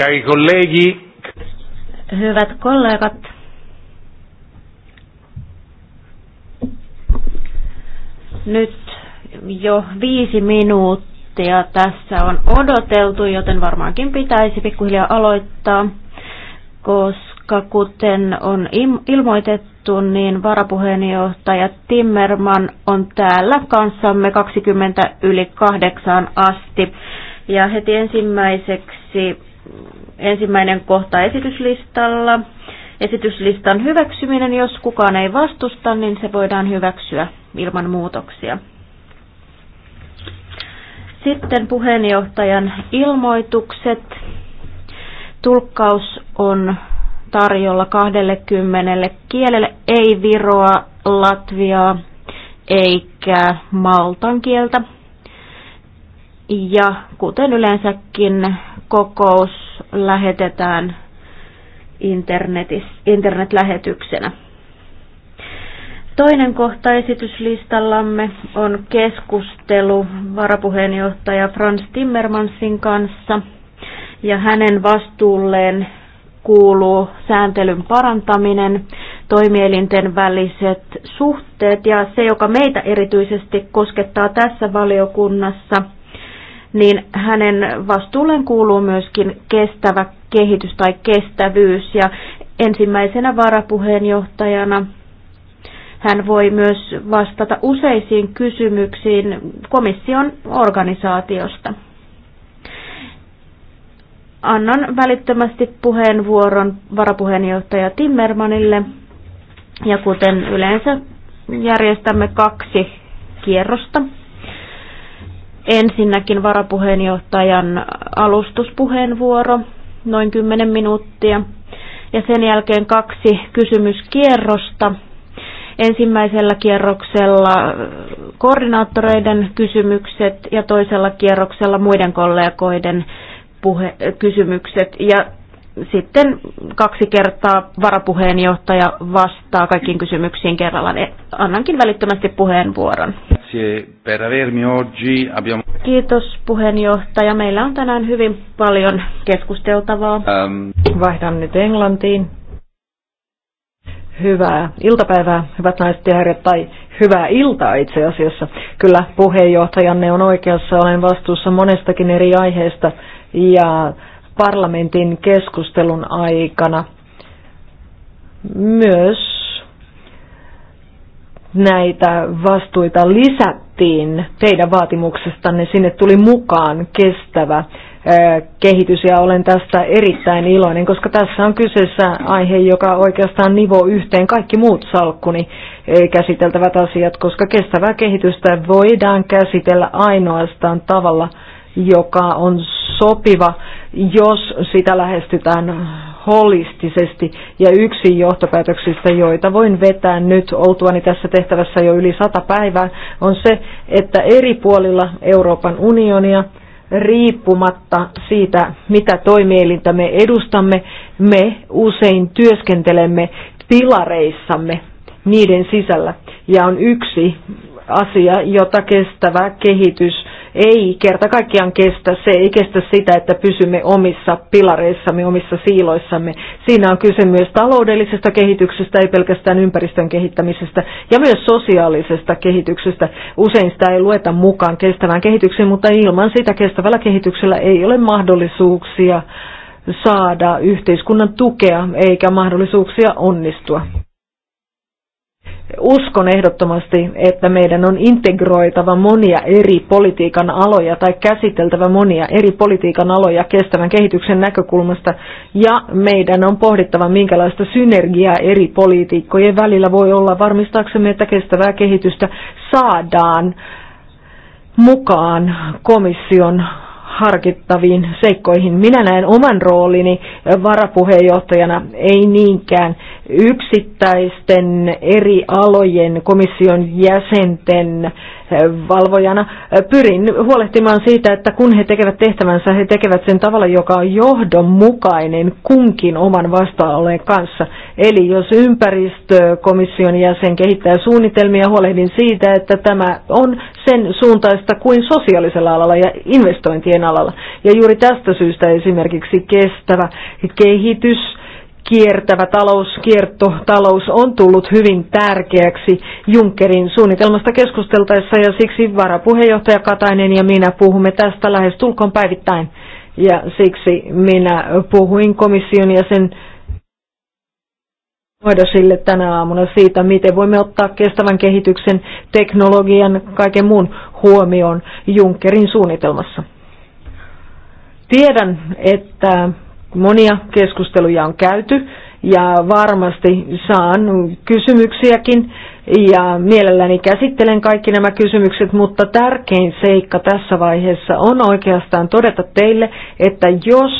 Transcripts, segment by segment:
Cari colleghi. Hyvät kollegat. Nyt jo viisi minuuttia tässä on odoteltu, joten varmaankin pitäisi pikkuhiljaa aloittaa, koska kuten on ilmoitettu, niin varapuheenjohtaja Timmerman on täällä kanssamme 20 yli kahdeksaan asti. Ja heti ensimmäiseksi ensimmäinen kohta esityslistalla. Esityslistan hyväksyminen, jos kukaan ei vastusta, niin se voidaan hyväksyä ilman muutoksia. Sitten puheenjohtajan ilmoitukset. Tulkkaus on tarjolla 20 kielelle, ei viroa, latviaa eikä maltan kieltä. Ja kuten yleensäkin kokous lähetetään internetlähetyksenä. Toinen kohta esityslistallamme on keskustelu varapuheenjohtaja Franz Timmermansin kanssa ja hänen vastuulleen kuuluu sääntelyn parantaminen, toimielinten väliset suhteet ja se, joka meitä erityisesti koskettaa tässä valiokunnassa – niin hänen vastuulleen kuuluu myöskin kestävä kehitys tai kestävyys. Ja ensimmäisenä varapuheenjohtajana hän voi myös vastata useisiin kysymyksiin komission organisaatiosta. Annan välittömästi puheenvuoron varapuheenjohtaja Timmermanille. Ja kuten yleensä järjestämme kaksi kierrosta Ensinnäkin varapuheenjohtajan alustuspuheenvuoro, noin 10 minuuttia, ja sen jälkeen kaksi kysymyskierrosta. Ensimmäisellä kierroksella koordinaattoreiden kysymykset ja toisella kierroksella muiden kollegoiden puhe- kysymykset. Ja sitten kaksi kertaa varapuheenjohtaja vastaa kaikkiin kysymyksiin kerrallaan. E, annankin välittömästi puheenvuoron. Kiitos puheenjohtaja. Meillä on tänään hyvin paljon keskusteltavaa. Ähm. Vaihdan nyt Englantiin. Hyvää iltapäivää, hyvät naiset ja herrat, tai hyvää iltaa itse asiassa. Kyllä puheenjohtajanne on oikeassa, olen vastuussa monestakin eri aiheesta ja parlamentin keskustelun aikana. Myös näitä vastuita lisättiin teidän vaatimuksestanne. Sinne tuli mukaan kestävä kehitys ja olen tästä erittäin iloinen, koska tässä on kyseessä aihe, joka oikeastaan nivoo yhteen kaikki muut salkkuni käsiteltävät asiat, koska kestävää kehitystä voidaan käsitellä ainoastaan tavalla, joka on sopiva jos sitä lähestytään holistisesti. Ja yksi johtopäätöksistä, joita voin vetää nyt oltuani tässä tehtävässä jo yli sata päivää, on se, että eri puolilla Euroopan unionia riippumatta siitä, mitä toimielintä me edustamme, me usein työskentelemme pilareissamme niiden sisällä. Ja on yksi asia, jota kestävä kehitys ei kerta kaikkiaan kestä. Se ei kestä sitä, että pysymme omissa pilareissamme, omissa siiloissamme. Siinä on kyse myös taloudellisesta kehityksestä, ei pelkästään ympäristön kehittämisestä, ja myös sosiaalisesta kehityksestä. Usein sitä ei lueta mukaan kestävään kehitykseen, mutta ilman sitä kestävällä kehityksellä ei ole mahdollisuuksia saada yhteiskunnan tukea eikä mahdollisuuksia onnistua. Uskon ehdottomasti, että meidän on integroitava monia eri politiikan aloja tai käsiteltävä monia eri politiikan aloja kestävän kehityksen näkökulmasta ja meidän on pohdittava, minkälaista synergiaa eri politiikkojen välillä voi olla varmistaaksemme, että kestävää kehitystä saadaan mukaan komission harkittaviin seikkoihin. Minä näen oman roolini varapuheenjohtajana ei niinkään yksittäisten eri alojen komission jäsenten valvojana pyrin huolehtimaan siitä, että kun he tekevät tehtävänsä, he tekevät sen tavalla, joka on johdonmukainen kunkin oman vastaanoleen kanssa. Eli jos ympäristökomission jäsen kehittää suunnitelmia, huolehdin siitä, että tämä on sen suuntaista kuin sosiaalisella alalla ja investointien alalla. Ja juuri tästä syystä esimerkiksi kestävä kehitys kiertävä talous, kiertotalous on tullut hyvin tärkeäksi Junckerin suunnitelmasta keskusteltaessa ja siksi varapuheenjohtaja Katainen ja minä puhumme tästä lähes tulkoon päivittäin. Ja siksi minä puhuin komission ja sen sille tänä aamuna siitä, miten voimme ottaa kestävän kehityksen, teknologian, kaiken muun huomioon Junckerin suunnitelmassa. Tiedän, että Monia keskusteluja on käyty ja varmasti saan kysymyksiäkin ja mielelläni käsittelen kaikki nämä kysymykset, mutta tärkein seikka tässä vaiheessa on oikeastaan todeta teille, että jos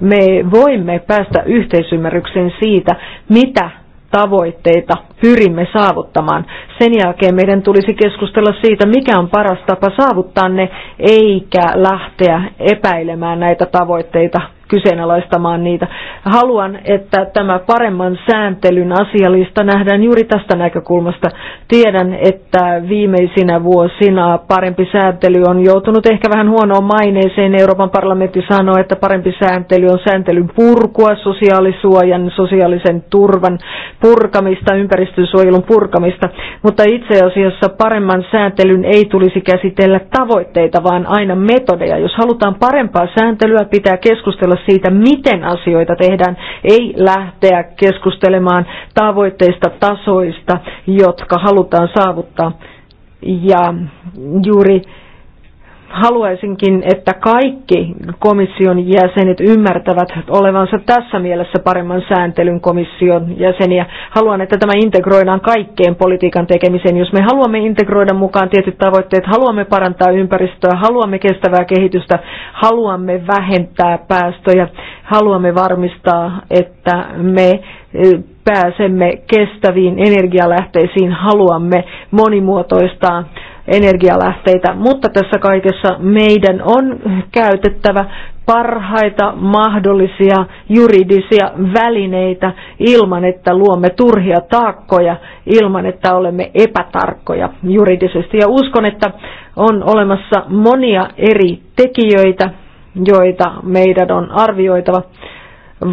me voimme päästä yhteisymmärrykseen siitä, mitä tavoitteita pyrimme saavuttamaan. Sen jälkeen meidän tulisi keskustella siitä, mikä on paras tapa saavuttaa ne, eikä lähteä epäilemään näitä tavoitteita kyseenalaistamaan niitä. Haluan, että tämä paremman sääntelyn asialista nähdään juuri tästä näkökulmasta. Tiedän, että viimeisinä vuosina parempi sääntely on joutunut ehkä vähän huonoon maineeseen. Euroopan parlamentti sanoo, että parempi sääntely on sääntelyn purkua, sosiaalisuojan, sosiaalisen turvan purkamista, ympäristönsuojelun purkamista. Mutta itse asiassa paremman sääntelyn ei tulisi käsitellä tavoitteita, vaan aina metodeja. Jos halutaan parempaa sääntelyä, pitää keskustella siitä, miten asioita tehdään, ei lähteä keskustelemaan tavoitteista, tasoista, jotka halutaan saavuttaa. Ja juuri haluaisinkin, että kaikki komission jäsenet ymmärtävät olevansa tässä mielessä paremman sääntelyn komission jäseniä. Haluan, että tämä integroidaan kaikkeen politiikan tekemiseen. Jos me haluamme integroida mukaan tietyt tavoitteet, haluamme parantaa ympäristöä, haluamme kestävää kehitystä, haluamme vähentää päästöjä, haluamme varmistaa, että me eh, pääsemme kestäviin energialähteisiin, haluamme monimuotoistaa energialähteitä, mutta tässä kaikessa meidän on käytettävä parhaita mahdollisia juridisia välineitä ilman, että luomme turhia taakkoja, ilman, että olemme epätarkkoja juridisesti. Ja uskon, että on olemassa monia eri tekijöitä, joita meidän on arvioitava,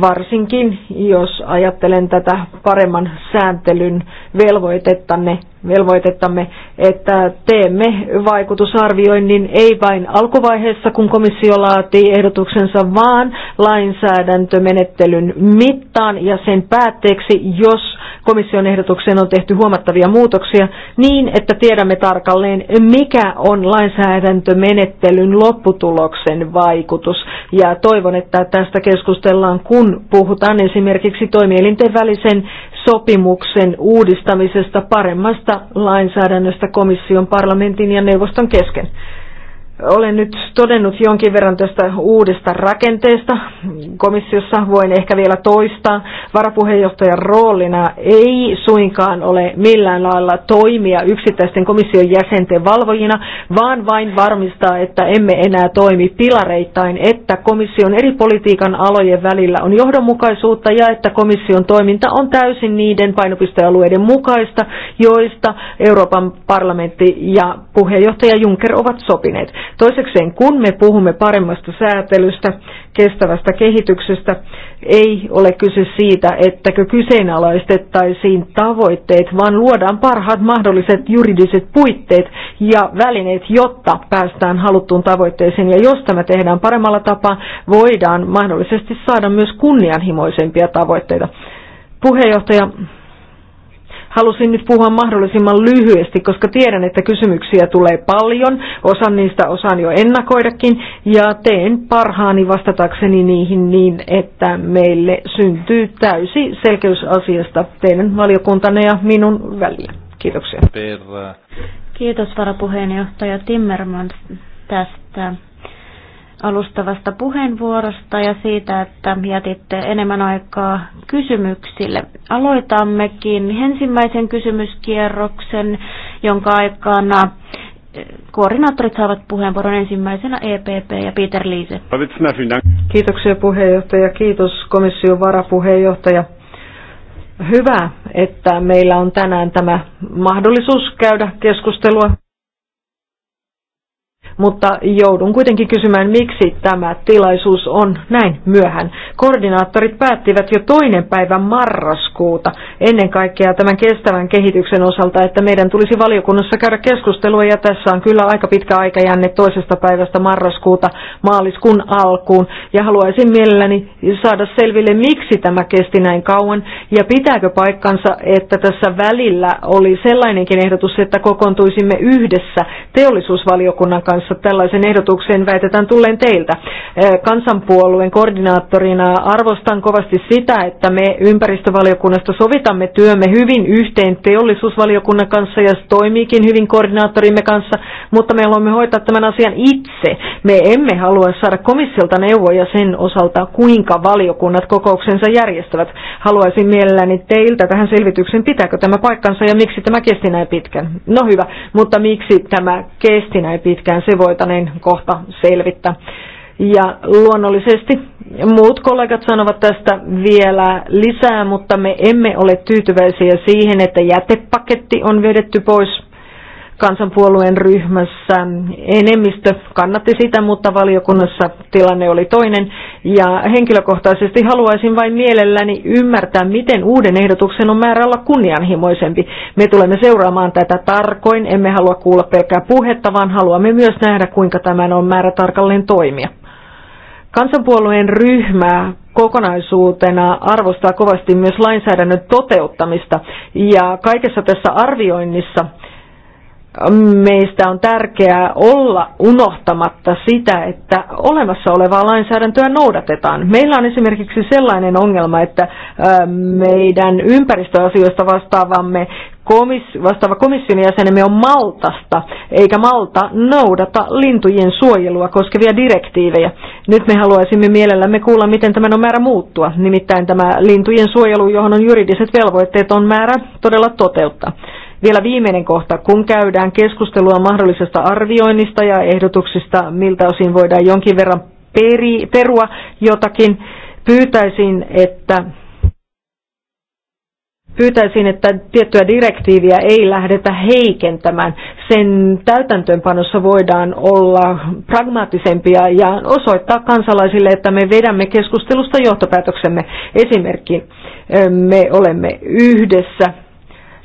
varsinkin jos ajattelen tätä paremman sääntelyn velvoitettanne velvoitettamme, että teemme vaikutusarvioinnin ei vain alkuvaiheessa, kun komissio laatii ehdotuksensa, vaan lainsäädäntömenettelyn mittaan ja sen päätteeksi, jos komission ehdotukseen on tehty huomattavia muutoksia, niin että tiedämme tarkalleen, mikä on lainsäädäntömenettelyn lopputuloksen vaikutus. Ja toivon, että tästä keskustellaan, kun puhutaan esimerkiksi toimielinten välisen sopimuksen uudistamisesta paremmasta lainsäädännöstä komission, parlamentin ja neuvoston kesken. Olen nyt todennut jonkin verran tästä uudesta rakenteesta. Komissiossa voin ehkä vielä toistaa. Varapuheenjohtajan roolina ei suinkaan ole millään lailla toimia yksittäisten komission jäsenten valvojina, vaan vain varmistaa, että emme enää toimi pilareittain, että komission eri politiikan alojen välillä on johdonmukaisuutta ja että komission toiminta on täysin niiden painopistealueiden mukaista, joista Euroopan parlamentti ja puheenjohtaja Juncker ovat sopineet. Toisekseen, kun me puhumme paremmasta säätelystä, kestävästä kehityksestä, ei ole kyse siitä, ettäkö kyseenalaistettaisiin tavoitteet, vaan luodaan parhaat mahdolliset juridiset puitteet ja välineet, jotta päästään haluttuun tavoitteeseen. Ja jos tämä tehdään paremmalla tapaa, voidaan mahdollisesti saada myös kunnianhimoisempia tavoitteita. Puheenjohtaja, Halusin nyt puhua mahdollisimman lyhyesti, koska tiedän, että kysymyksiä tulee paljon. Osan niistä osaan jo ennakoidakin ja teen parhaani vastatakseni niihin niin, että meille syntyy täysi selkeys asiasta teidän valiokuntanne ja minun välillä. Kiitoksia. Kiitos varapuheenjohtaja Timmermans tästä alustavasta puheenvuorosta ja siitä, että jätitte enemmän aikaa kysymyksille. Aloitammekin ensimmäisen kysymyskierroksen, jonka aikana eh, koordinaattorit saavat puheenvuoron ensimmäisenä EPP ja Peter Liise. Kiitoksia puheenjohtaja, kiitos komission varapuheenjohtaja. Hyvä, että meillä on tänään tämä mahdollisuus käydä keskustelua mutta joudun kuitenkin kysymään, miksi tämä tilaisuus on näin myöhään. Koordinaattorit päättivät jo toinen päivä marraskuuta ennen kaikkea tämän kestävän kehityksen osalta, että meidän tulisi valiokunnassa käydä keskustelua ja tässä on kyllä aika pitkä aikajänne toisesta päivästä marraskuuta maaliskuun alkuun ja haluaisin mielelläni saada selville, miksi tämä kesti näin kauan ja pitääkö paikkansa, että tässä välillä oli sellainenkin ehdotus, että kokoontuisimme yhdessä teollisuusvaliokunnan kanssa kanssa tällaisen ehdotuksen väitetään tulleen teiltä. Kansanpuolueen koordinaattorina arvostan kovasti sitä, että me ympäristövaliokunnasta sovitamme työmme hyvin yhteen teollisuusvaliokunnan kanssa ja se toimiikin hyvin koordinaattorimme kanssa, mutta me haluamme hoitaa tämän asian itse. Me emme halua saada komissiolta neuvoja sen osalta, kuinka valiokunnat kokouksensa järjestävät. Haluaisin mielelläni teiltä tähän selvityksen, pitääkö tämä paikkansa ja miksi tämä kesti näin pitkään. No hyvä, mutta miksi tämä kesti näin pitkään? se voitaneen niin kohta selvittää. Ja luonnollisesti muut kollegat sanovat tästä vielä lisää, mutta me emme ole tyytyväisiä siihen, että jätepaketti on vedetty pois kansanpuolueen ryhmässä enemmistö kannatti sitä, mutta valiokunnassa tilanne oli toinen. Ja henkilökohtaisesti haluaisin vain mielelläni ymmärtää, miten uuden ehdotuksen on määrä olla kunnianhimoisempi. Me tulemme seuraamaan tätä tarkoin, emme halua kuulla pelkää puhetta, vaan haluamme myös nähdä, kuinka tämän on määrä tarkalleen toimia. Kansanpuolueen ryhmä kokonaisuutena arvostaa kovasti myös lainsäädännön toteuttamista ja kaikessa tässä arvioinnissa meistä on tärkeää olla unohtamatta sitä, että olemassa olevaa lainsäädäntöä noudatetaan. Meillä on esimerkiksi sellainen ongelma, että meidän ympäristöasioista vastaavamme komis, vastaava komission jäsenemme on Maltasta, eikä Malta noudata lintujen suojelua koskevia direktiivejä. Nyt me haluaisimme mielellämme kuulla, miten tämän on määrä muuttua. Nimittäin tämä lintujen suojelu, johon on juridiset velvoitteet, on määrä todella toteuttaa. Vielä viimeinen kohta, kun käydään keskustelua mahdollisesta arvioinnista ja ehdotuksista, miltä osin voidaan jonkin verran peri, perua jotakin, pyytäisin, että pyytäisin, että tiettyä direktiiviä ei lähdetä heikentämään. Sen täytäntöönpanossa voidaan olla pragmaattisempia ja osoittaa kansalaisille, että me vedämme keskustelusta johtopäätöksemme. Esimerkki, me olemme yhdessä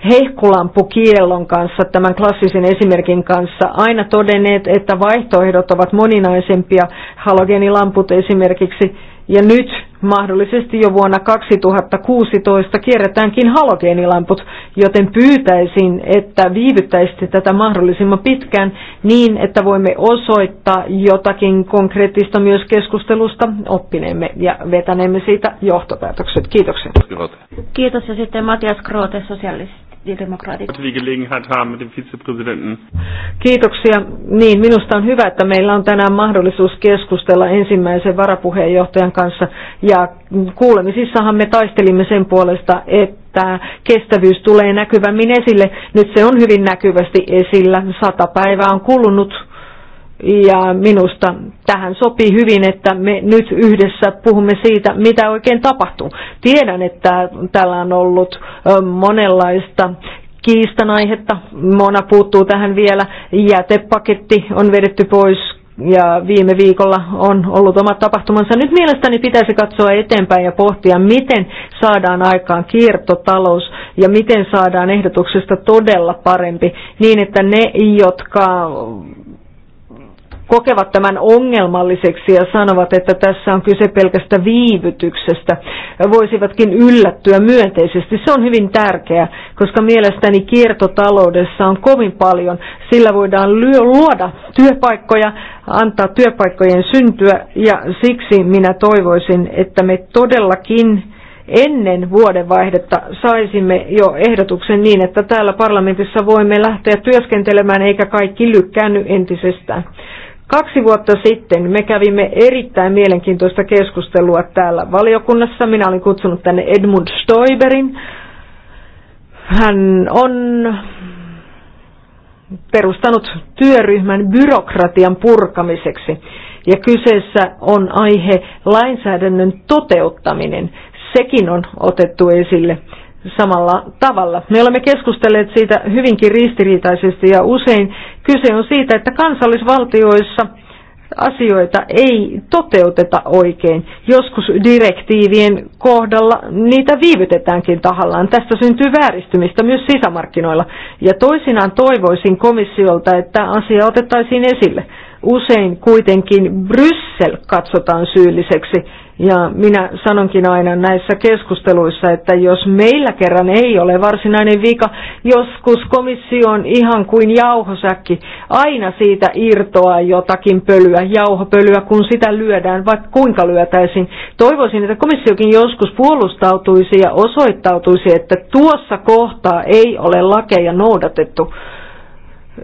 hehkulampukiellon kanssa, tämän klassisen esimerkin kanssa, aina todenneet, että vaihtoehdot ovat moninaisempia, halogeenilamput esimerkiksi, ja nyt mahdollisesti jo vuonna 2016 kierretäänkin halogeenilamput, joten pyytäisin, että viivyttäisitte tätä mahdollisimman pitkään niin, että voimme osoittaa jotakin konkreettista myös keskustelusta oppineemme ja vetäneemme siitä johtopäätökset. Kiitoksia. Kiitos ja sitten Matias Kroote sosiaalisesti ja demokraatit. Kiitoksia. Niin, minusta on hyvä, että meillä on tänään mahdollisuus keskustella ensimmäisen varapuheenjohtajan kanssa. Ja kuulemisissahan me taistelimme sen puolesta, että kestävyys tulee näkyvämmin esille. Nyt se on hyvin näkyvästi esillä. Sata päivää on kulunut ja minusta tähän sopii hyvin, että me nyt yhdessä puhumme siitä, mitä oikein tapahtuu. Tiedän, että täällä on ollut monenlaista kiistanaihetta. Mona puuttuu tähän vielä. Jätepaketti on vedetty pois ja viime viikolla on ollut omat tapahtumansa. Nyt mielestäni pitäisi katsoa eteenpäin ja pohtia, miten saadaan aikaan kiertotalous ja miten saadaan ehdotuksesta todella parempi, niin että ne, jotka kokevat tämän ongelmalliseksi ja sanovat, että tässä on kyse pelkästä viivytyksestä, voisivatkin yllättyä myönteisesti. Se on hyvin tärkeää, koska mielestäni kiertotaloudessa on kovin paljon. Sillä voidaan luoda työpaikkoja, antaa työpaikkojen syntyä ja siksi minä toivoisin, että me todellakin ennen vuodenvaihdetta saisimme jo ehdotuksen niin, että täällä parlamentissa voimme lähteä työskentelemään eikä kaikki lykkäänny entisestään. Kaksi vuotta sitten me kävimme erittäin mielenkiintoista keskustelua täällä valiokunnassa. Minä olin kutsunut tänne Edmund Stoiberin. Hän on perustanut työryhmän byrokratian purkamiseksi. Ja kyseessä on aihe lainsäädännön toteuttaminen. Sekin on otettu esille samalla tavalla. Me olemme keskustelleet siitä hyvinkin ristiriitaisesti ja usein kyse on siitä, että kansallisvaltioissa asioita ei toteuteta oikein. Joskus direktiivien kohdalla niitä viivytetäänkin tahallaan. Tästä syntyy vääristymistä myös sisämarkkinoilla. Ja toisinaan toivoisin komissiolta, että asia otettaisiin esille. Usein kuitenkin Bryssel katsotaan syylliseksi ja minä sanonkin aina näissä keskusteluissa, että jos meillä kerran ei ole varsinainen vika, joskus komissio on ihan kuin jauhosäkki. Aina siitä irtoaa jotakin pölyä, jauhopölyä, kun sitä lyödään, vaikka kuinka lyötäisiin. Toivoisin, että komissiokin joskus puolustautuisi ja osoittautuisi, että tuossa kohtaa ei ole lakeja noudatettu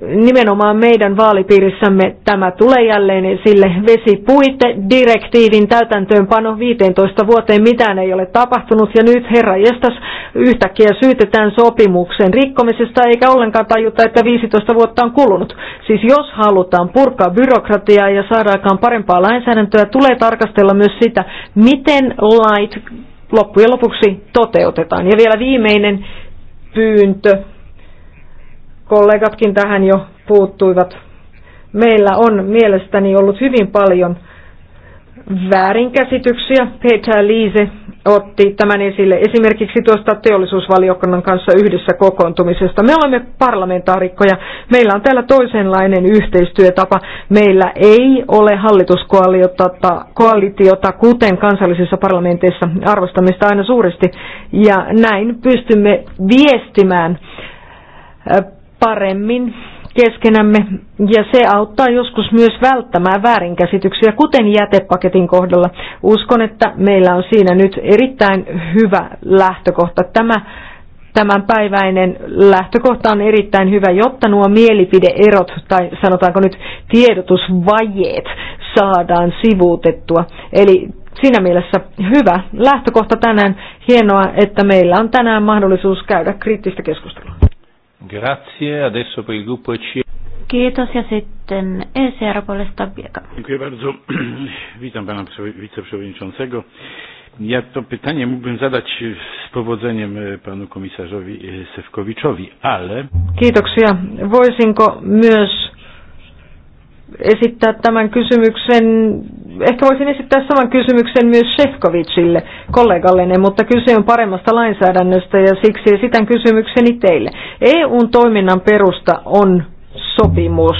nimenomaan meidän vaalipiirissämme tämä tulee jälleen sille direktiivin täytäntöönpano 15 vuoteen mitään ei ole tapahtunut ja nyt herra jestas yhtäkkiä syytetään sopimuksen rikkomisesta eikä ollenkaan tajuta, että 15 vuotta on kulunut. Siis jos halutaan purkaa byrokratiaa ja saadaan parempaa lainsäädäntöä, tulee tarkastella myös sitä, miten lait loppujen lopuksi toteutetaan. Ja vielä viimeinen pyyntö kollegatkin tähän jo puuttuivat. Meillä on mielestäni ollut hyvin paljon väärinkäsityksiä. Peter Liise otti tämän esille esimerkiksi tuosta teollisuusvaliokunnan kanssa yhdessä kokoontumisesta. Me olemme parlamentaarikkoja, meillä on täällä toisenlainen yhteistyötapa. Meillä ei ole hallituskoalitiota koalitiota, kuten kansallisissa parlamenteissa arvostamista aina suuresti. Ja näin pystymme viestimään paremmin keskenämme ja se auttaa joskus myös välttämään väärinkäsityksiä, kuten jätepaketin kohdalla. Uskon, että meillä on siinä nyt erittäin hyvä lähtökohta. Tämä tämänpäiväinen lähtökohta on erittäin hyvä, jotta nuo mielipideerot tai sanotaanko nyt tiedotusvajeet saadaan sivuutettua. Eli siinä mielessä hyvä lähtökohta tänään. Hienoa, että meillä on tänään mahdollisuus käydä kriittistä keskustelua. Grazie. Adesso per il gruppo EC. Kiitos ja sitten ECR puolesta Biega. Dziękuję bardzo. Witam pana wiceprzewodniczącego. Ja to pytanie mógłbym zadać z powodzeniem e, panu komisarzowi e, Sewkowiczowi, ale... Kiitoksia. Voisinko myös esittää tämän kysymyksen, ehkä voisin esittää saman kysymyksen myös Shefkovicille, kollegallenne, mutta kyse on paremmasta lainsäädännöstä ja siksi esitän kysymykseni teille. EUn toiminnan perusta on sopimus.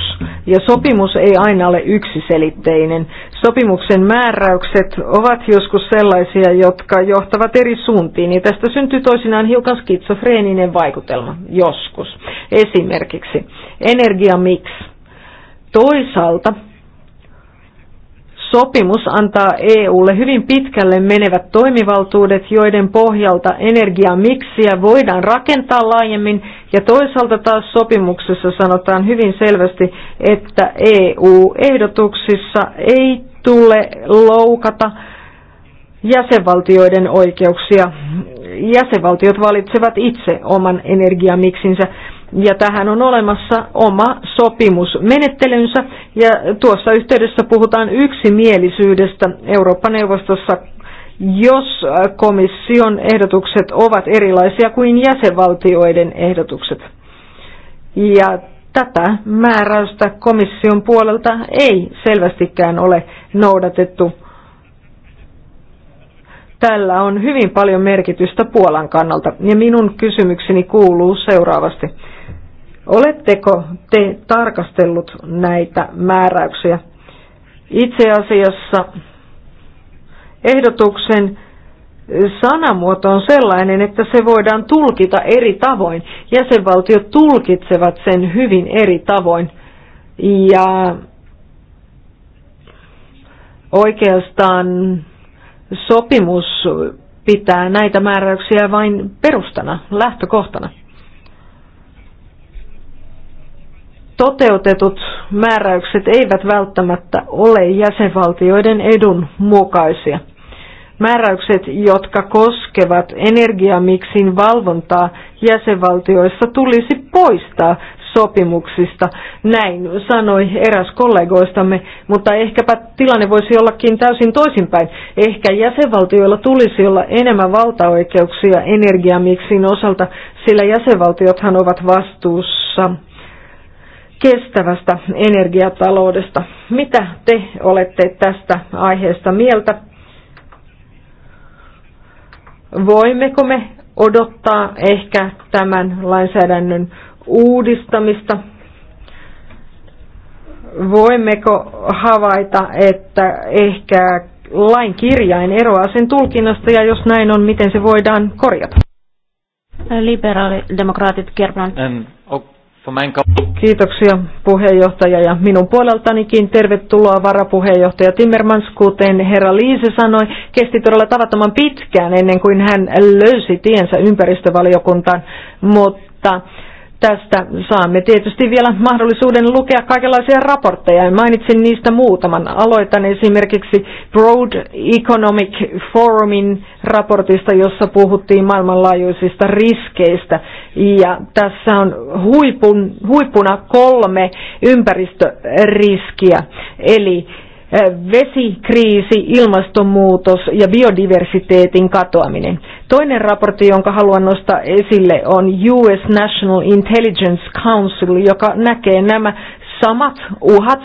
Ja sopimus ei aina ole yksiselitteinen. Sopimuksen määräykset ovat joskus sellaisia, jotka johtavat eri suuntiin. Ja tästä syntyy toisinaan hiukan skitsofreeninen vaikutelma joskus. Esimerkiksi energiamiksi Toisaalta sopimus antaa EUlle hyvin pitkälle menevät toimivaltuudet, joiden pohjalta energiamiksiä voidaan rakentaa laajemmin, ja toisaalta taas sopimuksessa sanotaan hyvin selvästi, että EU-ehdotuksissa ei tule loukata jäsenvaltioiden oikeuksia. Jäsenvaltiot valitsevat itse oman energiamiksinsä ja tähän on olemassa oma sopimusmenettelynsä ja tuossa yhteydessä puhutaan yksimielisyydestä Eurooppa-neuvostossa, jos äh, komission ehdotukset ovat erilaisia kuin jäsenvaltioiden ehdotukset. Ja tätä määräystä komission puolelta ei selvästikään ole noudatettu. Tällä on hyvin paljon merkitystä Puolan kannalta ja minun kysymykseni kuuluu seuraavasti. Oletteko te tarkastellut näitä määräyksiä? Itse asiassa ehdotuksen sanamuoto on sellainen, että se voidaan tulkita eri tavoin. Jäsenvaltiot tulkitsevat sen hyvin eri tavoin. Ja oikeastaan sopimus pitää näitä määräyksiä vain perustana, lähtökohtana. toteutetut määräykset eivät välttämättä ole jäsenvaltioiden edun mukaisia. Määräykset, jotka koskevat energiamiksin valvontaa jäsenvaltioissa, tulisi poistaa sopimuksista. Näin sanoi eräs kollegoistamme, mutta ehkäpä tilanne voisi ollakin täysin toisinpäin. Ehkä jäsenvaltioilla tulisi olla enemmän valtaoikeuksia energiamiksin osalta, sillä jäsenvaltiothan ovat vastuussa kestävästä energiataloudesta. Mitä te olette tästä aiheesta mieltä? Voimmeko me odottaa ehkä tämän lainsäädännön uudistamista? Voimmeko havaita, että ehkä lain kirjain eroaa sen tulkinnasta ja jos näin on, miten se voidaan korjata? Liberaalidemokraatit Kerman. Kiitoksia puheenjohtaja ja minun puoleltanikin tervetuloa varapuheenjohtaja Timmermans, kuten herra Liise sanoi, kesti todella tavattoman pitkään ennen kuin hän löysi tiensä ympäristövaliokuntaan, mutta Tästä saamme tietysti vielä mahdollisuuden lukea kaikenlaisia raportteja. Mainitsin niistä muutaman. Aloitan esimerkiksi Broad Economic Forumin raportista, jossa puhuttiin maailmanlaajuisista riskeistä. Ja tässä on huipun, huippuna kolme ympäristöriskiä. Eli eh, vesikriisi, ilmastonmuutos ja biodiversiteetin katoaminen. Toinen raportti, jonka haluan nostaa esille, on US National Intelligence Council, joka näkee nämä samat uhat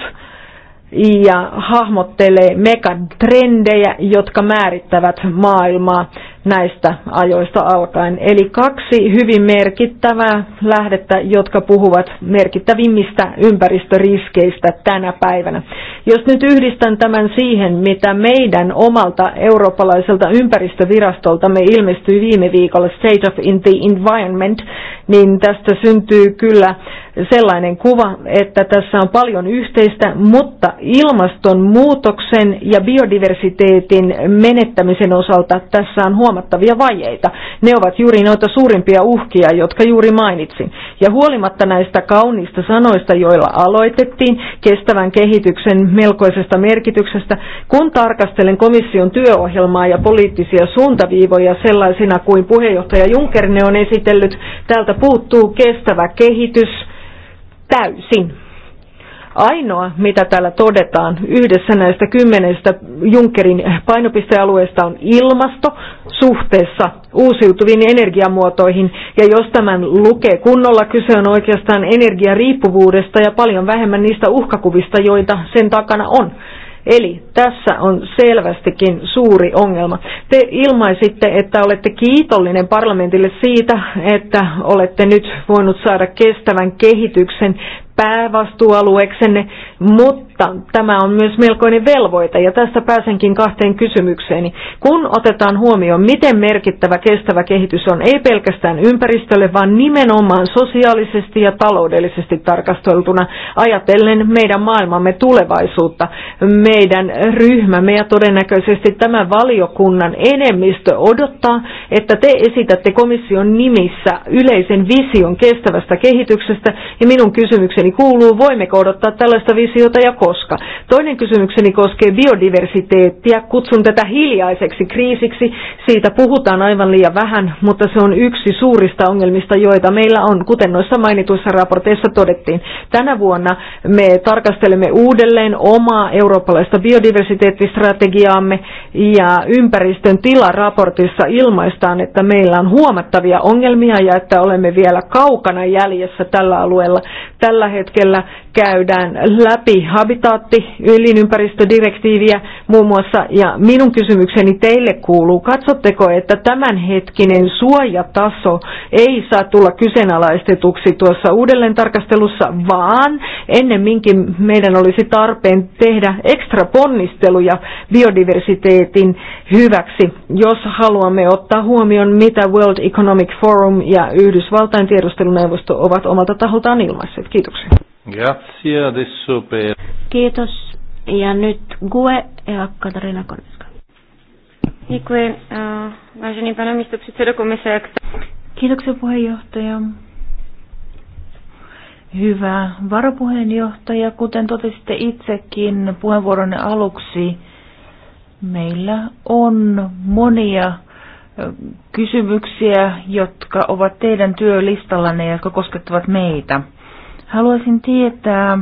ja hahmottelee megatrendejä, jotka määrittävät maailmaa näistä ajoista alkaen. Eli kaksi hyvin merkittävää lähdettä, jotka puhuvat merkittävimmistä ympäristöriskeistä tänä päivänä. Jos nyt yhdistän tämän siihen, mitä meidän omalta eurooppalaiselta ympäristövirastolta me ilmestyi viime viikolla State of in the Environment, niin tästä syntyy kyllä sellainen kuva, että tässä on paljon yhteistä, mutta ilmastonmuutoksen ja biodiversiteetin menettämisen osalta tässä on huomattavasti huomattavia vajeita. Ne ovat juuri noita suurimpia uhkia, jotka juuri mainitsin. Ja huolimatta näistä kauniista sanoista, joilla aloitettiin kestävän kehityksen melkoisesta merkityksestä, kun tarkastelen komission työohjelmaa ja poliittisia suuntaviivoja sellaisina kuin puheenjohtaja Junckerne on esitellyt, täältä puuttuu kestävä kehitys täysin. Ainoa, mitä täällä todetaan yhdessä näistä kymmenestä Junckerin painopistealueesta on ilmasto suhteessa uusiutuviin energiamuotoihin. Ja jos tämän lukee kunnolla, kyse on oikeastaan energiariippuvuudesta ja paljon vähemmän niistä uhkakuvista, joita sen takana on. Eli tässä on selvästikin suuri ongelma. Te ilmaisitte, että olette kiitollinen parlamentille siitä, että olette nyt voinut saada kestävän kehityksen päävastuualueeksenne, mutta tämä on myös melkoinen velvoite ja tässä pääsenkin kahteen kysymykseeni. Kun otetaan huomioon, miten merkittävä kestävä kehitys on ei pelkästään ympäristölle, vaan nimenomaan sosiaalisesti ja taloudellisesti tarkasteltuna ajatellen meidän maailmamme tulevaisuutta, meidän ryhmämme ja todennäköisesti tämän valiokunnan enemmistö odottaa, että te esitätte komission nimissä yleisen vision kestävästä kehityksestä ja minun kysymykseni kysymykseni kuuluu, voimmeko odottaa tällaista visiota ja koska? Toinen kysymykseni koskee biodiversiteettiä. Kutsun tätä hiljaiseksi kriisiksi. Siitä puhutaan aivan liian vähän, mutta se on yksi suurista ongelmista, joita meillä on, kuten noissa mainituissa raporteissa todettiin. Tänä vuonna me tarkastelemme uudelleen omaa eurooppalaista biodiversiteettistrategiaamme ja ympäristön tilaraportissa ilmaistaan, että meillä on huomattavia ongelmia ja että olemme vielä kaukana jäljessä tällä alueella. Tällä hetkellä käydään läpi habitaatti ympäristödirektiiviä muun muassa, ja minun kysymykseni teille kuuluu, katsotteko, että tämänhetkinen suojataso ei saa tulla kyseenalaistetuksi tuossa uudelleen tarkastelussa, vaan ennemminkin meidän olisi tarpeen tehdä ekstra ponnisteluja biodiversiteetin hyväksi, jos haluamme ottaa huomioon, mitä World Economic Forum ja Yhdysvaltain tiedusteluneuvosto ovat omalta taholtaan ilmaisseet. Kiitoksia. Grazie, adesso per... Kiitos. Ja nyt Gue ja Katarina Koneska. Děkuji, uh, vážený pane místo předsedo komise. Jak... Kiitoksia puheenjohtaja. Hyvä varapuheenjohtaja, kuten totesitte itsekin puheenvuoronne aluksi, meillä on monia kysymyksiä, jotka ovat teidän työlistallanne, ja jotka koskettavat meitä. Haluaisin tietää,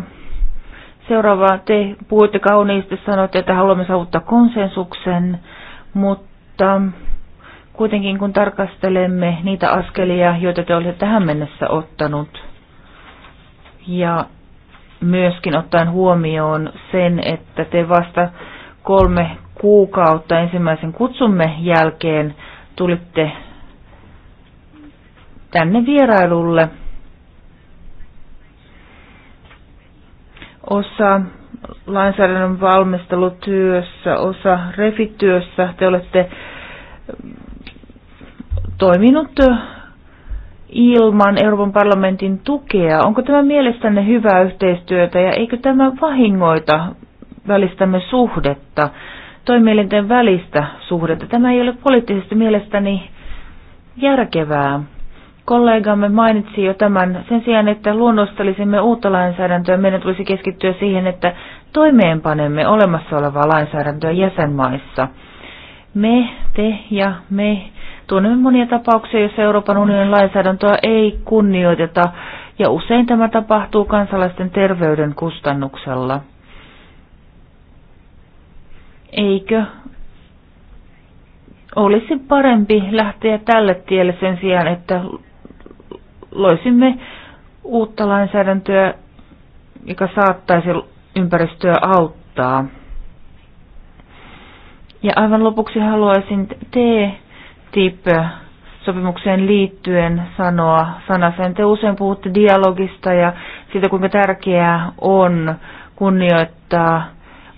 seuraava te puhuitte kauniisti, sanoitte, että haluamme saavuttaa konsensuksen, mutta kuitenkin kun tarkastelemme niitä askelia, joita te olette tähän mennessä ottanut, ja myöskin ottaen huomioon sen, että te vasta kolme kuukautta ensimmäisen kutsumme jälkeen tulitte tänne vierailulle osa lainsäädännön valmistelutyössä, osa refityössä. Te olette mm, toiminut ilman Euroopan parlamentin tukea. Onko tämä mielestänne hyvää yhteistyötä ja eikö tämä vahingoita välistämme suhdetta, toimielinten välistä suhdetta? Tämä ei ole poliittisesti mielestäni järkevää kollegamme mainitsi jo tämän. Sen sijaan, että luonnostelisimme uutta lainsäädäntöä, meidän tulisi keskittyä siihen, että toimeenpanemme olemassa olevaa lainsäädäntöä jäsenmaissa. Me, te ja me tunnemme monia tapauksia, joissa Euroopan unionin lainsäädäntöä ei kunnioiteta, ja usein tämä tapahtuu kansalaisten terveyden kustannuksella. Eikö olisi parempi lähteä tälle tielle sen sijaan, että loisimme uutta lainsäädäntöä, joka saattaisi ympäristöä auttaa. Ja aivan lopuksi haluaisin T-TIP-sopimukseen liittyen sanoa sanasen. Te usein puhutte dialogista ja siitä, kuinka tärkeää on kunnioittaa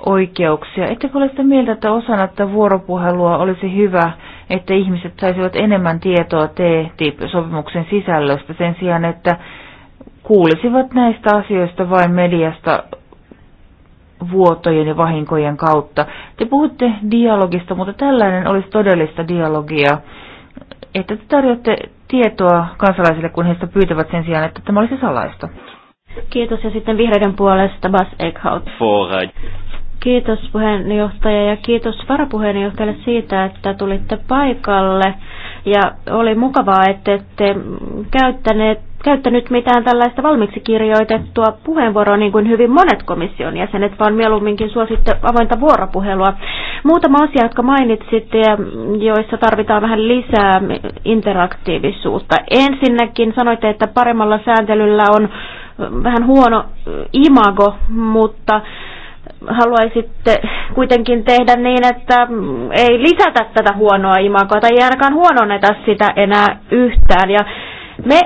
oikeuksia. Ettekö ole sitä mieltä, että osana tätä vuoropuhelua olisi hyvä että ihmiset saisivat enemmän tietoa TTIP-sopimuksen sisällöstä sen sijaan, että kuulisivat näistä asioista vain mediasta vuotojen ja vahinkojen kautta. Te puhutte dialogista, mutta tällainen olisi todellista dialogia, että te tarjotte tietoa kansalaisille, kun heistä pyytävät sen sijaan, että tämä olisi salaista. Kiitos ja sitten vihreiden puolesta Bas Eckhout. Kiitos puheenjohtaja ja kiitos varapuheenjohtajalle siitä, että tulitte paikalle. Ja oli mukavaa, että ette käyttäneet, käyttänyt mitään tällaista valmiiksi kirjoitettua puheenvuoroa niin kuin hyvin monet komission jäsenet, vaan mieluumminkin suositte avointa vuoropuhelua. Muutama asia, jotka mainitsitte ja joissa tarvitaan vähän lisää interaktiivisuutta. Ensinnäkin sanoitte, että paremmalla sääntelyllä on vähän huono imago, mutta haluaisitte kuitenkin tehdä niin, että ei lisätä tätä huonoa imakoa tai ei ainakaan huononeta sitä enää yhtään. Ja me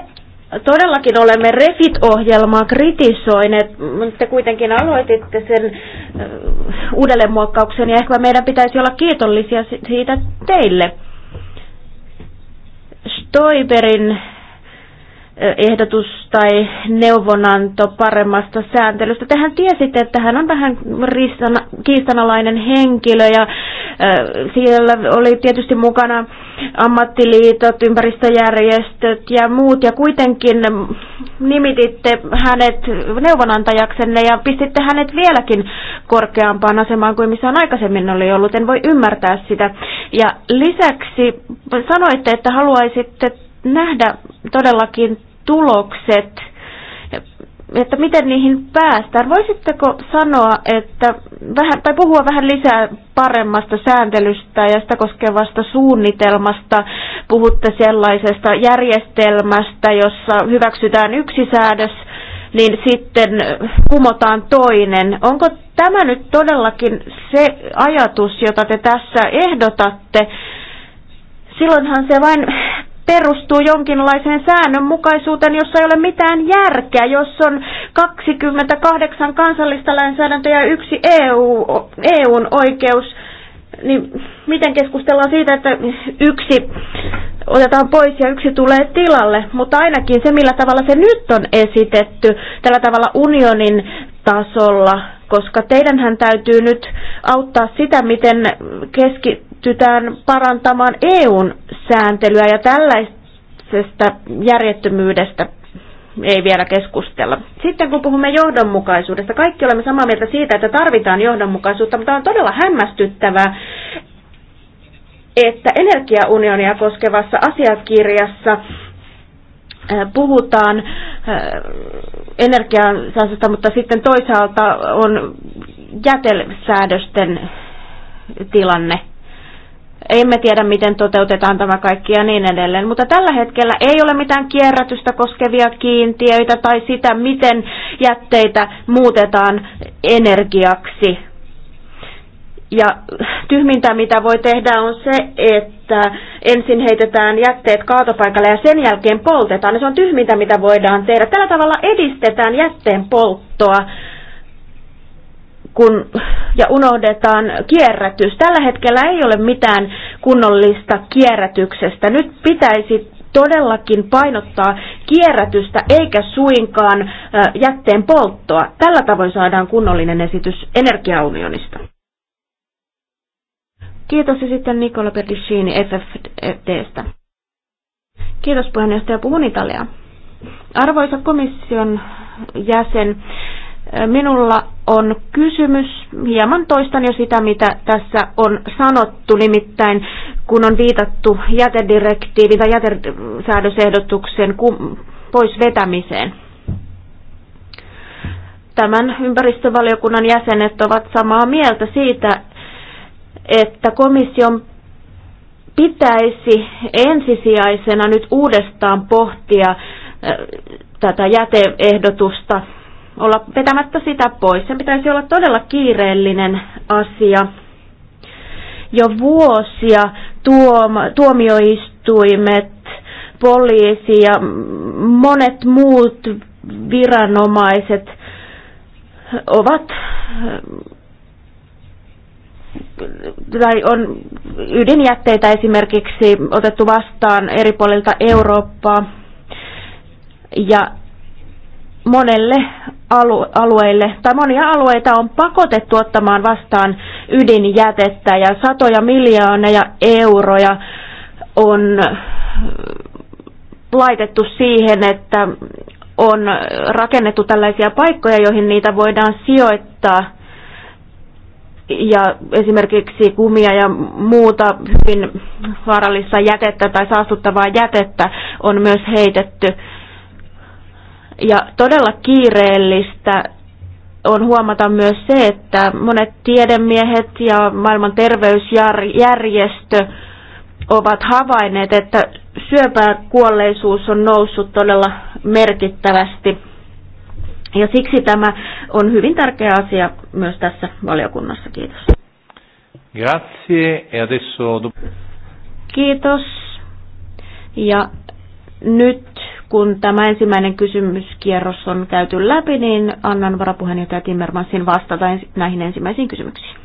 todellakin olemme Refit-ohjelmaa kritisoineet, mutta kuitenkin aloititte sen äh, uudelleenmuokkauksen ja ehkä meidän pitäisi olla kiitollisia siitä teille. Stoiberin ehdotus tai neuvonanto paremmasta sääntelystä. Tehän tiesitte, että hän on vähän ristana, kiistanalainen henkilö ja siellä oli tietysti mukana ammattiliitot, ympäristöjärjestöt ja muut ja kuitenkin nimititte hänet neuvonantajaksenne ja pistitte hänet vieläkin korkeampaan asemaan kuin missään aikaisemmin oli ollut. En voi ymmärtää sitä. Ja lisäksi sanoitte, että haluaisitte nähdä todellakin tulokset, että miten niihin päästään. Voisitteko sanoa, että vähän, tai puhua vähän lisää paremmasta sääntelystä ja sitä koskevasta suunnitelmasta? Puhutte sellaisesta järjestelmästä, jossa hyväksytään yksi säädös, niin sitten kumotaan toinen. Onko tämä nyt todellakin se ajatus, jota te tässä ehdotatte? Silloinhan se vain perustuu jonkinlaiseen säännönmukaisuuteen, jossa ei ole mitään järkeä, jos on 28 kansallista lainsäädäntöä ja yksi EU, EUn oikeus, niin miten keskustellaan siitä, että yksi otetaan pois ja yksi tulee tilalle, mutta ainakin se, millä tavalla se nyt on esitetty, tällä tavalla unionin tasolla, koska teidänhän täytyy nyt auttaa sitä, miten keski, pystytään parantamaan EUn sääntelyä ja tällaisesta järjettömyydestä ei vielä keskustella. Sitten kun puhumme johdonmukaisuudesta, kaikki olemme samaa mieltä siitä, että tarvitaan johdonmukaisuutta, mutta on todella hämmästyttävää, että energiaunionia koskevassa asiakirjassa puhutaan energiansäästöstä, mutta sitten toisaalta on jätesäädösten tilanne emme tiedä, miten toteutetaan tämä kaikki ja niin edelleen. Mutta tällä hetkellä ei ole mitään kierrätystä koskevia kiintiöitä tai sitä, miten jätteitä muutetaan energiaksi. Ja tyhmintä, mitä voi tehdä, on se, että ensin heitetään jätteet kaatopaikalle ja sen jälkeen poltetaan. Ja se on tyhmintä, mitä voidaan tehdä. Tällä tavalla edistetään jätteen polttoa kun, ja unohdetaan kierrätys. Tällä hetkellä ei ole mitään kunnollista kierrätyksestä. Nyt pitäisi todellakin painottaa kierrätystä eikä suinkaan jätteen polttoa. Tällä tavoin saadaan kunnollinen esitys energiaunionista. Kiitos ja sitten Nicola Perdicini FFDstä. Kiitos puheenjohtaja, puhun Italiaa. Arvoisa komission jäsen, Minulla on kysymys, hieman toistan jo sitä, mitä tässä on sanottu, nimittäin kun on viitattu jätedirektiivin tai jätesäädösehdotuksen pois vetämiseen. Tämän ympäristövaliokunnan jäsenet ovat samaa mieltä siitä, että komission pitäisi ensisijaisena nyt uudestaan pohtia tätä jäteehdotusta olla vetämättä sitä pois. Sen pitäisi olla todella kiireellinen asia. Jo vuosia tuom- tuomioistuimet, poliisi ja monet muut viranomaiset ovat tai on ydinjätteitä esimerkiksi otettu vastaan eri puolilta Eurooppaa. Ja monelle alueelle, tai monia alueita on pakotettu ottamaan vastaan ydinjätettä ja satoja miljooneja euroja on äh, laitettu siihen, että on rakennettu tällaisia paikkoja, joihin niitä voidaan sijoittaa ja esimerkiksi kumia ja muuta hyvin vaarallista jätettä tai saastuttavaa jätettä on myös heitetty ja todella kiireellistä on huomata myös se, että monet tiedemiehet ja maailman terveysjärjestö ovat havainneet, että syöpäkuolleisuus on noussut todella merkittävästi. Ja siksi tämä on hyvin tärkeä asia myös tässä valiokunnassa. Kiitos. Grazie. E adesso... Kiitos. Ja nyt kun tämä ensimmäinen kysymyskierros on käyty läpi, niin annan varapuheenjohtaja Timmermansin vastata näihin ensimmäisiin kysymyksiin.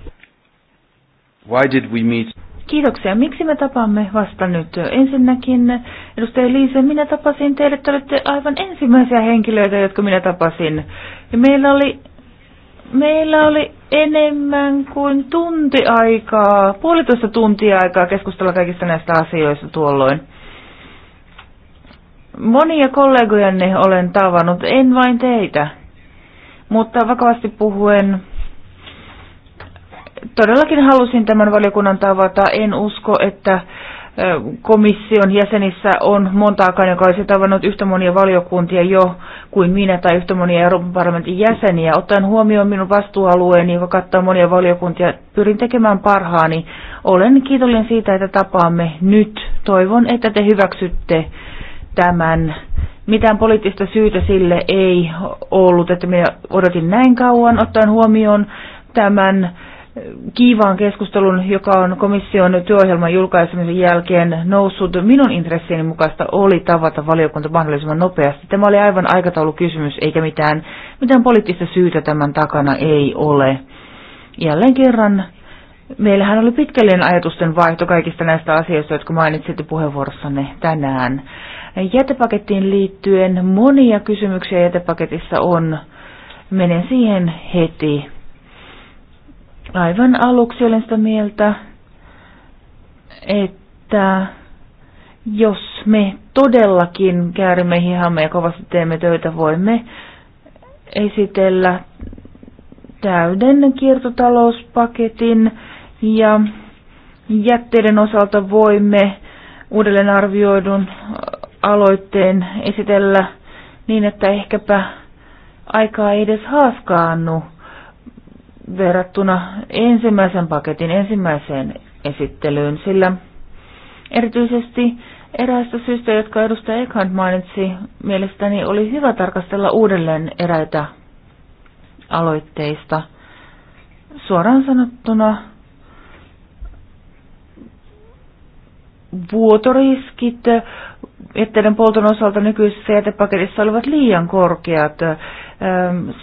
Why did we meet? Kiitoksia. Miksi me tapaamme vasta nyt? Ensinnäkin, edustaja Liise, minä tapasin teille, te olette aivan ensimmäisiä henkilöitä, jotka minä tapasin. Ja meillä oli, meillä oli enemmän kuin tunti aikaa, puolitoista tuntia aikaa keskustella kaikista näistä asioista tuolloin. Monia kollegojanne olen tavannut, en vain teitä. Mutta vakavasti puhuen, todellakin halusin tämän valiokunnan tavata. En usko, että komission jäsenissä on montaakaan, joka olisi tavannut yhtä monia valiokuntia jo kuin minä tai yhtä monia Euroopan parlamentin jäseniä. Ottaen huomioon minun vastuualueeni, joka kattaa monia valiokuntia, pyrin tekemään parhaani. Olen kiitollinen siitä, että tapaamme nyt. Toivon, että te hyväksytte tämän. Mitään poliittista syytä sille ei ollut, että minä odotin näin kauan ottaen huomioon tämän kiivaan keskustelun, joka on komission työohjelman julkaisemisen jälkeen noussut. Minun intressieni mukaista oli tavata valiokunta mahdollisimman nopeasti. Tämä oli aivan aikataulukysymys, eikä mitään, mitään poliittista syytä tämän takana ei ole. Jälleen kerran, meillähän oli pitkällinen ajatusten vaihto kaikista näistä asioista, jotka mainitsitte puheenvuorossanne tänään jätepakettiin liittyen monia kysymyksiä jätepaketissa on. Menen siihen heti. Aivan aluksi olen sitä mieltä, että jos me todellakin käärimme hihamme ja kovasti teemme töitä, voimme esitellä täyden kiertotalouspaketin ja jätteiden osalta voimme uudelleen arvioidun aloitteen esitellä niin, että ehkäpä aikaa ei edes haaskaannu verrattuna ensimmäisen paketin ensimmäiseen esittelyyn, sillä erityisesti eräistä syistä, jotka edustaja Eckhart mainitsi, mielestäni oli hyvä tarkastella uudelleen eräitä aloitteista. Suoraan sanottuna vuotoriskit jätteiden polton osalta nykyisessä jätepaketissa olivat liian korkeat.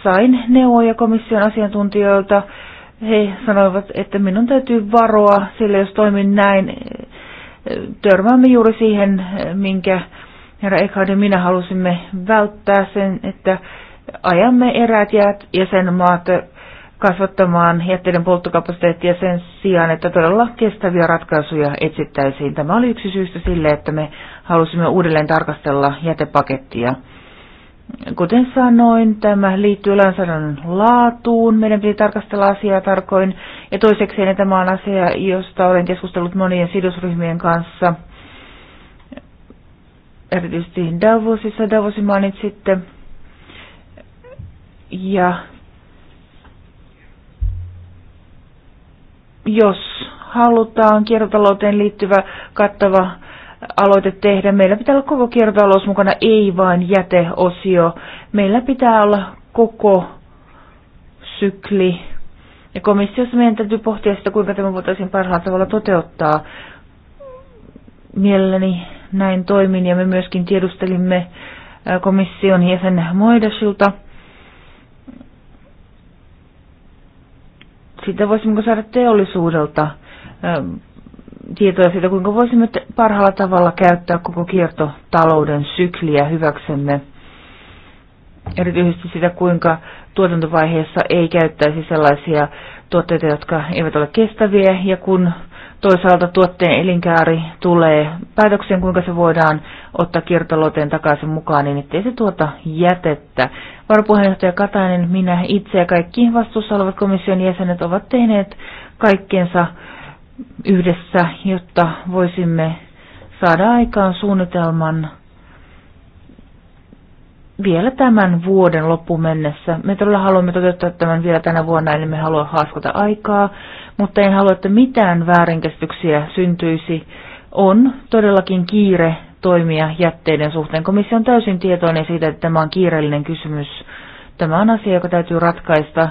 Sain neuvoja komission asiantuntijoilta. He sanoivat, että minun täytyy varoa, sillä jos toimin näin, törmäämme juuri siihen, minkä herra Eckhard ja minä halusimme välttää sen, että ajamme eräät jäsenmaat kasvattamaan jätteiden polttokapasiteettia sen sijaan, että todella kestäviä ratkaisuja etsittäisiin. Tämä oli yksi syystä sille, että me halusimme uudelleen tarkastella jätepakettia. Kuten sanoin, tämä liittyy lainsäädännön laatuun. Meidän piti tarkastella asiaa tarkoin. Ja toisekseen niin tämä on asia, josta olen keskustellut monien sidosryhmien kanssa. Erityisesti Davosissa. Davosi mainitsitte. Ja jos halutaan kiertotalouteen liittyvä kattava aloite tehdä. Meillä pitää olla koko kiertotalous mukana, ei vain jäteosio. Meillä pitää olla koko sykli. Ja komissiossa meidän täytyy pohtia sitä, kuinka tämä voitaisiin parhaalla tavalla toteuttaa. Mielelläni näin toimin ja me myöskin tiedustelimme komission jäsen Moidasilta. Sitä voisimmeko saada teollisuudelta tietoa siitä, kuinka voisimme parhaalla tavalla käyttää koko kiertotalouden sykliä hyväksemme. Erityisesti sitä, kuinka tuotantovaiheessa ei käyttäisi sellaisia tuotteita, jotka eivät ole kestäviä, ja kun toisaalta tuotteen elinkaari tulee päätökseen, kuinka se voidaan ottaa kiertotalouteen takaisin mukaan, niin ettei se tuota jätettä. Varapuheenjohtaja Katainen, minä itse ja kaikki vastuussa olevat komission jäsenet ovat tehneet kaikkensa yhdessä, jotta voisimme saada aikaan suunnitelman vielä tämän vuoden loppuun mennessä. Me todella haluamme toteuttaa tämän vielä tänä vuonna, eli me haluamme haaskata aikaa, mutta en halua, että mitään väärinkäsityksiä syntyisi. On todellakin kiire toimia jätteiden suhteen. Komissio on täysin tietoinen siitä, että tämä on kiireellinen kysymys. Tämä on asia, joka täytyy ratkaista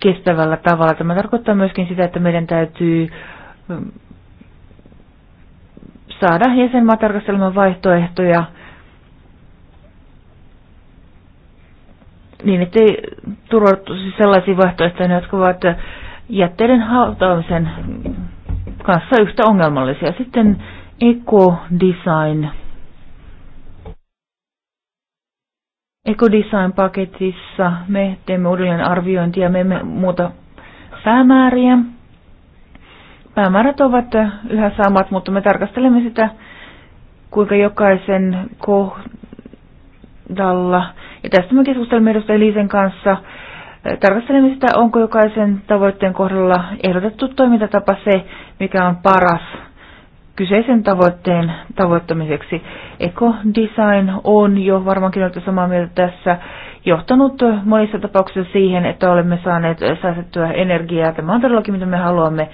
kestävällä tavalla. Tämä tarkoittaa myöskin sitä, että meidän täytyy saada jäsenmaatarkastelman vaihtoehtoja niin, ettei turvautuisi sellaisiin vaihtoehtoihin, jotka ovat jätteiden hautaamisen kanssa yhtä ongelmallisia. Sitten eco-design Ecodesign-paketissa me teemme uudelleen arviointia, me emme muuta päämääriä. Päämäärät ovat yhä samat, mutta me tarkastelemme sitä, kuinka jokaisen kohdalla, ja tästä me keskustelemme edustaja Liisen kanssa, tarkastelemme sitä, onko jokaisen tavoitteen kohdalla ehdotettu toimintatapa se, mikä on paras kyseisen tavoitteen tavoittamiseksi. Eco-design on jo, varmaankin olette samaa mieltä tässä, johtanut monissa tapauksissa siihen, että olemme saaneet säästettyä energiaa. Tämä on todellakin, mitä me haluamme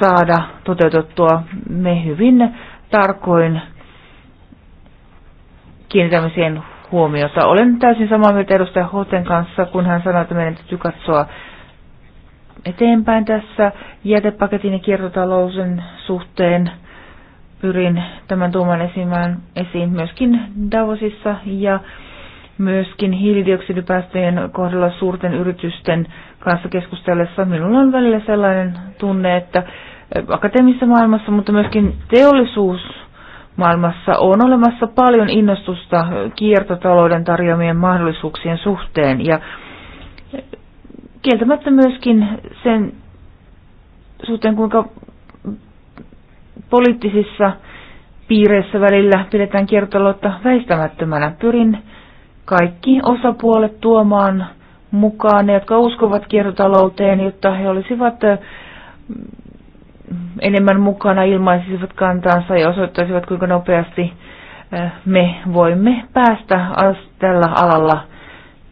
saada toteutettua. Me hyvin tarkoin kiinnitämme siihen huomiota. Olen täysin samaa mieltä edustaja Hoten kanssa, kun hän sanoi, että meidän täytyy katsoa eteenpäin tässä jätepaketin ja kiertotalousen suhteen. Pyrin tämän tuomaan esimään, esiin myöskin Davosissa ja myöskin hiilidioksidipäästöjen kohdalla suurten yritysten kanssa keskustellessa. Minulla on välillä sellainen tunne, että akateemisessa maailmassa, mutta myöskin teollisuusmaailmassa on olemassa paljon innostusta kiertotalouden tarjoamien mahdollisuuksien suhteen ja kieltämättä myöskin sen suhteen, kuinka poliittisissa piireissä välillä pidetään kiertotaloutta väistämättömänä. Pyrin kaikki osapuolet tuomaan mukaan ne, jotka uskovat kiertotalouteen, jotta he olisivat enemmän mukana ilmaisisivat kantaansa ja osoittaisivat, kuinka nopeasti me voimme päästä tällä alalla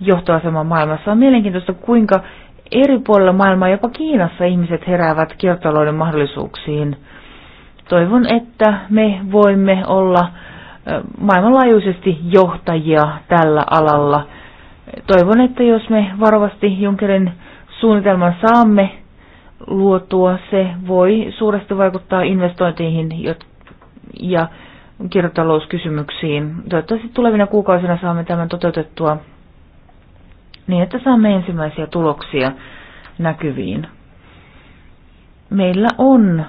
johtoasemaan maailmassa. On mielenkiintoista, kuinka eri puolilla maailmaa, jopa Kiinassa, ihmiset heräävät kiertotalouden mahdollisuuksiin. Toivon, että me voimme olla maailmanlaajuisesti johtajia tällä alalla. Toivon, että jos me varovasti Junckerin suunnitelman saamme luotua, se voi suuresti vaikuttaa investointeihin ja kiertotalouskysymyksiin. Toivottavasti tulevina kuukausina saamme tämän toteutettua niin, että saamme ensimmäisiä tuloksia näkyviin. Meillä on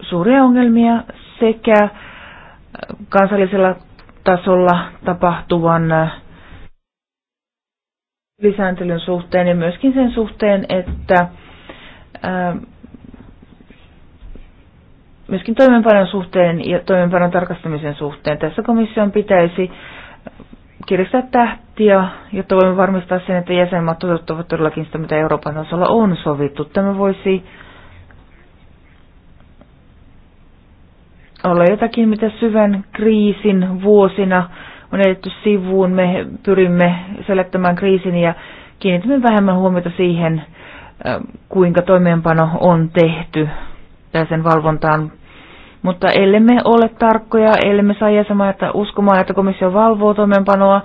suuria ongelmia sekä kansallisella tasolla tapahtuvan lisääntelyn suhteen ja myöskin sen suhteen, että ää, myöskin toimenpanon suhteen ja toimenpanon tarkastamisen suhteen. Tässä komission pitäisi kiristää tähtiä, jotta voimme varmistaa sen, että jäsenmaat toteuttavat todellakin sitä, mitä Euroopan tasolla on sovittu. Tämä voisi olla jotakin, mitä syvän kriisin vuosina on edetty sivuun. Me pyrimme selättämään kriisin ja kiinnitämme vähemmän huomiota siihen, kuinka toimeenpano on tehty tai sen valvontaan. Mutta ellemme ole tarkkoja, ellemme saa että uskomaan, että komissio valvoo toimeenpanoa,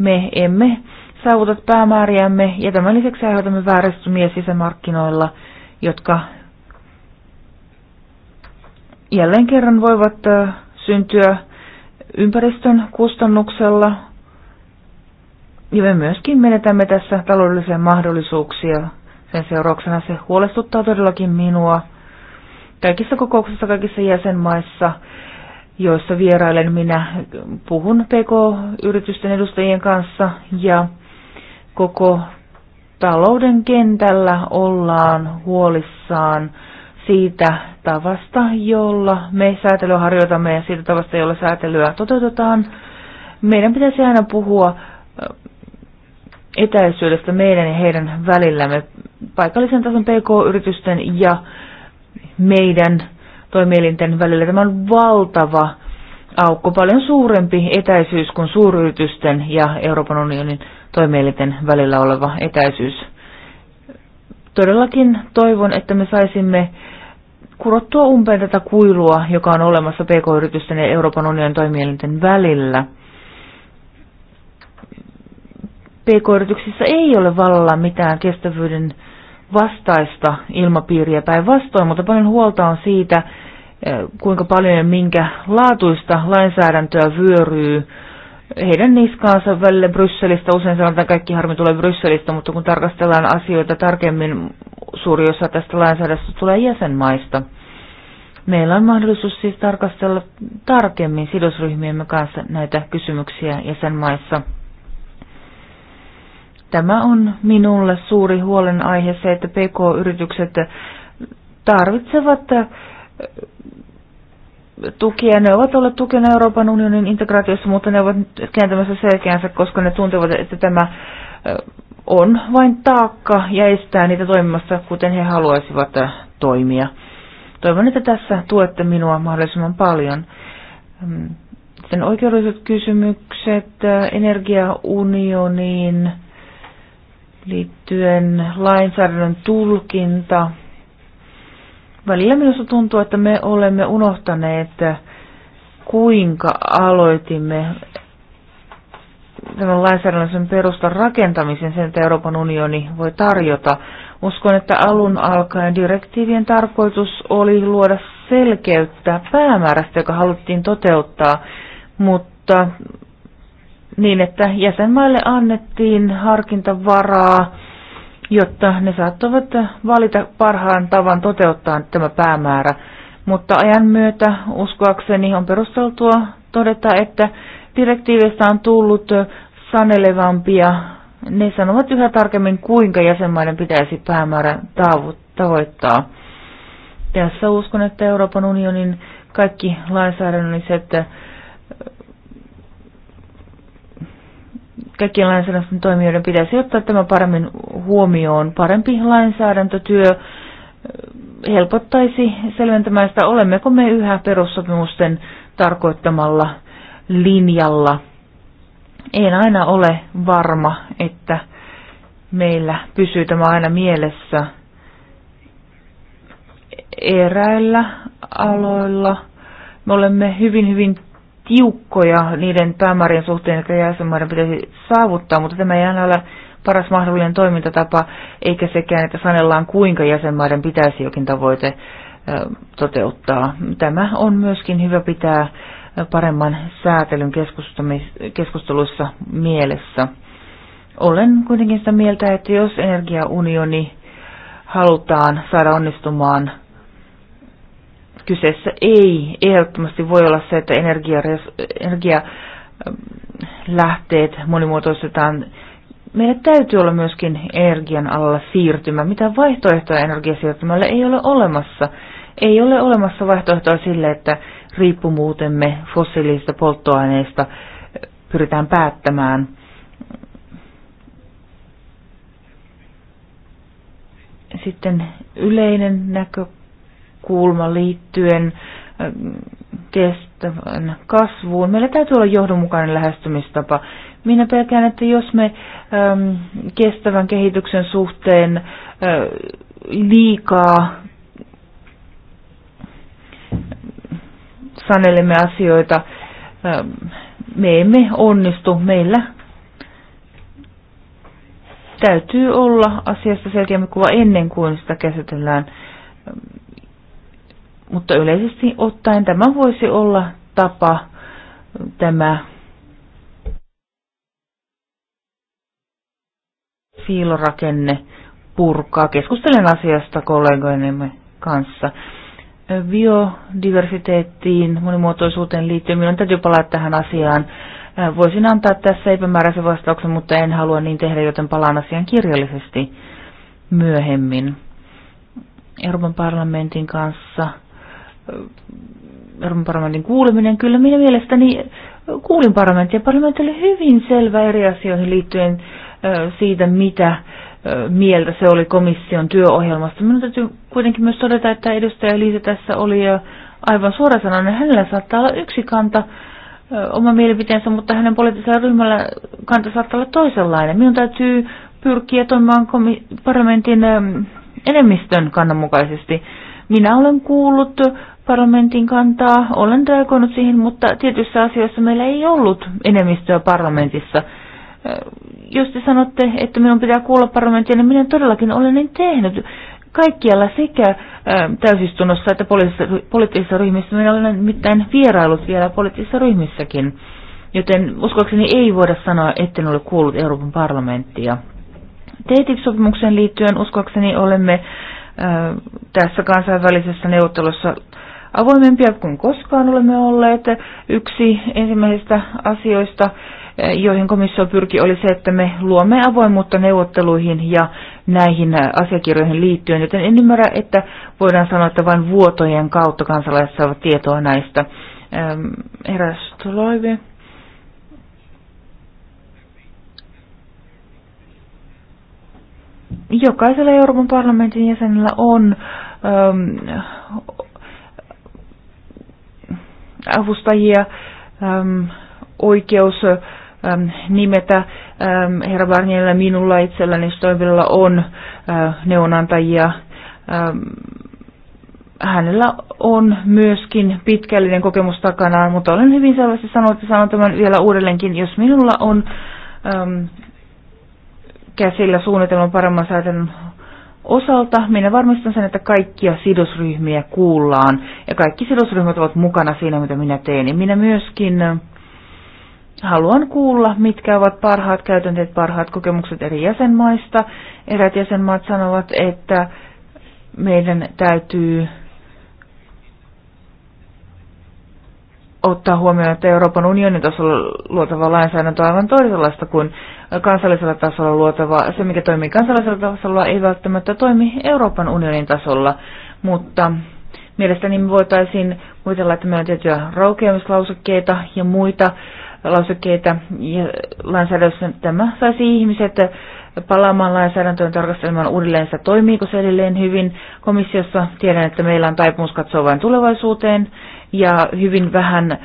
me emme saavuta päämääriämme ja tämän lisäksi aiheutamme vääristymiä sisämarkkinoilla, jotka jälleen kerran voivat syntyä ympäristön kustannuksella. Ja me myöskin menetämme tässä taloudellisia mahdollisuuksia. Sen seurauksena se huolestuttaa todellakin minua. Kaikissa kokouksissa, kaikissa jäsenmaissa, joissa vierailen, minä puhun PK-yritysten edustajien kanssa ja koko talouden kentällä ollaan huolissaan siitä, tavasta, jolla me säätelyä harjoitamme ja siitä tavasta, jolla säätelyä toteutetaan. Meidän pitäisi aina puhua äh, etäisyydestä meidän ja heidän välillämme paikallisen tason PK-yritysten ja meidän toimielinten välillä. Tämä on valtava aukko, paljon suurempi etäisyys kuin suuryritysten ja Euroopan unionin toimielinten välillä oleva etäisyys. Todellakin toivon, että me saisimme kurottua umpeen tätä kuilua, joka on olemassa pk-yritysten ja Euroopan unionin toimielinten välillä. PK-yrityksissä ei ole vallalla mitään kestävyyden vastaista ilmapiiriä päinvastoin, mutta paljon huolta on siitä, eh, kuinka paljon ja minkä laatuista lainsäädäntöä vyöryy heidän niskaansa välillä Brysselistä. Usein sanotaan, että kaikki harmi tulee Brysselistä, mutta kun tarkastellaan asioita tarkemmin, suuri osa tästä lainsäädännöstä tulee jäsenmaista. Meillä on mahdollisuus siis tarkastella tarkemmin sidosryhmiemme kanssa näitä kysymyksiä jäsenmaissa. Tämä on minulle suuri huolenaihe se, että PK-yritykset tarvitsevat tukia. Ne ovat olleet tukena Euroopan unionin integraatiossa, mutta ne ovat kääntämässä selkeänsä, koska ne tuntevat, että tämä on vain taakka ja estää niitä toimimassa, kuten he haluaisivat toimia. Toivon, että tässä tuette minua mahdollisimman paljon. Mm, sen oikeudelliset kysymykset energiaunioniin liittyen lainsäädännön tulkinta – Välillä minusta tuntuu, että me olemme unohtaneet, kuinka aloitimme tämän lainsäädännön perustan rakentamisen, sen että Euroopan unioni voi tarjota. Uskon, että alun alkaen direktiivien tarkoitus oli luoda selkeyttä päämäärästä, joka haluttiin toteuttaa, mutta niin, että jäsenmaille annettiin harkintavaraa jotta ne saattavat valita parhaan tavan toteuttaa tämä päämäärä. Mutta ajan myötä uskoakseni on perusteltua todeta, että direktiivistä on tullut sanelevampia. Ne sanovat yhä tarkemmin, kuinka jäsenmaiden pitäisi päämäärä tavoittaa. Tässä uskon, että Euroopan unionin kaikki lainsäädännölliset kaikkien lainsäädännön toimijoiden pitäisi ottaa tämä paremmin huomioon. Parempi lainsäädäntötyö helpottaisi selventämään sitä, olemmeko me yhä perussopimusten tarkoittamalla linjalla. En aina ole varma, että meillä pysyy tämä aina mielessä eräillä aloilla. Me olemme hyvin, hyvin tiukkoja niiden päämäärien suhteen, jotka jäsenmaiden pitäisi saavuttaa, mutta tämä ei aina ole paras mahdollinen toimintatapa, eikä sekään, että sanellaan kuinka jäsenmaiden pitäisi jokin tavoite toteuttaa. Tämä on myöskin hyvä pitää paremman säätelyn keskusteluissa mielessä. Olen kuitenkin sitä mieltä, että jos energiaunioni halutaan saada onnistumaan kyseessä ei ehdottomasti voi olla se, että energialähteet ähm, monimuotoistetaan. Meillä täytyy olla myöskin energian alalla siirtymä. Mitä vaihtoehtoja energiasiirtymälle ei ole olemassa. Ei ole olemassa vaihtoehtoa sille, että riippumuutemme fossiilisista polttoaineista äh, pyritään päättämään. Sitten yleinen näkö näkökulma liittyen kestävän kasvuun. Meillä täytyy olla johdonmukainen lähestymistapa. Minä pelkään, että jos me äm, kestävän kehityksen suhteen ä, liikaa sanelemme asioita, ä, me emme onnistu. Meillä täytyy olla asiasta selkeämpi kuva ennen kuin sitä käsitellään mutta yleisesti ottaen tämä voisi olla tapa, tämä siilorakenne purkaa. Keskustelen asiasta kollegoinemme kanssa. Biodiversiteettiin, monimuotoisuuteen liittyen, minun täytyy palata tähän asiaan. Voisin antaa tässä epämääräisen vastauksen, mutta en halua niin tehdä, joten palaan asian kirjallisesti myöhemmin. Euroopan parlamentin kanssa Euroopan parlamentin kuuleminen. Kyllä minä mielestäni kuulin parlamenttia. Parlamentti oli hyvin selvä eri asioihin liittyen siitä, mitä mieltä se oli komission työohjelmasta. Minun täytyy kuitenkin myös todeta, että edustaja Liisa tässä oli aivan suorasanainen. Hänellä saattaa olla yksi kanta, oma mielipiteensä, mutta hänen poliittisella ryhmällä kanta saattaa olla toisenlainen. Minun täytyy pyrkiä toimimaan parlamentin enemmistön kannanmukaisesti. Minä olen kuullut parlamentin kantaa. Olen reagoinut siihen, mutta tietyissä asioissa meillä ei ollut enemmistöä parlamentissa. Jos te sanotte, että minun pitää kuulla parlamenttia, niin minä todellakin olen niin tehnyt. Kaikkialla sekä täysistunnossa että poliittisissa, ryhmissä. Minä olen mitään vierailut vielä poliittisissa ryhmissäkin. Joten uskoakseni ei voida sanoa, etten ole kuullut Euroopan parlamenttia. TTIP-sopimukseen liittyen uskoakseni olemme tässä kansainvälisessä neuvottelussa avoimempia kuin koskaan olemme olleet. Yksi ensimmäisistä asioista, eh, joihin komissio pyrki, oli se, että me luomme avoimuutta neuvotteluihin ja näihin eh, asiakirjoihin liittyen, joten en ymmärrä, että voidaan sanoa, että vain vuotojen kautta kansalaiset saavat tietoa näistä. Ehm, Eräs Stoloive. jokaisella Euroopan parlamentin jäsenellä on äm, ehm, avustajia, äm, oikeus äm, nimetä äm, herra Barnierilla minulla itselläni Stoivilla on äh, neuvonantajia. Äm, hänellä on myöskin pitkällinen kokemus takanaan, mutta olen hyvin selvästi sanonut, että sanon tämän vielä uudelleenkin, jos minulla on äm, käsillä suunnitelman paremman säätön osalta. Minä varmistan sen, että kaikkia sidosryhmiä kuullaan ja kaikki sidosryhmät ovat mukana siinä, mitä minä teen. Minä myöskin äh, haluan kuulla, mitkä ovat parhaat käytänteet, parhaat kokemukset eri jäsenmaista. Erät jäsenmaat sanovat, että meidän täytyy ottaa huomioon, että Euroopan unionin tasolla luotava lainsäädäntö on aivan toisenlaista kuin kansallisella tasolla luotava. Se, mikä toimii kansallisella tasolla, ei välttämättä toimi Euroopan unionin tasolla, mutta mielestäni me voitaisiin kuvitella, että meillä on tiettyjä raukeamislausekkeita ja muita lausekkeita ja lainsäädännössä tämä saisi ihmiset palaamaan lainsäädäntöön tarkastelemaan uudelleen sitä, toimiiko se edelleen hyvin. Komissiossa tiedän, että meillä on taipumus katsoa vain tulevaisuuteen ja hyvin vähän äh,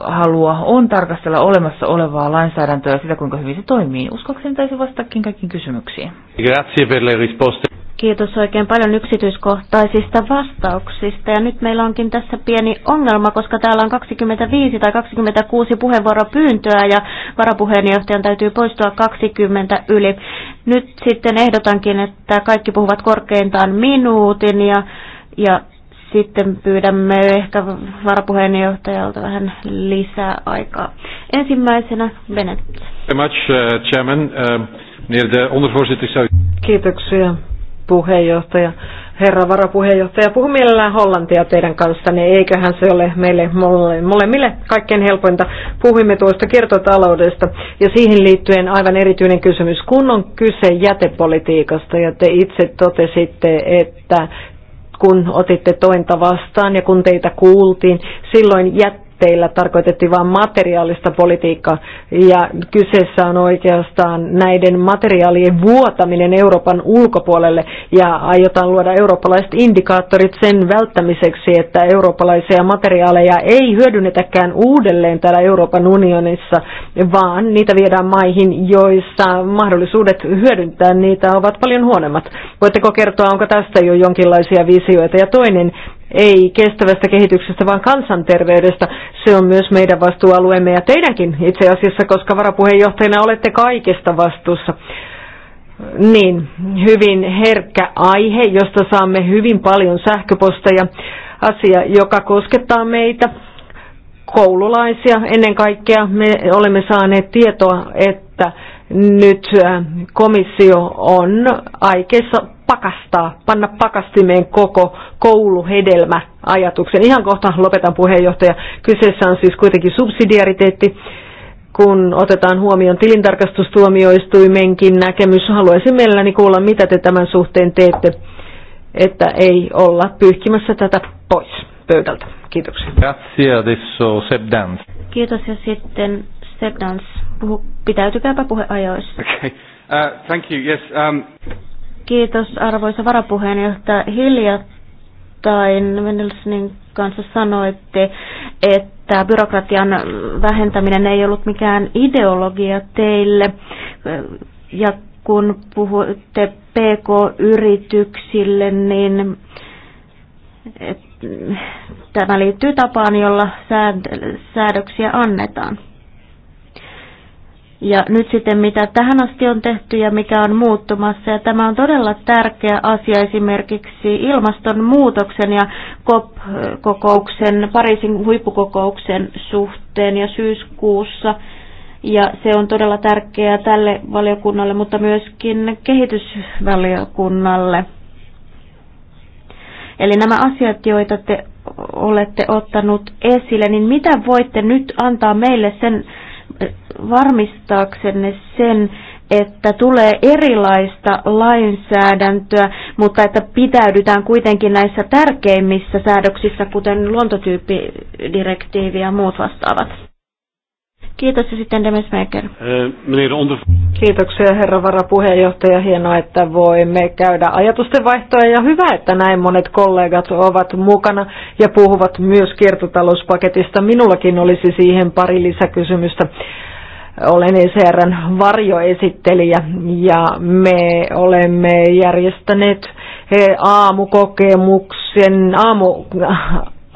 halua on tarkastella olemassa olevaa lainsäädäntöä ja sitä, kuinka hyvin se toimii. Uskoakseni taisi vastaakin kaikkiin kysymyksiin. Grazie per le risposte. Kiitos oikein paljon yksityiskohtaisista vastauksista. Ja nyt meillä onkin tässä pieni ongelma, koska täällä on 25 tai 26 puheenvuoropyyntöä ja varapuheenjohtajan täytyy poistua 20 yli. Nyt sitten ehdotankin, että kaikki puhuvat korkeintaan minuutin ja, ja sitten pyydämme ehkä varapuheenjohtajalta vähän lisää aikaa. Ensimmäisenä Bennett. Uh, chairman. Uh, ondervoorzitter, Kiitoksia puheenjohtaja, herra varapuheenjohtaja, puhu mielellään hollantia teidän kanssanne, eiköhän se ole meille molemmille kaikkein helpointa. Puhuimme tuosta kiertotaloudesta ja siihen liittyen aivan erityinen kysymys, kun on kyse jätepolitiikasta ja te itse totesitte, että kun otitte tointa vastaan ja kun teitä kuultiin, silloin jät teillä tarkoitettiin vain materiaalista politiikkaa, ja kyseessä on oikeastaan näiden materiaalien vuotaminen Euroopan ulkopuolelle, ja aiotaan luoda eurooppalaiset indikaattorit sen välttämiseksi, että eurooppalaisia materiaaleja ei hyödynnetäkään uudelleen täällä Euroopan unionissa, vaan niitä viedään maihin, joissa mahdollisuudet hyödyntää niitä ovat paljon huonommat. Voitteko kertoa, onko tästä jo jonkinlaisia visioita? Ja toinen ei kestävästä kehityksestä, vaan kansanterveydestä. Se on myös meidän vastuualueemme ja teidänkin itse asiassa, koska varapuheenjohtajana olette kaikesta vastuussa. Niin, hyvin herkkä aihe, josta saamme hyvin paljon sähköposteja. Asia, joka koskettaa meitä, koululaisia ennen kaikkea. Me olemme saaneet tietoa, että nyt äh, komissio on aikeissa pakastaa, panna pakastimeen koko kouluhedelmä ajatuksen. Ihan kohta lopetan puheenjohtaja. Kyseessä on siis kuitenkin subsidiariteetti. Kun otetaan huomioon tilintarkastustuomioistuimenkin näkemys, haluaisin mielelläni kuulla, mitä te tämän suhteen teette, että ei olla pyyhkimässä tätä pois pöydältä. Kiitoksia. adesso Seb Kiitos ja sitten Step Dance, puhu, pitäytykääpä puheajoissa. Okay. Uh, thank you. Yes, um... Kiitos arvoisa varapuheenjohtaja. Hiljattain Mendelsonin kanssa sanoitte, että byrokratian vähentäminen ei ollut mikään ideologia teille. Ja kun puhutte PK-yrityksille, niin tämä liittyy tapaan, jolla säädöksiä annetaan. Ja nyt sitten mitä tähän asti on tehty ja mikä on muuttumassa. Ja tämä on todella tärkeä asia esimerkiksi ilmastonmuutoksen ja COP-kokouksen, Pariisin huippukokouksen suhteen ja syyskuussa. Ja se on todella tärkeää tälle valiokunnalle, mutta myöskin kehitysvaliokunnalle. Eli nämä asiat, joita te olette ottanut esille, niin mitä voitte nyt antaa meille sen varmistaaksenne sen, että tulee erilaista lainsäädäntöä, mutta että pitäydytään kuitenkin näissä tärkeimmissä säädöksissä, kuten luontotyyppidirektiivi ja muut vastaavat? Kiitos ja sitten Demesmaker. Eh, Kiitoksia herra varapuheenjohtaja. Hienoa, että voimme käydä ajatusten vaihtoja ja hyvä, että näin monet kollegat ovat mukana ja puhuvat myös kiertotalouspaketista. Minullakin olisi siihen pari lisäkysymystä olen ECRn varjoesittelijä ja me olemme järjestäneet eh, aamukokemuksen, aamu,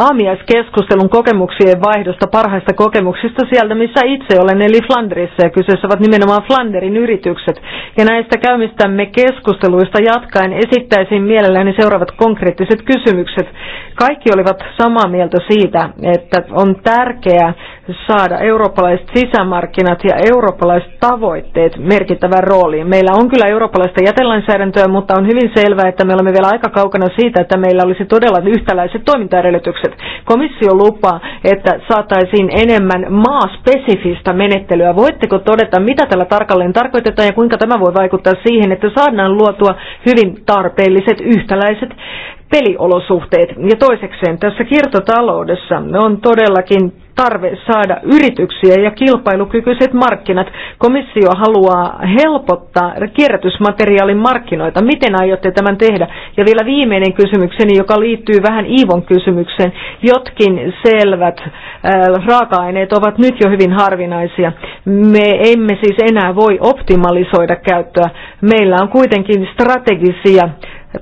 aamiaiskeskustelun kokemuksien vaihdosta, parhaista kokemuksista sieltä, missä itse olen, eli Flanderissa, ja kyseessä ovat nimenomaan Flanderin yritykset. Ja näistä käymistämme keskusteluista jatkaen esittäisin mielelläni seuraavat konkreettiset kysymykset. Kaikki olivat samaa mieltä siitä, että on tärkeää saada eurooppalaiset sisämarkkinat ja eurooppalaiset tavoitteet merkittävän rooliin. Meillä on kyllä eurooppalaista jätelainsäädäntöä, mutta on hyvin selvää, että me olemme vielä aika kaukana siitä, että meillä olisi todella yhtäläiset toimintaedellytykset. Komissio lupaa, että saataisiin enemmän maaspesifistä menettelyä. Voitteko todeta, mitä tällä tarkalleen tarkoitetaan ja kuinka tämä voi vaikuttaa siihen, että saadaan luotua hyvin tarpeelliset yhtäläiset peliolosuhteet. Ja toisekseen tässä kiertotaloudessa on todellakin tarve saada yrityksiä ja kilpailukykyiset markkinat. Komissio haluaa helpottaa kierrätysmateriaalin markkinoita. Miten aiotte tämän tehdä? Ja vielä viimeinen kysymykseni, joka liittyy vähän Iivon kysymykseen. Jotkin selvät äh, raaka-aineet ovat nyt jo hyvin harvinaisia. Me emme siis enää voi optimalisoida käyttöä. Meillä on kuitenkin strategisia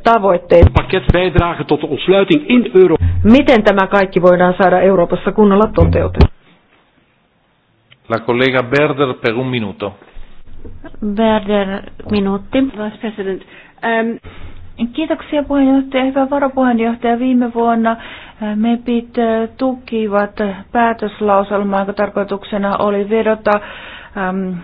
tavoitteet. Miten tämä kaikki voidaan saada Euroopassa kunnolla toteutettua? La collega Berder per un minuto. Berder, minuutti. Vice President. Um, Kiitoksia puheenjohtaja. Hyvä varapuheenjohtaja. Viime vuonna uh, MEPit uh, tukivat päätöslauselmaa, jonka tarkoituksena oli vedota um,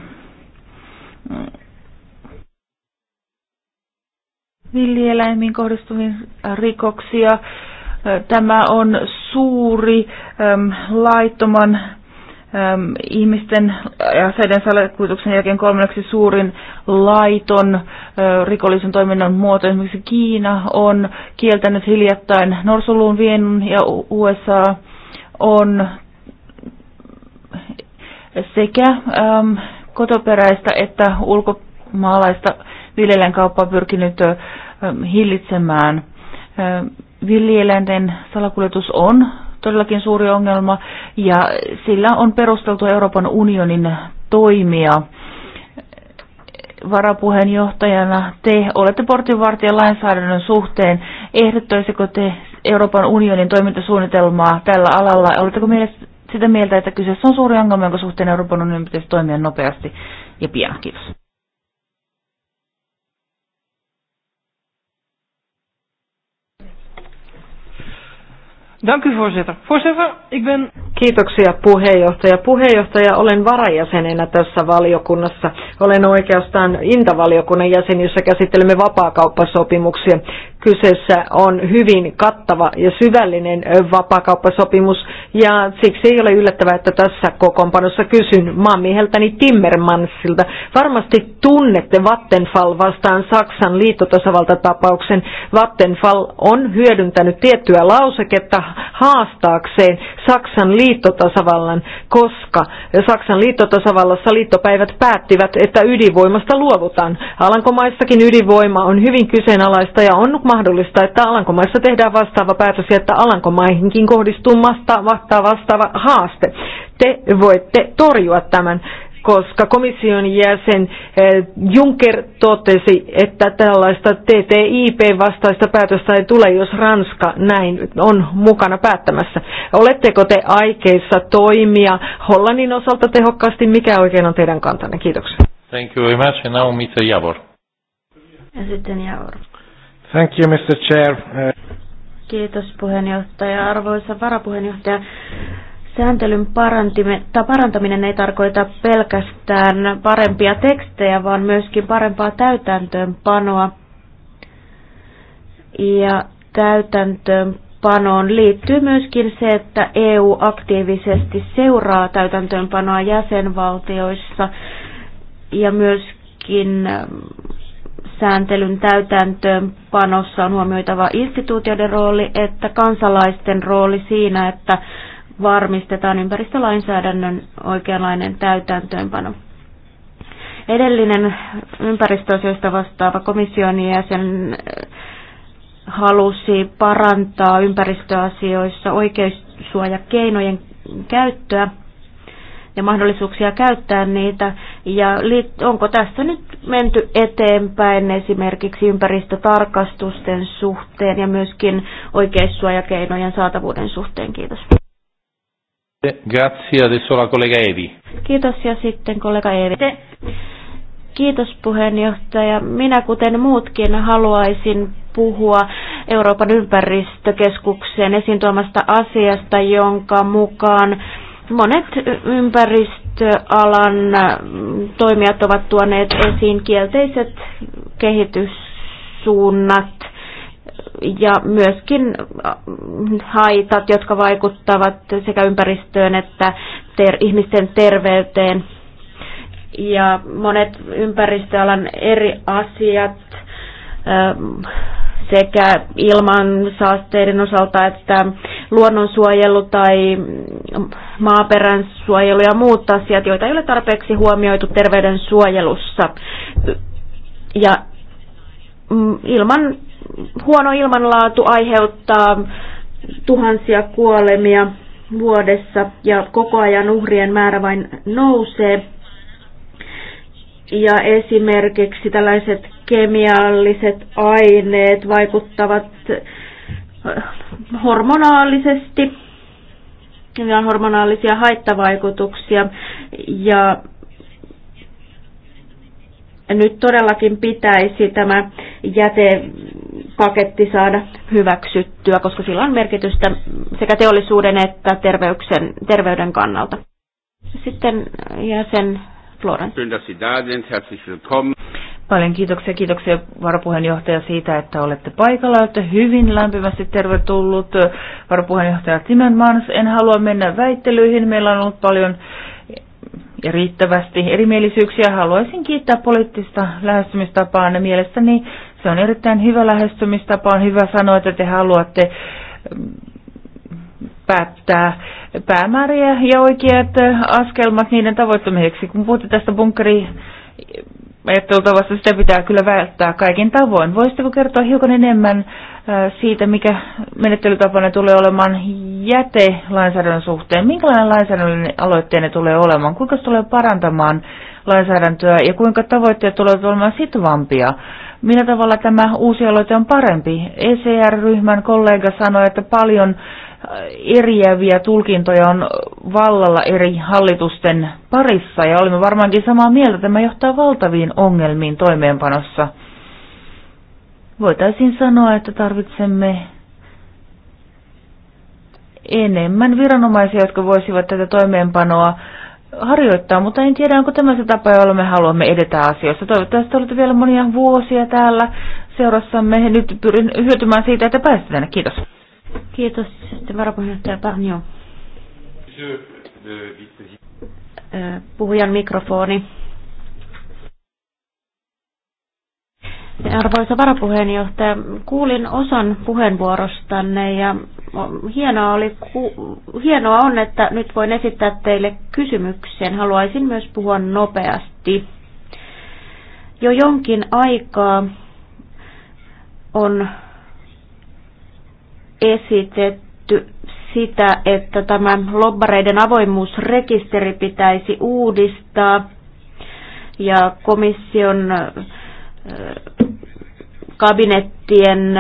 villieläimiin kohdistuvia äh, rikoksia. Äh, tämä on suuri äm, laittoman äm, ihmisten aseiden salakuljetuksen jälkeen kolmanneksi suurin laiton ä, äh, rikollisen toiminnan muoto. Esimerkiksi Kiina on kieltänyt hiljattain norsuluun vienun ja USA on sekä äm, kotoperäistä että ulkomaalaista viljelyn kauppaa pyrkinyt Ähm, hillitsemään. Ähm, villieläinten salakuljetus on todellakin suuri ongelma ja sillä on perusteltu Euroopan unionin toimia. Varapuheenjohtajana te olette portinvartijan lainsäädännön suhteen. Ehdottaisiko te Euroopan unionin toimintasuunnitelmaa tällä alalla? Oletteko mielestä sitä mieltä, että kyseessä on suuri ongelma, jonka suhteen Euroopan unionin pitäisi toimia nopeasti ja pian? Kiitos. Dank u voorzitter. Voorzitter, ik ben... Kiitoksia puheenjohtaja. Puheenjohtaja, olen varajäsenenä tässä valiokunnassa. Olen oikeastaan Intavaliokunnan jäsen, jossa käsittelemme vapaakauppasopimuksia. Kyseessä on hyvin kattava ja syvällinen vapaakauppasopimus ja siksi ei ole yllättävää, että tässä kokoonpanossa kysyn maamieheltäni Timmermansilta. Varmasti tunnette Vattenfall vastaan Saksan liittotasavaltatapauksen. Vattenfall on hyödyntänyt tiettyä lauseketta haastaakseen Saksan liittotasavallan, koska Saksan liittotasavallassa liittopäivät päättivät, että ydinvoimasta luovutaan. Alankomaissakin ydinvoima on hyvin kyseenalaista ja on mahdollista, että Alankomaissa tehdään vastaava päätös ja että Alankomaihinkin kohdistuu vastaava haaste te voitte torjua tämän koska komission jäsen eh, Juncker totesi, että tällaista TTIP-vastaista päätöstä ei tule, jos Ranska näin on mukana päättämässä. Oletteko te aikeissa toimia Hollannin osalta tehokkaasti? Mikä oikein on teidän kantanne? Kiitoksia. Thank you very much. And now Mr. Javor. Ja sitten Javor. Thank you, Mr. Chair. Kiitos puheenjohtaja. Arvoisa varapuheenjohtaja. Sääntelyn parantaminen ei tarkoita pelkästään parempia tekstejä, vaan myöskin parempaa täytäntöönpanoa. Ja täytäntöönpanoon liittyy myöskin se, että EU aktiivisesti seuraa täytäntöönpanoa jäsenvaltioissa ja myöskin ähm, sääntelyn täytäntöönpanossa on huomioitava instituutioiden rooli että kansalaisten rooli siinä, että varmistetaan ympäristölainsäädännön oikeanlainen täytäntöönpano. Edellinen ympäristöasioista vastaava komission jäsen eh, halusi parantaa ympäristöasioissa oikeussuojakeinojen käyttöä ja mahdollisuuksia käyttää niitä. Ja onko tässä nyt menty eteenpäin esimerkiksi ympäristötarkastusten suhteen ja myöskin oikeussuojakeinojen saatavuuden suhteen? Kiitos. Grazie, adesso la Evi. Kiitos ja sitten kollega Evi. Kiitos puheenjohtaja. Minä kuten muutkin haluaisin puhua Euroopan ympäristökeskuksen esiin tuomasta asiasta, jonka mukaan monet ympäristöalan toimijat ovat tuoneet esiin kielteiset kehityssuunnat ja myöskin äh, haitat, jotka vaikuttavat sekä ympäristöön että ter- ihmisten terveyteen. Ja monet ympäristöalan eri asiat ähm, sekä ilmansaasteiden osalta että luonnonsuojelu tai maaperän suojelu ja muut asiat, joita ei ole tarpeeksi huomioitu suojelussa Ja mm, ilman huono ilmanlaatu aiheuttaa tuhansia kuolemia vuodessa ja koko ajan uhrien määrä vain nousee. Ja esimerkiksi tällaiset kemialliset aineet vaikuttavat eh, hormonaalisesti, niillä on hormonaalisia haittavaikutuksia ja nyt todellakin pitäisi tämä jäte paketti saada hyväksyttyä, koska sillä on merkitystä sekä teollisuuden että terveyksen, terveyden kannalta. Sitten jäsen Florence. Paljon kiitoksia, kiitoksia varapuheenjohtaja siitä, että olette paikalla, olette hyvin lämpimästi tervetullut. Varapuheenjohtaja Timmermans, en halua mennä väittelyihin, meillä on ollut paljon ja riittävästi erimielisyyksiä. Haluaisin kiittää poliittista lähestymistapaa. Mielestäni se on erittäin hyvä lähestymistapa. On hyvä sanoa, että te haluatte mm, päättää päämääriä ja oikeat askelmat niiden tavoittamiseksi. Kun puhutte tästä bunkkeri ajattelutavasta, sitä pitää kyllä välttää kaikin tavoin. Voisitteko kertoa hiukan enemmän siitä, mikä menettelytapana tulee olemaan jätelainsäädännön suhteen? Minkälainen lainsäädännön aloitteenne tulee olemaan? Kuinka se tulee parantamaan lainsäädäntöä ja kuinka tavoitteet tulevat olemaan sitovampia? millä tavalla tämä uusi aloite on parempi. ECR-ryhmän kollega sanoi, että paljon äh, eriäviä tulkintoja on vallalla eri hallitusten parissa ja olemme varmaankin samaa mieltä, että tämä johtaa valtaviin ongelmiin toimeenpanossa. Voitaisiin sanoa, että tarvitsemme enemmän viranomaisia, jotka voisivat tätä toimeenpanoa harjoittaa, mutta en tiedä, onko tämä se tapa, jolla me haluamme edetä asioissa. Toivottavasti olette vielä monia vuosia täällä seurassamme. Nyt pyrin hyötymään siitä, että pääsette tänne. Kiitos. Kiitos, sitten varapuheenjohtaja Parnio. Puhujan mikrofoni. Arvoisa varapuheenjohtaja, kuulin osan puheenvuorostanne ja hienoa, oli, hienoa on, että nyt voin esittää teille kysymyksen. Haluaisin myös puhua nopeasti. Jo jonkin aikaa on esitetty sitä, että tämä lobbareiden avoimuusrekisteri pitäisi uudistaa ja komission kabinettien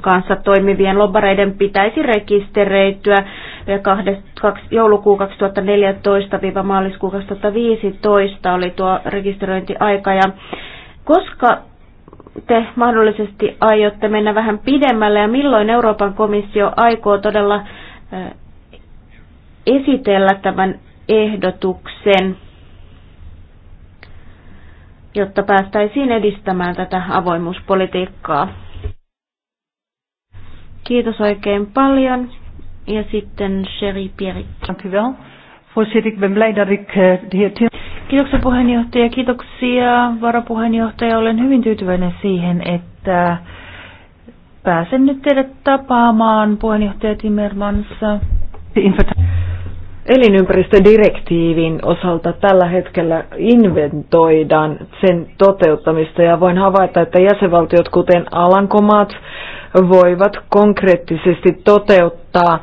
kanssa toimivien lobbareiden pitäisi rekisteröityä joulukuu 2014-maaliskuu 2015 oli tuo rekisteröintiaika. Ja koska te mahdollisesti aiotte mennä vähän pidemmälle ja milloin Euroopan komissio aikoo todella esitellä tämän ehdotuksen, jotta päästäisiin edistämään tätä avoimuuspolitiikkaa? Kiitos oikein paljon. Ja sitten Sherry Pierik. Eh, kiitoksia puheenjohtaja, kiitoksia varapuheenjohtaja. Olen hyvin tyytyväinen siihen, että pääsen nyt teidät tapaamaan puheenjohtaja Timmermans. Elinympäristödirektiivin osalta tällä hetkellä inventoidaan sen toteuttamista ja voin havaita, että jäsenvaltiot kuten Alankomaat voivat konkreettisesti toteuttaa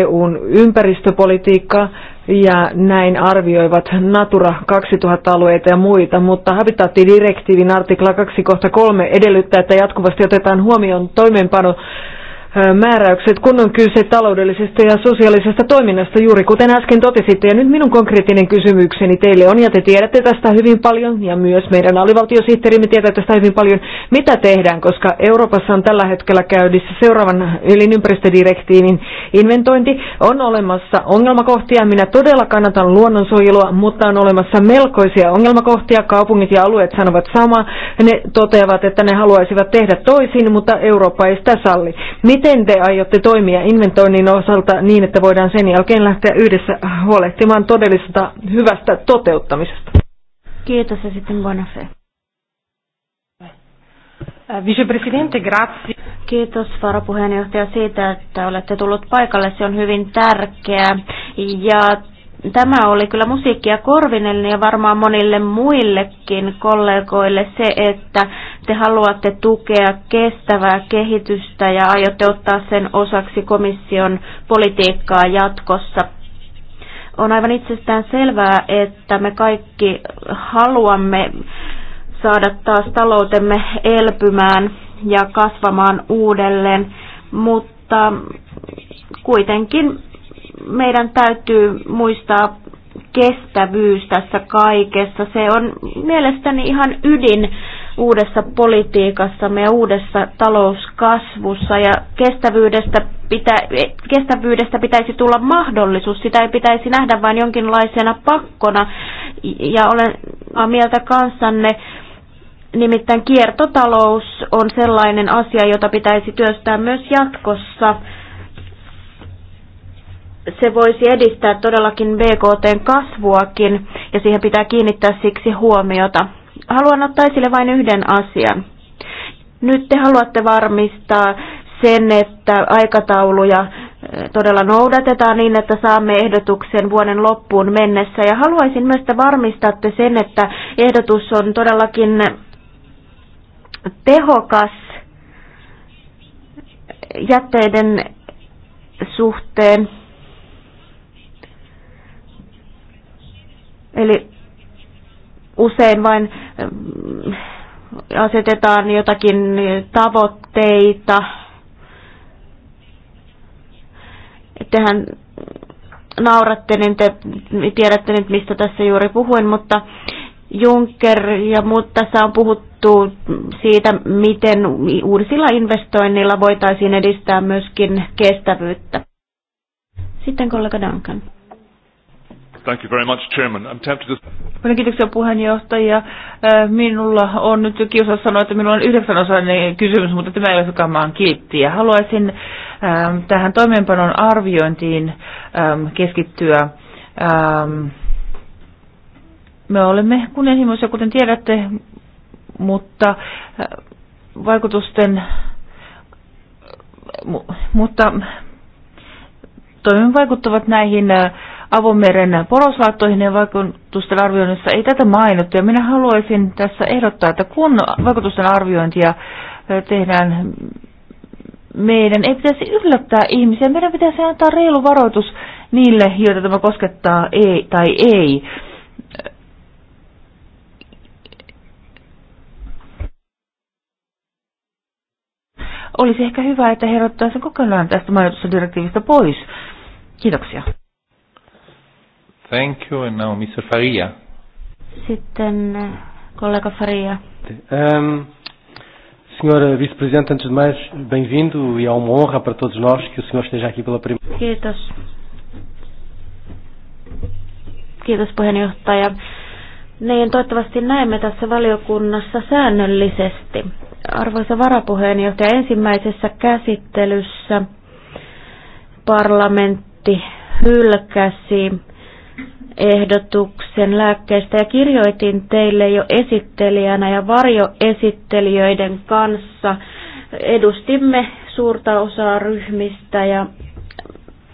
EUn ympäristöpolitiikkaa ja näin arvioivat Natura 2000-alueita ja muita, mutta Habitatti-direktiivin artikla 2.3 edellyttää, että jatkuvasti otetaan huomioon toimeenpano määräykset, kun on kyse taloudellisesta ja sosiaalisesta toiminnasta, juuri kuten äsken totesitte. Ja nyt minun konkreettinen kysymykseni teille on, ja te tiedätte tästä hyvin paljon, ja myös meidän alivaltiosihteerimme tietää tästä hyvin paljon, mitä tehdään, koska Euroopassa on tällä hetkellä käydissä seuraavan ylin ympäristödirektiivin inventointi. On olemassa ongelmakohtia, minä todella kannatan luonnonsuojelua, mutta on olemassa melkoisia ongelmakohtia. Kaupungit ja alueet sanovat samaa, ne toteavat, että ne haluaisivat tehdä toisin, mutta Eurooppa ei sitä salli. Mit Miten te aiotte toimia inventoinnin osalta niin, että voidaan sen jälkeen lähteä yhdessä huolehtimaan todellisesta hyvästä toteuttamisesta? Kiitos ja sitten Bonafé. Eh, vicepresidente, grazie. Kiitos varapuheenjohtaja siitä, että olette tullut paikalle. Se on hyvin tärkeää. Ja Tämä oli kyllä musiikkia korvinen ja varmaan monille muillekin kollegoille se, että te haluatte tukea kestävää kehitystä ja aiotte ottaa sen osaksi komission politiikkaa jatkossa. On aivan itsestään selvää, että me kaikki haluamme saada taas taloutemme elpymään ja kasvamaan uudelleen, mutta kuitenkin meidän täytyy muistaa kestävyys tässä kaikessa. Se on mielestäni ihan ydin uudessa politiikassa ja uudessa talouskasvussa ja kestävyydestä, pitä, kestävyydestä pitäisi tulla mahdollisuus. Sitä ei pitäisi nähdä vain jonkinlaisena pakkona ja olen mieltä kanssanne. Nimittäin kiertotalous on sellainen asia, jota pitäisi työstää myös jatkossa se voisi edistää todellakin BKTn kasvuakin ja siihen pitää kiinnittää siksi huomiota. Haluan ottaa esille vain yhden asian. Nyt te haluatte varmistaa sen, että aikatauluja eh, todella noudatetaan niin, että saamme ehdotuksen vuoden loppuun mennessä. Ja haluaisin myös, että varmistatte sen, että ehdotus on todellakin tehokas jätteiden suhteen Eli usein vain mm, asetetaan jotakin tavoitteita. Tehän nauratte, niin te tiedätte nyt, mistä tässä juuri puhuin, mutta Juncker ja muut tässä on puhuttu siitä, miten uusilla investoinnilla voitaisiin edistää myöskin kestävyyttä. Sitten kollega Duncan. Thank you very much, Chairman. I'm tempted to... kiitoksia puheenjohtaja. Äh, minulla on nyt kiusa sanoa, että minulla on yhdeksänosainen kysymys, mutta tämä ei ole sukamaan kilttiä. Haluaisin äm, tähän toimeenpanon arviointiin äm, keskittyä. Äm, me olemme kunnianhimoisia, kuten tiedätte, mutta äh, vaikutusten, äh, mutta toimen vaikuttavat näihin avomeren porosaattoihin ja vaikutusten arvioinnissa ei tätä mainittu. Ja minä haluaisin tässä ehdottaa, että kun vaikutusten arviointia tehdään, meidän ei pitäisi yllättää ihmisiä. Meidän pitäisi antaa reilu varoitus niille, joita tämä koskettaa ei tai ei. Olisi ehkä hyvä, että herottaa sen kokonaan tästä direktiivistä pois. Kiitoksia. Thank you, and now Mr. Faria. Sitten eh, kollega Faria. Um, Senhor Vice-Presidente, antes de mais, bem-vindo e é uma honra para todos nós que o senhor esteja aqui pela primeira vez. Kiitos. Kiitos puheenjohtaja. Niin, toivottavasti näemme tässä valiokunnassa säännöllisesti. Arvoisa varapuheenjohtaja, ensimmäisessä käsittelyssä parlamentti hylkäsi ehdotuksen lääkkeistä ja kirjoitin teille jo esittelijänä ja varjoesittelijöiden kanssa. Edustimme suurta osaa ryhmistä ja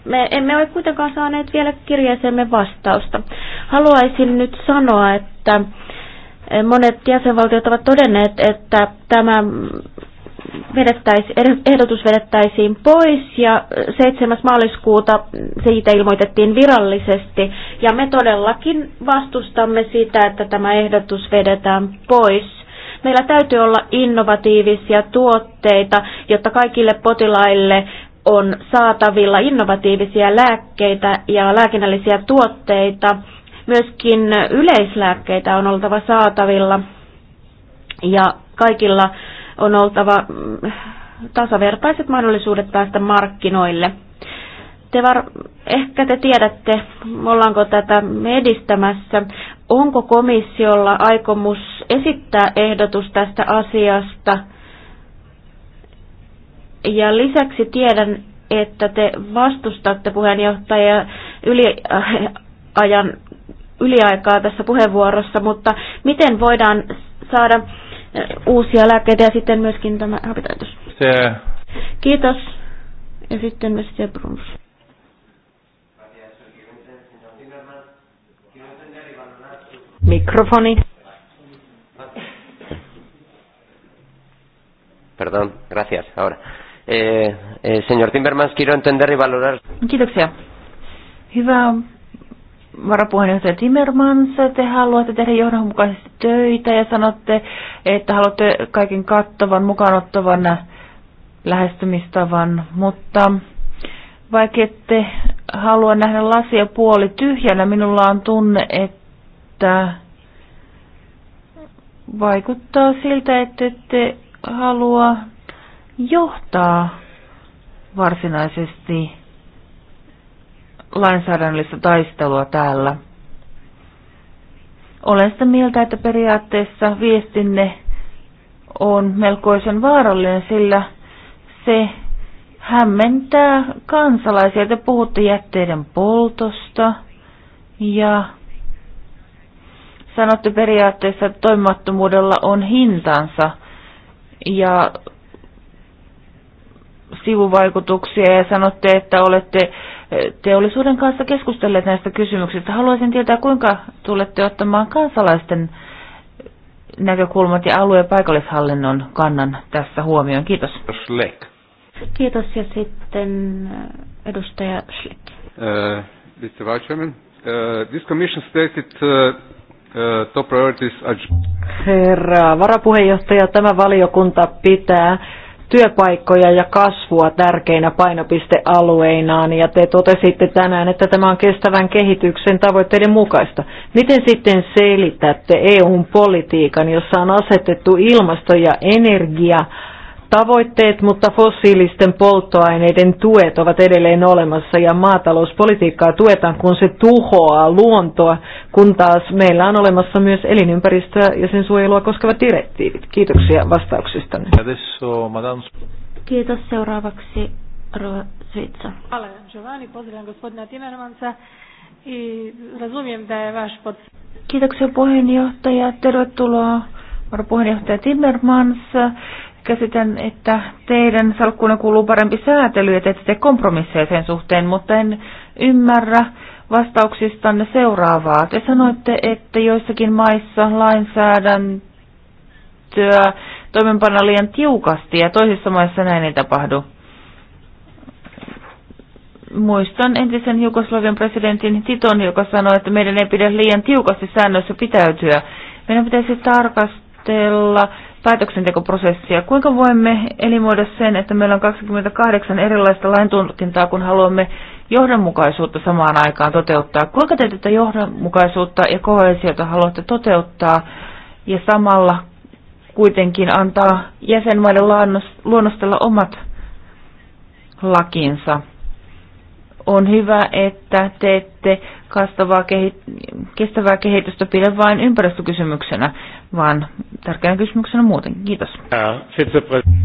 me emme ole kuitenkaan saaneet vielä kirjeeseemme vastausta. Haluaisin nyt sanoa, että monet jäsenvaltiot ovat todenneet, että tämä vedettäisi, er- ehdotus vedettäisiin pois ja 7. Äh, maaliskuuta siitä ilmoitettiin virallisesti ja me todellakin vastustamme sitä, että tämä ehdotus vedetään pois. Meillä täytyy olla innovatiivisia tuotteita, jotta kaikille potilaille on saatavilla innovatiivisia lääkkeitä ja lääkinnällisiä tuotteita. Myöskin yleislääkkeitä on oltava saatavilla ja kaikilla on oltava mm, tasavertaiset mahdollisuudet päästä markkinoille. Te var, ehkä te tiedätte, ollaanko tätä edistämässä. Onko komissiolla aikomus esittää ehdotus tästä asiasta? Ja lisäksi tiedän, että te vastustatte puheenjohtaja yliajan äh, yliaikaa tässä puheenvuorossa, mutta miten voidaan saada uusia lääkkeitä ja sitten myöskin tämä hapitaitos. Se... Kiitos. Ja sitten myös se Bruns. Mikrofoni. Perdón, gracias. Ahora. Eh, eh, señor Timmermans, quiero entender y valorar. Kiitoksia. Hyvä varapuheenjohtaja Timmermans, te haluatte tehdä johdonmukaisesti töitä ja sanotte, että haluatte kaiken kattavan, mukaanottavan lähestymistavan, mutta vaikka ette halua nähdä lasia puoli tyhjänä, minulla on tunne, että vaikuttaa siltä, että ette halua johtaa varsinaisesti lainsäädännöllistä taistelua täällä. Olen sitä mieltä, että periaatteessa viestinne on melkoisen vaarallinen, sillä se hämmentää kansalaisia. Te puhutte jätteiden poltosta ja sanotte periaatteessa, että toimimattomuudella on hintansa ja sivuvaikutuksia ja sanotte, että olette teollisuuden kanssa keskustelleet näistä kysymyksistä. Haluaisin tietää, kuinka tulette ottamaan kansalaisten näkökulmat ja alue- ja paikallishallinnon kannan tässä huomioon. Kiitos. Schleck. Kiitos ja sitten äh, edustaja Schleck. Uh, äh, Mr. Vice Chairman, uh, this commission stated uh, top priorities. Herra varapuheenjohtaja, tämä valiokunta pitää työpaikkoja ja kasvua tärkeinä painopistealueinaan, ja te totesitte tänään, että tämä on kestävän kehityksen tavoitteiden mukaista. Miten sitten selitätte EUn politiikan, jossa on asetettu ilmasto ja energia tavoitteet, mutta fossiilisten polttoaineiden tuet ovat edelleen olemassa ja maatalouspolitiikkaa tuetaan, kun se tuhoaa luontoa, kun taas meillä on olemassa myös elinympäristöä ja sen suojelua koskevat direktiivit. Kiitoksia vastauksistanne. Kiitos. Seuraavaksi Rova Svitsa. Ale Giovanni, pozdravljam gospodina Timmermansa i razumijem da je vaš pod... Kiitoksia puheenjohtaja. Tervetuloa varapuheenjohtaja Timmermans käsitän, että teidän salkkuunne kuuluu parempi säätely ja teette kompromisseja sen suhteen, mutta en ymmärrä vastauksistanne seuraavaa. Te sanoitte, että joissakin maissa lainsäädäntöä toimenpana liian tiukasti ja toisissa maissa näin ei tapahdu. Muistan entisen Jugoslavian presidentin Titon, joka sanoi, että meidän ei pidä liian tiukasti säännöissä pitäytyä. Meidän pitäisi tarkastella päätöksentekoprosessia. Kuinka voimme elimoida sen, että meillä on 28 erilaista laintulkintaa, kun haluamme johdonmukaisuutta samaan aikaan toteuttaa? Kuinka te tätä johdonmukaisuutta ja kohesiota haluatte toteuttaa ja samalla kuitenkin antaa jäsenmaiden luonnostella omat lakinsa? On hyvä, että teette ette kastavaa kehi- kestävää kehitystä pidä vain ympäristökysymyksenä, vaan tärkeänä kysymyksenä muuten. Kiitos. Äh,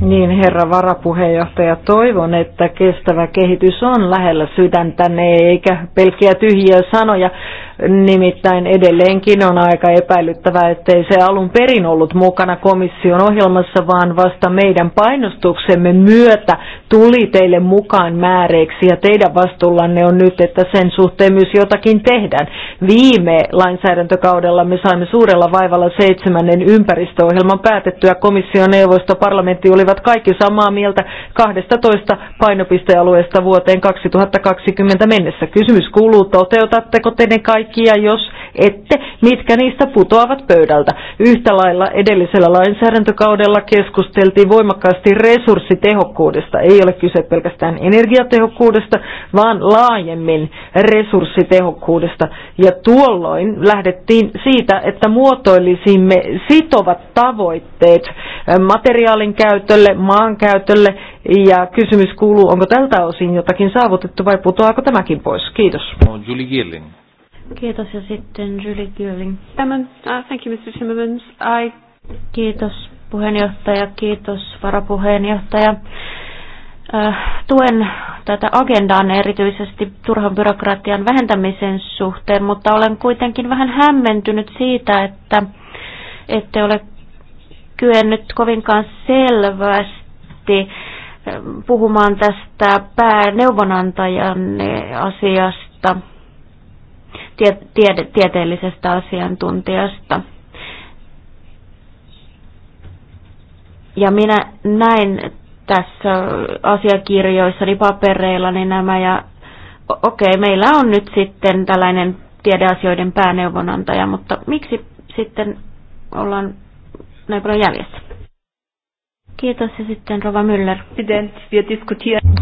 niin, herra varapuheenjohtaja, toivon, että kestävä kehitys on lähellä sydäntäne, eikä pelkkiä tyhjiä sanoja. Nimittäin edelleenkin on aika epäilyttävää, ettei se alun perin ollut mukana komission ohjelmassa, vaan vasta meidän painostuksemme myötä tuli teille mukaan määreiksi, ja teidän vastuullanne on nyt, että sen suhteen jos jotakin tehdään. Viime lainsäädäntökaudella me saimme suurella vaivalla seitsemännen ympäristöohjelman päätettyä. Komission neuvosto parlamentti olivat kaikki samaa mieltä 12 painopistealueesta vuoteen 2020 mennessä. Kysymys kuuluu, toteutatteko te ne kaikki ja jos ette, mitkä niistä putoavat pöydältä. Yhtä lailla edellisellä lainsäädäntökaudella keskusteltiin voimakkaasti resurssitehokkuudesta. Ei ole kyse pelkästään energiatehokkuudesta, vaan laajemmin resurssitehokkuudesta resurssitehokkuudesta. Ja tuolloin lähdettiin siitä, että muotoilisimme sitovat tavoitteet materiaalin käytölle, maan käytölle. Ja kysymys kuuluu, onko tältä osin jotakin saavutettu vai putoako tämäkin pois? Kiitos. Julie Gilling. Kiitos ja sitten Julie Gilling. Uh, thank you Mr. Timmermans. I... Kiitos puheenjohtaja, kiitos varapuheenjohtaja. Tuen tätä agendaa erityisesti turhan byrokratian vähentämisen suhteen, mutta olen kuitenkin vähän hämmentynyt siitä, että ette ole kyennyt kovinkaan selvästi puhumaan tästä pääneuvonantajan asiasta, tie, tie, tieteellisestä asiantuntijasta. Ja minä näin tässä asiakirjoissa, niin papereilla, niin nämä ja okei, okay, meillä on nyt sitten tällainen tiedeasioiden pääneuvonantaja, mutta miksi sitten ollaan näin paljon jäljessä? Kiitos ja sitten Rova Müller.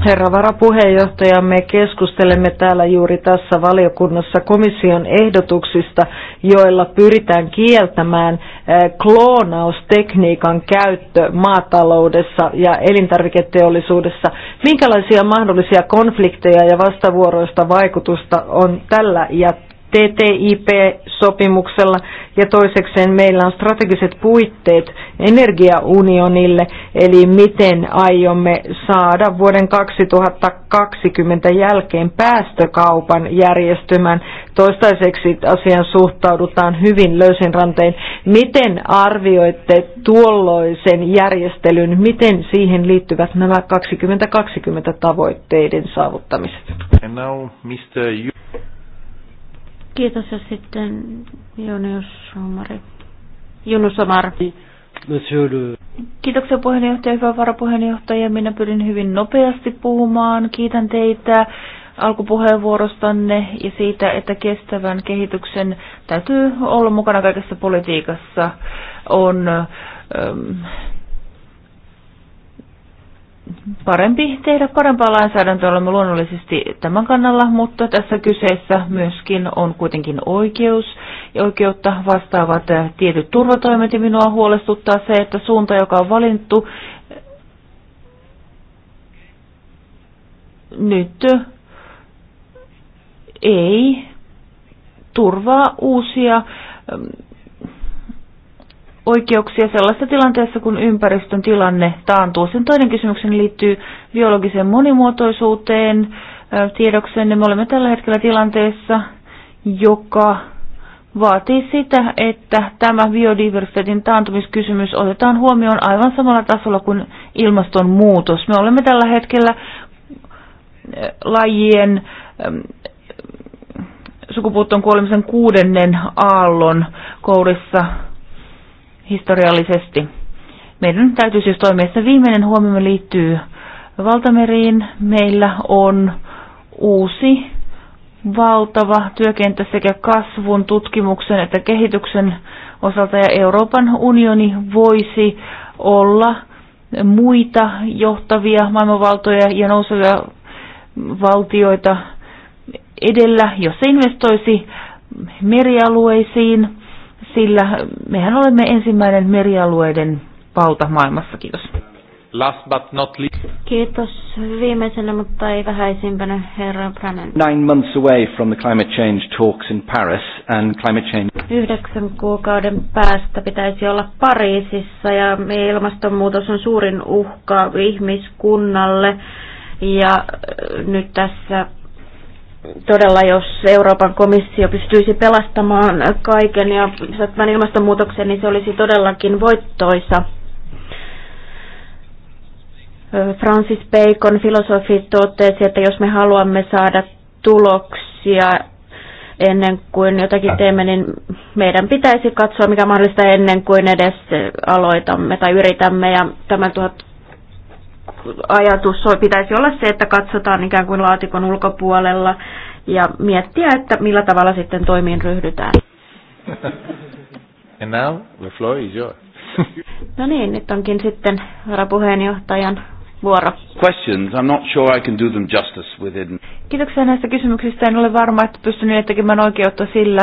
Herra varapuheenjohtaja, me keskustelemme täällä juuri tässä valiokunnassa komission ehdotuksista, joilla pyritään kieltämään eh, kloonaustekniikan käyttö maataloudessa ja elintarviketeollisuudessa. Minkälaisia mahdollisia konflikteja ja vastavuoroista vaikutusta on tällä ja TTIP-sopimuksella ja toisekseen meillä on strategiset puitteet energiaunionille, eli miten aiomme saada vuoden 2020 jälkeen päästökaupan järjestymään. Toistaiseksi asian suhtaudutaan hyvin löysin ranteen. Miten arvioitte tuolloisen järjestelyn, miten siihen liittyvät nämä 2020 tavoitteiden saavuttamiset? And now, Mr. Kiitos ja sitten Junius Omari. Junus Omar. Kiitoksia puheenjohtaja, hyvä varapuheenjohtaja. Minä pyrin hyvin nopeasti puhumaan. Kiitän teitä alkupuheenvuorostanne ja siitä, että kestävän kehityksen täytyy olla mukana kaikessa politiikassa. On ähm, parempi tehdä parempaa lainsäädäntöä, olemme luonnollisesti tämän kannalla, mutta tässä kyseessä myöskin on kuitenkin oikeus ja oikeutta vastaavat tietyt turvatoimet ja minua huolestuttaa se, että suunta, joka on valittu nyt ei turvaa uusia oikeuksia sellaisessa tilanteessa, kun ympäristön tilanne taantuu. Sen toinen kysymykseni liittyy biologiseen monimuotoisuuteen. Tiedoksenne me olemme tällä hetkellä tilanteessa, joka vaatii sitä, että tämä biodiversiteetin taantumiskysymys otetaan huomioon aivan samalla tasolla kuin ilmastonmuutos. Me olemme tällä hetkellä lajien sukupuuttoon kuolemisen kuudennen aallon kourissa historiallisesti. Meidän täytyy siis toimia. että viimeinen huomio liittyy valtameriin. Meillä on uusi valtava työkenttä sekä kasvun, tutkimuksen että kehityksen osalta ja Euroopan unioni voisi olla muita johtavia maailmanvaltoja ja nousevia valtioita edellä, jos se investoisi merialueisiin, sillä mehän olemme ensimmäinen merialueiden valta maailmassa. Kiitos. Last but not least. Kiitos. Viimeisenä, mutta ei vähäisimpänä, herra Brennan. Nine months away from the climate change talks in Paris and climate change... Yhdeksän kuukauden päästä pitäisi olla Pariisissa ja ilmastonmuutos on suurin uhka ihmiskunnalle. Ja nyt tässä todella, jos Euroopan komissio pystyisi pelastamaan kaiken ja tämän ilmastonmuutoksen, niin se olisi todellakin voittoisa. Francis Bacon, filosofi, totesi, että jos me haluamme saada tuloksia ennen kuin jotakin teemme, niin meidän pitäisi katsoa, mikä mahdollista ennen kuin edes aloitamme tai yritämme. Ja tämän ajatus pitäisi olla se, että katsotaan ikään kuin laatikon ulkopuolella ja miettiä, että millä tavalla sitten toimiin ryhdytään. And now the floor is yours. no niin, nyt onkin sitten varapuheenjohtajan vuoro. Questions. I'm not sure I can do them justice within. Kiitoksia näistä kysymyksistä. En ole varma, että pystyn tekemään oikeutta sillä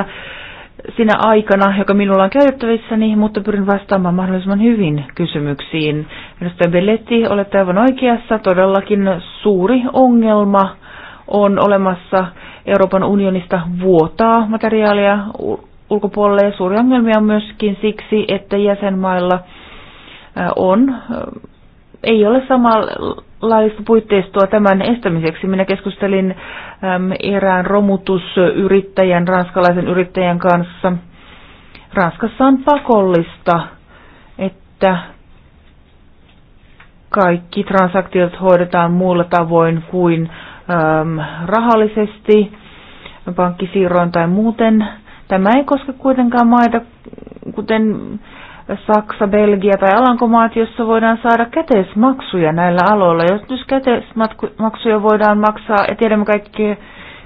sinä aikana, joka minulla on käytettävissäni, mutta pyrin vastaamaan mahdollisimman hyvin kysymyksiin. Edustaja Belletti, olette aivan oikeassa. Todellakin suuri ongelma on olemassa Euroopan unionista vuotaa materiaalia ulkopuolelle ja suuria ongelmia on myöskin siksi, että jäsenmailla on ei ole samanlaista puitteistoa tämän estämiseksi. Minä keskustelin äm, erään romutusyrittäjän, ranskalaisen yrittäjän kanssa. Ranskassa on pakollista, että kaikki transaktiot hoidetaan muulla tavoin kuin äm, rahallisesti, pankkisiirroin tai muuten. Tämä ei koske kuitenkaan maita, kuten Saksa, Belgia tai Alankomaat, jossa voidaan saada käteismaksuja näillä aloilla. Jos nyt käteismaksuja voidaan maksaa ja tiedämme kaikki,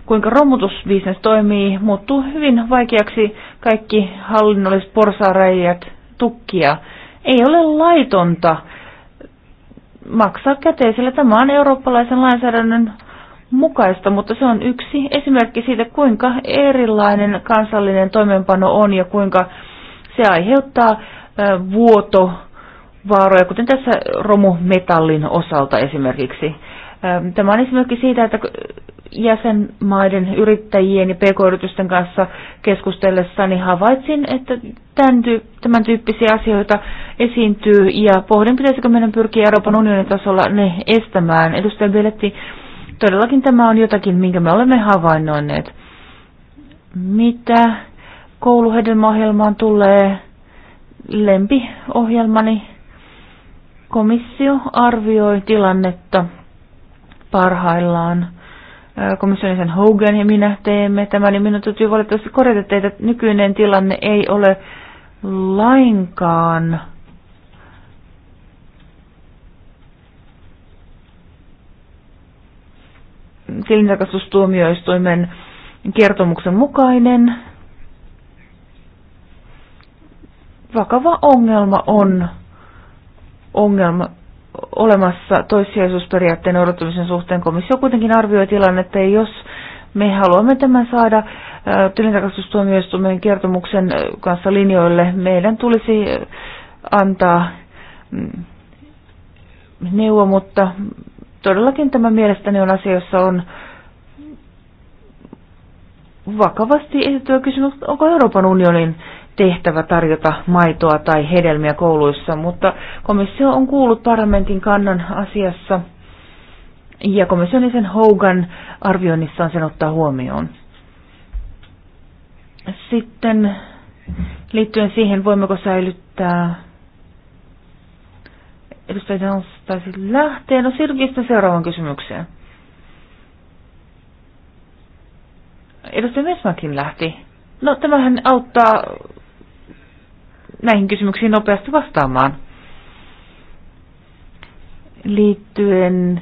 kuinka romutusbisnes toimii, muuttuu hyvin vaikeaksi kaikki hallinnolliset porsareijat tukkia. Ei ole laitonta maksaa käteisellä. Tämä on eurooppalaisen lainsäädännön mukaista, mutta se on yksi esimerkki siitä, kuinka erilainen kansallinen toimenpano on ja kuinka se aiheuttaa vuoto vaaroja, kuten tässä romumetallin osalta esimerkiksi. Tämä on esimerkki siitä, että jäsenmaiden yrittäjien ja pk-yritysten kanssa keskustellessani havaitsin, että tämän, tyy- tämän tyyppisiä asioita esiintyy ja pohdin, pitäisikö meidän pyrkiä Euroopan unionin tasolla ne estämään. Edustaja Belletti, todellakin tämä on jotakin, minkä me olemme havainnoineet. Mitä kouluhedelmäohjelmaan tulee? lempiohjelmani komissio arvioi tilannetta parhaillaan. Komission sen Hogan ja minä teemme tämän, niin minun täytyy valitettavasti korjata teitä, että nykyinen tilanne ei ole lainkaan tilintarkastustuomioistuimen kertomuksen mukainen. vakava ongelma on ongelma olemassa toissijaisuusperiaatteen odottamisen suhteen. Komissio kuitenkin arvioi tilannetta että jos me haluamme tämän saada äh, tilintarkastustuomioistuimen kertomuksen äh, kanssa linjoille, meidän tulisi äh, antaa mm, neuvo, mutta todellakin tämä mielestäni on asia, jossa on vakavasti esitettyä kysymys, onko Euroopan unionin tehtävä tarjota maitoa tai hedelmiä kouluissa, mutta komissio on kuullut parlamentin kannan asiassa ja komission sen Hogan on sen ottaa huomioon. Sitten liittyen siihen, voimmeko säilyttää edustaja Jones taisi lähteä. No siirrykin seuraavaan kysymykseen. Edustaja Mesmakin lähti. No tämähän auttaa näihin kysymyksiin nopeasti vastaamaan. Liittyen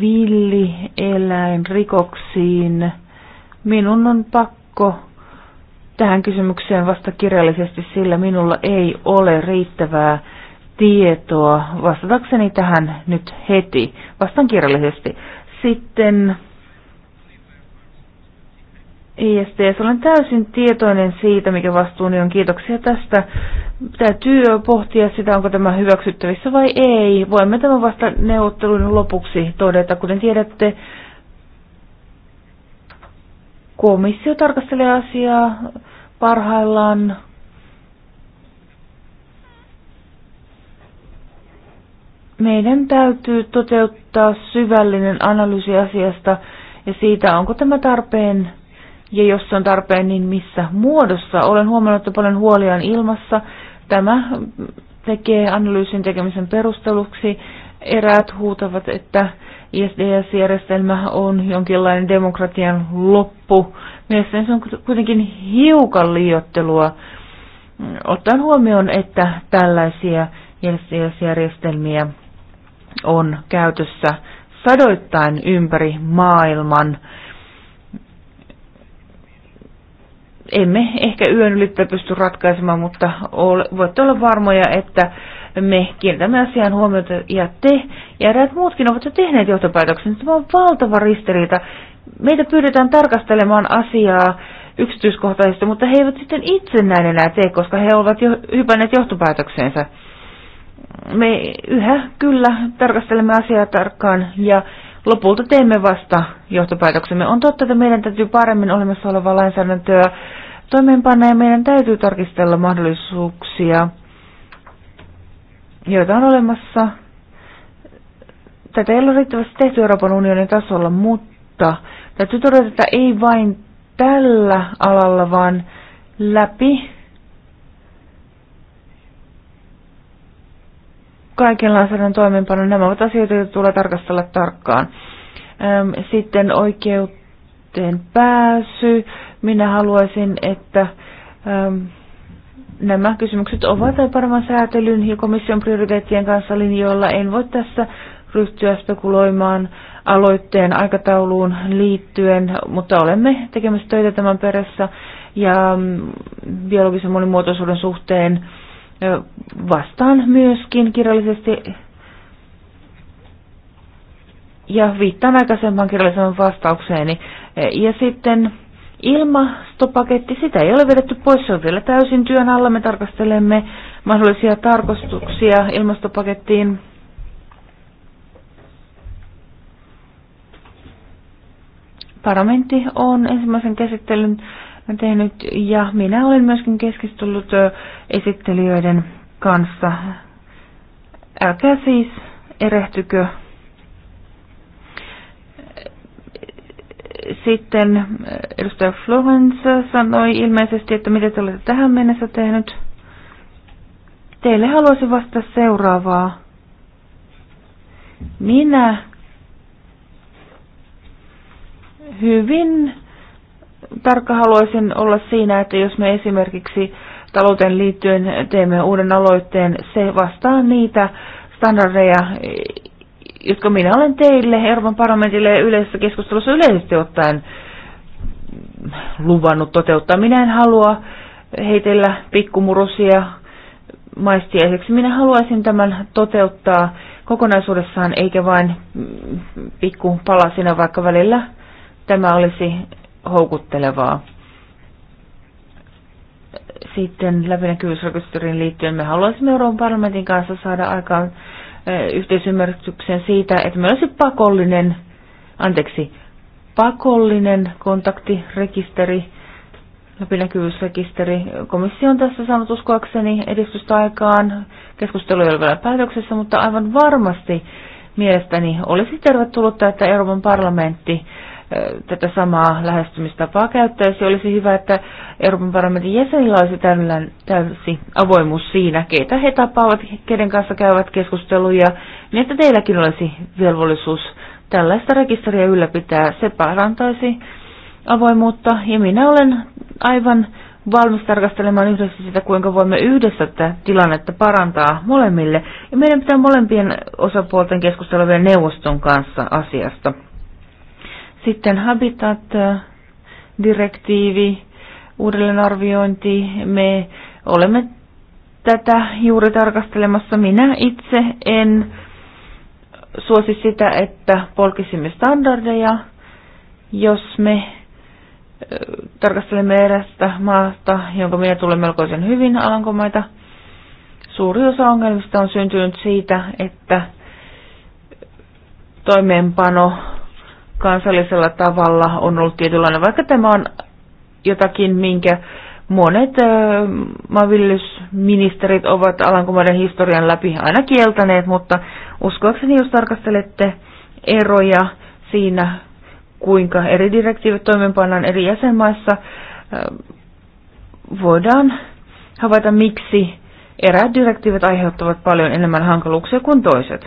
villieläinrikoksiin, minun on pakko tähän kysymykseen vasta kirjallisesti, sillä minulla ei ole riittävää tietoa vastatakseni tähän nyt heti. Vastaan kirjallisesti. Sitten ISTS. E Olen täysin tietoinen siitä, mikä vastuuni on. Kiitoksia tästä. Täytyy pohtia sitä, onko tämä hyväksyttävissä vai ei. Voimme tämän vasta neuvottelun lopuksi todeta. Kuten tiedätte, komissio tarkastelee asiaa parhaillaan. Meidän täytyy toteuttaa syvällinen analyysi asiasta ja siitä, onko tämä tarpeen ja jos se on tarpeen, niin missä muodossa. Olen huomannut, että paljon huolia on ilmassa. Tämä tekee analyysin tekemisen perusteluksi. Eräät huutavat, että ISDS-järjestelmä on jonkinlainen demokratian loppu. Mielestäni se on kuitenkin hiukan liiottelua, ottaen huomioon, että tällaisia ISDS-järjestelmiä on käytössä sadoittain ympäri maailman emme ehkä yön ylittä pysty ratkaisemaan, mutta ole, voitte olla varmoja, että me kiinnitämme asiaan huomiota ja te ja eräät muutkin ovat jo tehneet johtopäätöksen. Tämä on valtava ristiriita. Meitä pyydetään tarkastelemaan asiaa yksityiskohtaisesti, mutta he eivät sitten itse näin enää tee, koska he ovat jo hypänneet johtopäätöksensä. Me yhä kyllä tarkastelemme asiaa tarkkaan ja lopulta teemme vasta johtopäätöksemme. On totta, että meidän täytyy paremmin olemassa olevaa lainsäädäntöä toimeenpanna ja meidän täytyy tarkistella mahdollisuuksia, joita on olemassa. Tätä ei ole riittävästi tehty Euroopan unionin tasolla, mutta täytyy todeta, että ei vain tällä alalla, vaan läpi kaiken lainsäädännön toimeenpano. Nämä ovat asioita, joita tulee tarkastella tarkkaan. Sitten oikeuteen pääsy, minä haluaisin, että äm, nämä kysymykset ovat varmaan säätelyn ja komission prioriteettien kanssa linjoilla. En voi tässä ryhtyä spekuloimaan aloitteen aikatauluun liittyen, mutta olemme tekemässä töitä tämän perässä ja mm, biologisen monimuotoisuuden suhteen vastaan myöskin kirjallisesti ja viittaan aikaisemman kirjallisen vastaukseeni. Ja sitten Ilmastopaketti, sitä ei ole vedetty pois, se on vielä täysin työn alla. Me tarkastelemme mahdollisia tarkastuksia ilmastopakettiin. Parlamentti on ensimmäisen käsittelyn tehnyt ja minä olen myöskin keskustellut esittelijöiden kanssa. Älkää siis erehtykö Sitten äh, edustaja Florence sanoi ilmeisesti, että mitä te olette tähän mennessä tehnyt. Teille haluaisin vastata seuraavaa. Minä hyvin tarkka haluaisin olla siinä, että jos me esimerkiksi talouteen liittyen teemme uuden aloitteen, se vastaa niitä standardeja, jotka minä olen teille Euroopan parlamentille yleisessä keskustelussa yleisesti ottaen luvannut toteuttaa. Minä en halua heitellä pikkumurusia maistiaiseksi. Minä haluaisin tämän toteuttaa kokonaisuudessaan, eikä vain pikku palasina, vaikka välillä tämä olisi houkuttelevaa. Sitten läpinäkyvyysrekisteriin liittyen me haluaisimme Euroopan parlamentin kanssa saada aikaan yhteisymmärrykseen siitä, että meillä olisi pakollinen, anteeksi, pakollinen kontaktirekisteri, läpinäkyvyysrekisteri. Komissio on tässä saanut uskoakseni edistystä aikaan. Keskustelu ei ole vielä päätöksessä, mutta aivan varmasti mielestäni olisi tervetullutta, että Euroopan parlamentti tätä samaa lähestymistapaa Se Olisi hyvä, että Euroopan parlamentin jäsenillä olisi täysi avoimuus siinä, keitä he tapaavat, keiden kanssa käyvät keskusteluja, niin että teilläkin olisi velvollisuus tällaista rekisteriä ylläpitää. Se parantaisi avoimuutta ja minä olen aivan valmis tarkastelemaan yhdessä sitä, kuinka voimme yhdessä tätä tilannetta parantaa molemmille. Ja meidän pitää molempien osapuolten keskustella vielä neuvoston kanssa asiasta. Sitten Habitat-direktiivi, uudelleenarviointi. Me olemme tätä juuri tarkastelemassa. Minä itse en suosi sitä, että polkisimme standardeja, jos me tarkastelemme erästä maasta, jonka minä tulen melkoisen hyvin alankomaita. Suuri osa ongelmista on syntynyt siitä, että toimeenpano kansallisella tavalla on ollut tietynlainen, vaikka tämä on jotakin, minkä monet maanviljelysministerit ovat Alankomaiden historian läpi aina kieltäneet, mutta uskoakseni, jos tarkastelette eroja siinä, kuinka eri direktiivit toimeenpannaan eri jäsenmaissa, voidaan havaita, miksi eräät direktiivit aiheuttavat paljon enemmän hankaluuksia kuin toiset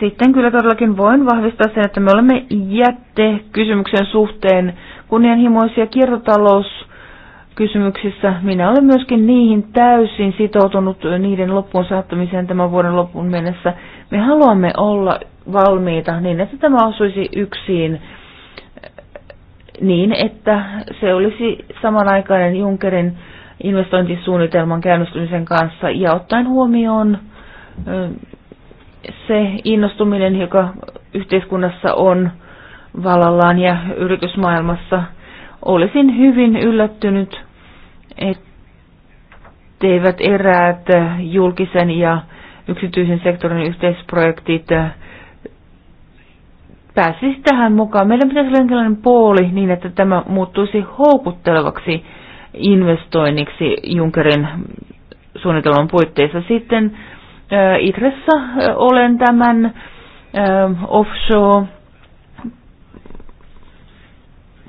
sitten kyllä todellakin voin vahvistaa sen, että me olemme jättekysymyksen suhteen kunnianhimoisia kiertotalouskysymyksissä. Minä olen myöskin niihin täysin sitoutunut niiden loppuun saattamiseen tämän vuoden loppuun mennessä. Me haluamme olla valmiita niin, että tämä osuisi yksiin niin, että se olisi samanaikainen Junkerin investointisuunnitelman käynnistymisen kanssa ja ottaen huomioon se innostuminen, joka yhteiskunnassa on valallaan ja yritysmaailmassa, olisin hyvin yllättynyt, etteivät eräät julkisen ja yksityisen sektorin yhteisprojektit pääsisi tähän mukaan. Meidän pitäisi olla jonkinlainen puoli niin, että tämä muuttuisi houkuttelevaksi investoinniksi Junckerin suunnitelman puitteissa. Sitten Itressä olen tämän offshore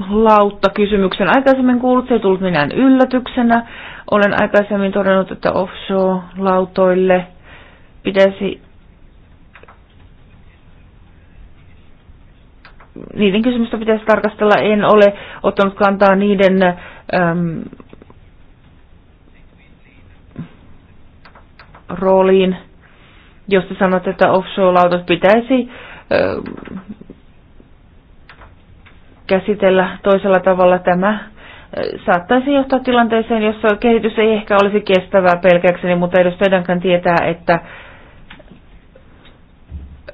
lautta kysymyksen aikaisemmin kuullut, se ei tullut minään yllätyksenä. Olen aikaisemmin todennut, että offshore-lautoille pitäisi niiden kysymystä pitäisi tarkastella. En ole ottanut kantaa niiden äm, rooliin, jos te sanotte, että offshore-lautat pitäisi ö, käsitellä toisella tavalla tämä saattaisi johtaa tilanteeseen, jossa kehitys ei ehkä olisi kestävää pelkäkseni, mutta edustaja Duncan tietää, että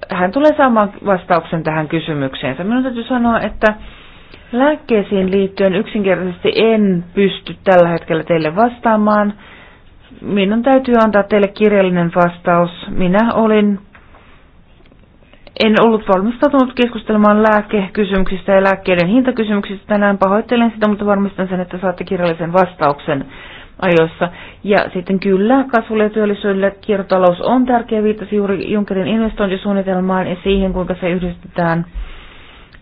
hän tulee saamaan vastauksen tähän kysymykseensä. Minun täytyy sanoa, että lääkkeisiin liittyen yksinkertaisesti en pysty tällä hetkellä teille vastaamaan minun täytyy antaa teille kirjallinen vastaus. Minä olin, en ollut valmistautunut keskustelemaan lääkekysymyksistä ja lääkkeiden hintakysymyksistä tänään. Pahoittelen sitä, mutta varmistan sen, että saatte kirjallisen vastauksen ajoissa. Ja sitten kyllä, kasvulle ja työllisyydelle kiertotalous on tärkeä, viittasi juuri Junckerin investointisuunnitelmaan ja siihen, kuinka se yhdistetään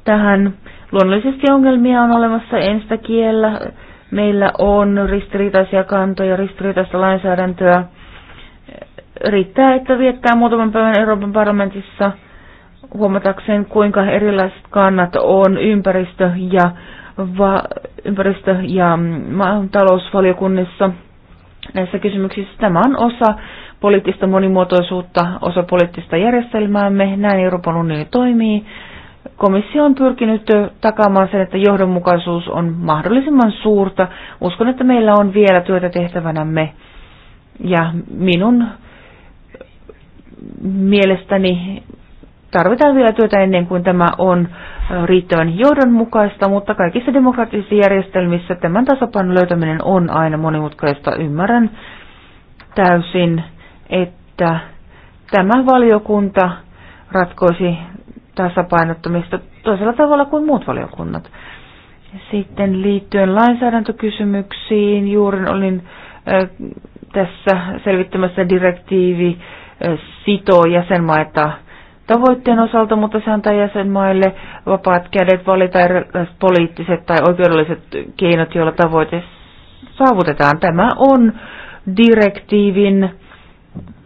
tähän. Luonnollisesti ongelmia on olemassa kiellä. Meillä on ristiriitaisia kantoja, ristiriitaista lainsäädäntöä. Riittää, että viettää muutaman päivän Euroopan parlamentissa huomatakseen, kuinka erilaiset kannat on ympäristö- ja, va- ympäristö- ja talousvaliokunnissa näissä kysymyksissä. Tämä on osa poliittista monimuotoisuutta, osa poliittista järjestelmäämme. Näin Euroopan unioni toimii komissio on pyrkinyt takaamaan sen, että johdonmukaisuus on mahdollisimman suurta. Uskon, että meillä on vielä työtä tehtävänämme ja minun mielestäni tarvitaan vielä työtä ennen kuin tämä on riittävän johdonmukaista, mutta kaikissa demokraattisissa järjestelmissä tämän tasapainon löytäminen on aina monimutkaista. Ymmärrän täysin, että tämä valiokunta ratkoisi tasapainottamista toisella tavalla kuin muut valiokunnat. Sitten liittyen lainsäädäntökysymyksiin, juuri olin tässä selvittämässä direktiivi sitoo jäsenmaita tavoitteen osalta, mutta se antaa jäsenmaille vapaat kädet valita erilaiset poliittiset tai oikeudelliset keinot, joilla tavoite saavutetaan. Tämä on direktiivin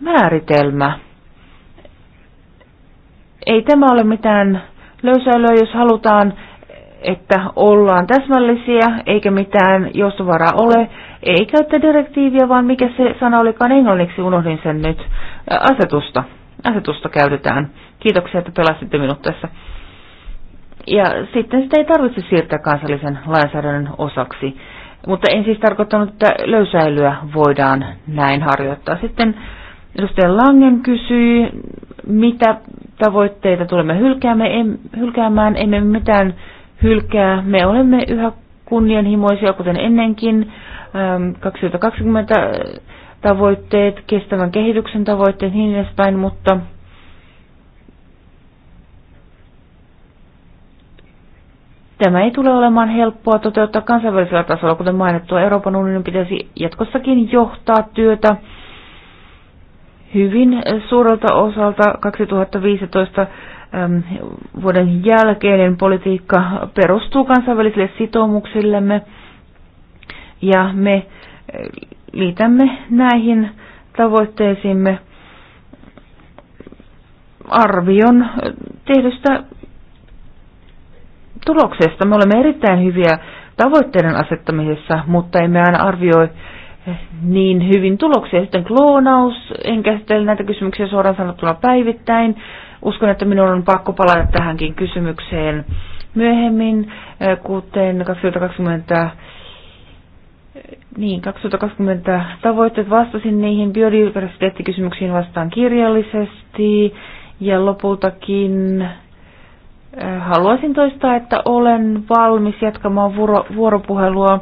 määritelmä. Ei tämä ole mitään löysäilyä, jos halutaan, että ollaan täsmällisiä, eikä mitään joustovaraa ole. Ei käyttä direktiiviä, vaan mikä se sana olikaan englanniksi, unohdin sen nyt. Asetusta. Asetusta käytetään. Kiitoksia, että pelastitte minut tässä. Ja sitten sitä ei tarvitse siirtää kansallisen lainsäädännön osaksi. Mutta en siis tarkoittanut, että löysäilyä voidaan näin harjoittaa. Sitten edustaja Langen kysyi mitä tavoitteita tulemme hylkäämään, em, hylkäämään emme mitään hylkää. Me olemme yhä kunnianhimoisia, kuten ennenkin. 2020 äh, tavoitteet, kestävän kehityksen tavoitteet, niin edespäin, mutta Tämä ei tule olemaan helppoa toteuttaa kansainvälisellä tasolla, kuten mainittua. Euroopan unionin pitäisi jatkossakin johtaa työtä hyvin suurelta osalta 2015 vuoden jälkeinen politiikka perustuu kansainvälisille sitoumuksillemme ja me äh, liitämme näihin tavoitteisiimme arvion tehdystä tuloksesta. Me olemme erittäin hyviä tavoitteiden asettamisessa, mutta emme aina arvioi niin hyvin tuloksia. Sitten kloonaus, en käsittele näitä kysymyksiä suoraan sanottuna päivittäin. Uskon, että minun on pakko palata tähänkin kysymykseen myöhemmin, eh, kuten 2020 niin, 2020 tavoitteet vastasin niihin biodiversiteettikysymyksiin vastaan kirjallisesti ja lopultakin eh, haluaisin toistaa, että olen valmis jatkamaan vuoropuhelua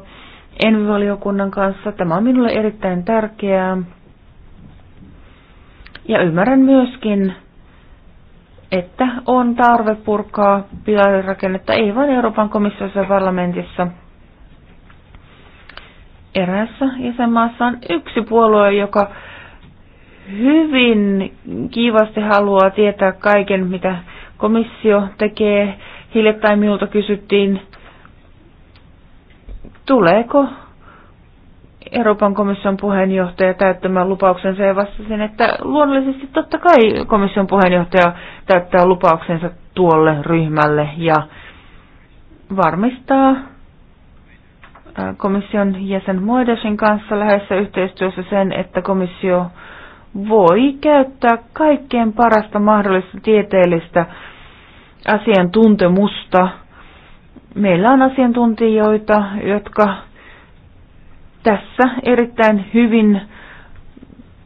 Envivaliokunnan kanssa. Tämä on minulle erittäin tärkeää. Ja ymmärrän myöskin, että on tarve purkaa pilarirakennetta ei vain Euroopan komissiossa ja parlamentissa. Eräässä jäsenmaassa on yksi puolue, joka hyvin kiivasti haluaa tietää kaiken, mitä komissio tekee. Hiljattain minulta kysyttiin tuleeko Euroopan komission puheenjohtaja täyttämään lupauksensa ja vastasin, että luonnollisesti totta kai komission puheenjohtaja täyttää lupauksensa tuolle ryhmälle ja varmistaa komission jäsen Moedasin kanssa läheisessä yhteistyössä sen, että komissio voi käyttää kaikkein parasta mahdollista tieteellistä asiantuntemusta meillä on asiantuntijoita, jotka tässä erittäin hyvin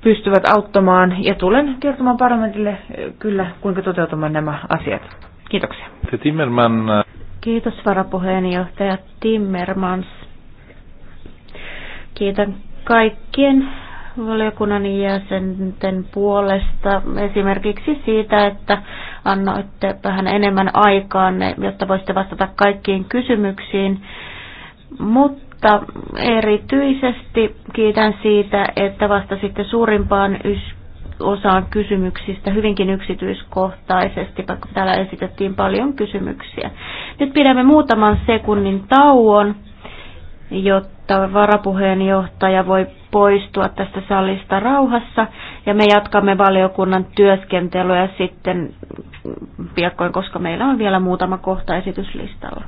pystyvät auttamaan ja tulen kertomaan parlamentille eh, kyllä, kuinka toteutumaan nämä asiat. Kiitoksia. Timmerman. Eh, Kiitos varapuheenjohtaja Timmermans. Kiitän kaikkien valiokunnan jäsenten puolesta esimerkiksi siitä, että annoitte vähän enemmän aikaa, jotta voisitte vastata kaikkiin kysymyksiin. Mutta erityisesti kiitän siitä, että vastasitte suurimpaan osaan kysymyksistä hyvinkin yksityiskohtaisesti, vaikka täällä esitettiin paljon kysymyksiä. Nyt pidämme muutaman sekunnin tauon, jotta varapuheenjohtaja voi poistua tästä salista rauhassa. Ja me jatkamme valiokunnan työskentelyä sitten piakkoin, koska meillä on vielä muutama kohta esityslistalla.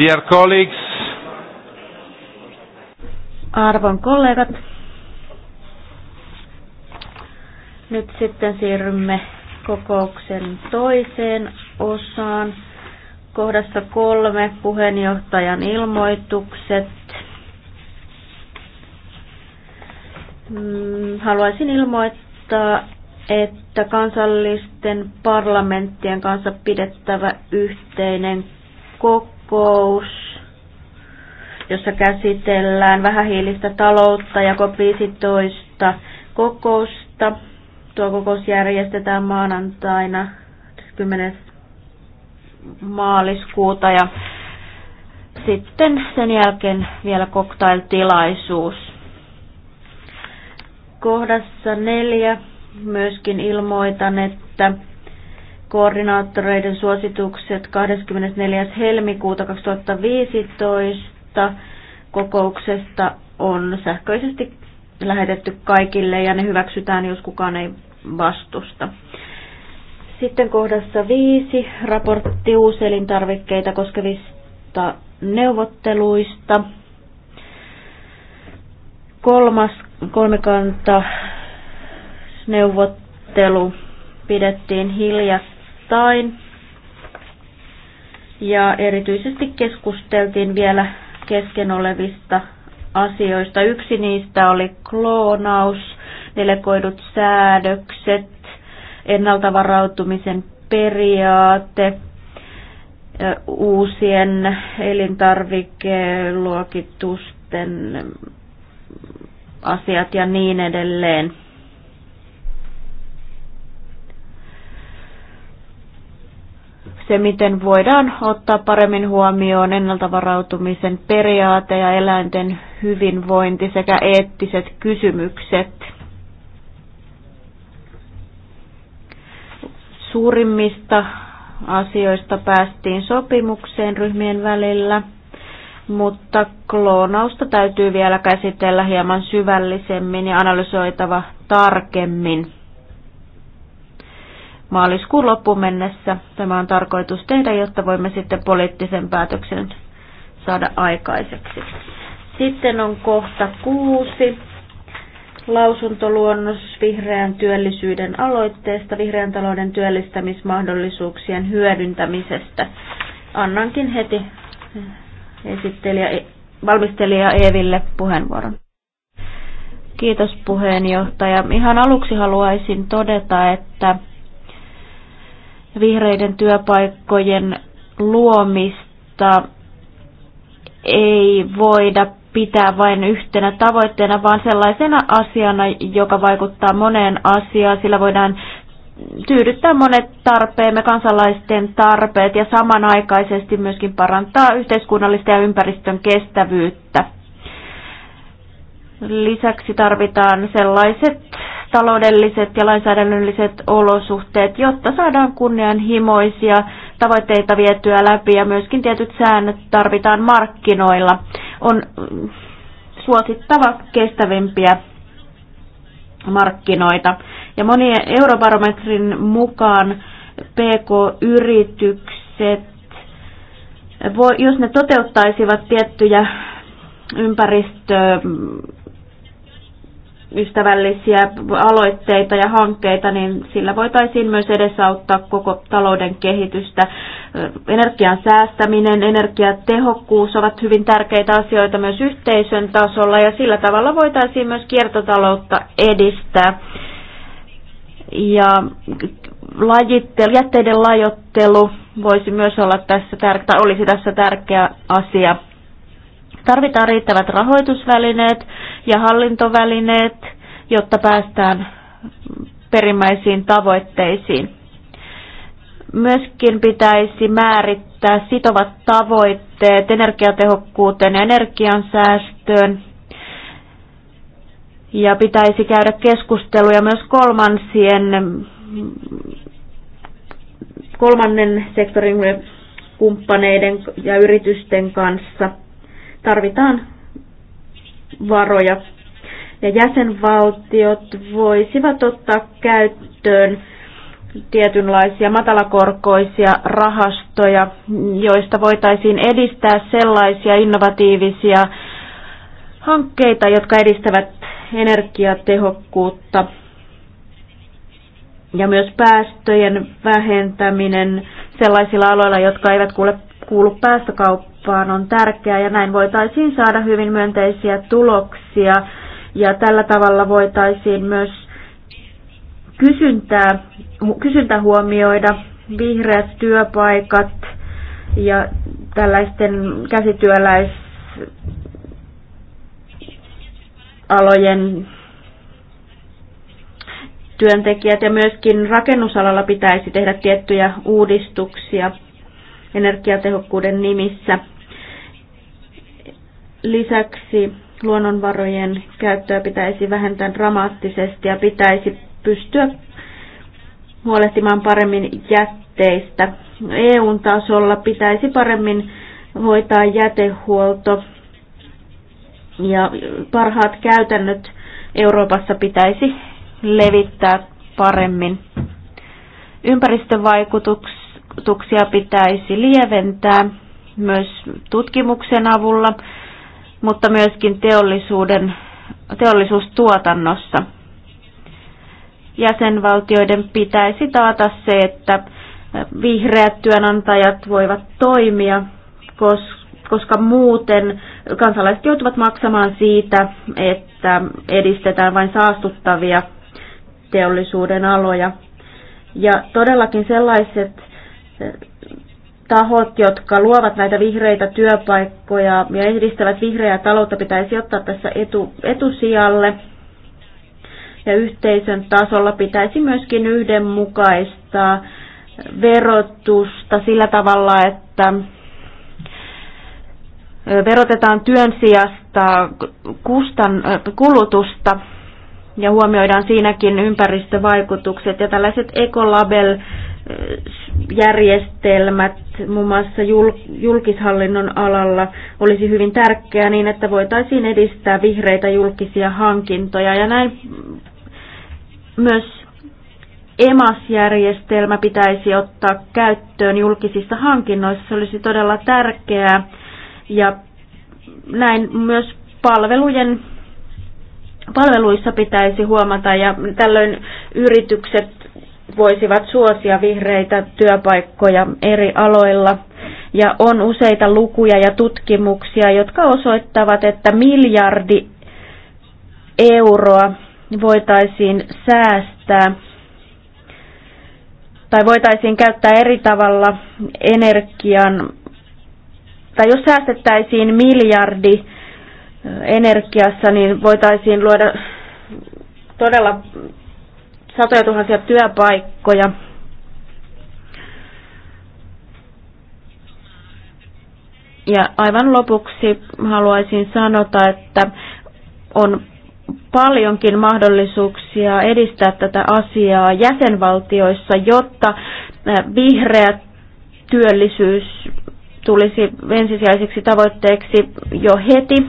Dear colleagues. Arvon kollegat. Nyt sitten siirrymme kokouksen toiseen osaan. Kohdassa kolme puheenjohtajan ilmoitukset. Mm, haluaisin ilmoittaa, että kansallisten parlamenttien kanssa pidettävä yhteinen kokous kokous, jossa käsitellään vähähiilistä taloutta ja COP15 kokousta. Tuo kokous järjestetään maanantaina 10. maaliskuuta ja sitten sen jälkeen vielä koktailtilaisuus. Kohdassa neljä myöskin ilmoitan, että koordinaattoreiden suositukset 24. helmikuuta 2015 kokouksesta on sähköisesti lähetetty kaikille ja ne hyväksytään, jos kukaan ei vastusta. Sitten kohdassa viisi raportti uuselintarvikkeita koskevista neuvotteluista. Kolmas kolmikanta neuvottelu pidettiin hiljattain vastaan. Ja erityisesti keskusteltiin vielä kesken olevista asioista. Yksi niistä oli kloonaus, delegoidut säädökset, ennaltavarautumisen periaate, uusien elintarvikeluokitusten asiat ja niin edelleen. se, miten voidaan ottaa paremmin huomioon ennaltavarautumisen periaate ja eläinten hyvinvointi sekä eettiset kysymykset. Suurimmista asioista päästiin sopimukseen ryhmien välillä, mutta kloonausta täytyy vielä käsitellä hieman syvällisemmin ja analysoitava tarkemmin maaliskuun loppuun mennessä. Tämä on tarkoitus tehdä, jotta voimme sitten poliittisen päätöksen saada aikaiseksi. Sitten on kohta kuusi. Lausuntoluonnos vihreän työllisyyden aloitteesta, vihreän talouden työllistämismahdollisuuksien hyödyntämisestä. Annankin heti esittelijä, e- valmistelija Eeville puheenvuoron. Kiitos puheenjohtaja. Ihan aluksi haluaisin todeta, että vihreiden työpaikkojen luomista ei voida pitää vain yhtenä tavoitteena, vaan sellaisena asiana, joka vaikuttaa moneen asiaan. Sillä voidaan tyydyttää monet tarpeemme, kansalaisten tarpeet ja samanaikaisesti myöskin parantaa yhteiskunnallista ja ympäristön kestävyyttä. Lisäksi tarvitaan sellaiset taloudelliset ja lainsäädännölliset olosuhteet, jotta saadaan kunnianhimoisia tavoitteita vietyä läpi ja myöskin tietyt säännöt tarvitaan markkinoilla. On mm, suosittava kestävimpiä markkinoita. Ja monien eurobarometrin mukaan PK-yritykset, jos ne toteuttaisivat tiettyjä ympäristö ystävällisiä aloitteita ja hankkeita, niin sillä voitaisiin myös edesauttaa koko talouden kehitystä. Energian säästäminen, energiatehokkuus ovat hyvin tärkeitä asioita myös yhteisön tasolla ja sillä tavalla voitaisiin myös kiertotaloutta edistää. Ja lajittelu, jätteiden lajottelu voisi myös olla tässä tärkeä, olisi tässä tärkeä asia. Tarvitaan riittävät rahoitusvälineet, ja hallintovälineet, jotta päästään perimmäisiin tavoitteisiin. Myöskin pitäisi määrittää sitovat tavoitteet energiatehokkuuteen ja energiansäästöön. Ja pitäisi käydä keskusteluja myös kolmansien, kolmannen sektorin kumppaneiden ja yritysten kanssa. Tarvitaan varoja. Ja jäsenvaltiot voisivat ottaa käyttöön tietynlaisia matalakorkoisia rahastoja, joista voitaisiin edistää sellaisia innovatiivisia hankkeita, jotka edistävät energiatehokkuutta ja myös päästöjen vähentäminen sellaisilla aloilla, jotka eivät kuule kuulu päästökauppaan on tärkeää ja näin voitaisiin saada hyvin myönteisiä tuloksia ja tällä tavalla voitaisiin myös kysyntää, kysyntä huomioida, vihreät työpaikat ja tällaisten käsityöläisalojen työntekijät ja myöskin rakennusalalla pitäisi tehdä tiettyjä uudistuksia energiatehokkuuden nimissä. Lisäksi luonnonvarojen käyttöä pitäisi vähentää dramaattisesti ja pitäisi pystyä huolehtimaan paremmin jätteistä. eu tasolla pitäisi paremmin hoitaa jätehuolto ja parhaat käytännöt Euroopassa pitäisi levittää paremmin. Ympäristövaikutukset rajoituksia pitäisi lieventää myös tutkimuksen avulla, mutta myöskin teollisuuden, teollisuustuotannossa. Jäsenvaltioiden pitäisi taata se, että vihreät työnantajat voivat toimia, koska muuten kansalaiset joutuvat maksamaan siitä, että edistetään vain saastuttavia teollisuuden aloja. Ja todellakin sellaiset tahot, jotka luovat näitä vihreitä työpaikkoja ja edistävät vihreää taloutta, pitäisi ottaa tässä etu, etusijalle. Ja yhteisön tasolla pitäisi myöskin yhdenmukaistaa verotusta sillä tavalla, että verotetaan työn sijasta kustan, kulutusta ja huomioidaan siinäkin ympäristövaikutukset ja tällaiset ekolabel järjestelmät muun muassa julkishallinnon alalla olisi hyvin tärkeää niin, että voitaisiin edistää vihreitä julkisia hankintoja ja näin myös EMAS-järjestelmä pitäisi ottaa käyttöön julkisissa hankinnoissa. Se olisi todella tärkeää ja näin myös palvelujen palveluissa pitäisi huomata ja tällöin yritykset voisivat suosia vihreitä työpaikkoja eri aloilla. Ja on useita lukuja ja tutkimuksia, jotka osoittavat, että miljardi euroa voitaisiin säästää tai voitaisiin käyttää eri tavalla energian, tai jos säästettäisiin miljardi energiassa, niin voitaisiin luoda todella satoja tuhansia työpaikkoja. Ja aivan lopuksi haluaisin sanota, että on paljonkin mahdollisuuksia edistää tätä asiaa jäsenvaltioissa, jotta vihreä työllisyys tulisi ensisijaiseksi tavoitteeksi jo heti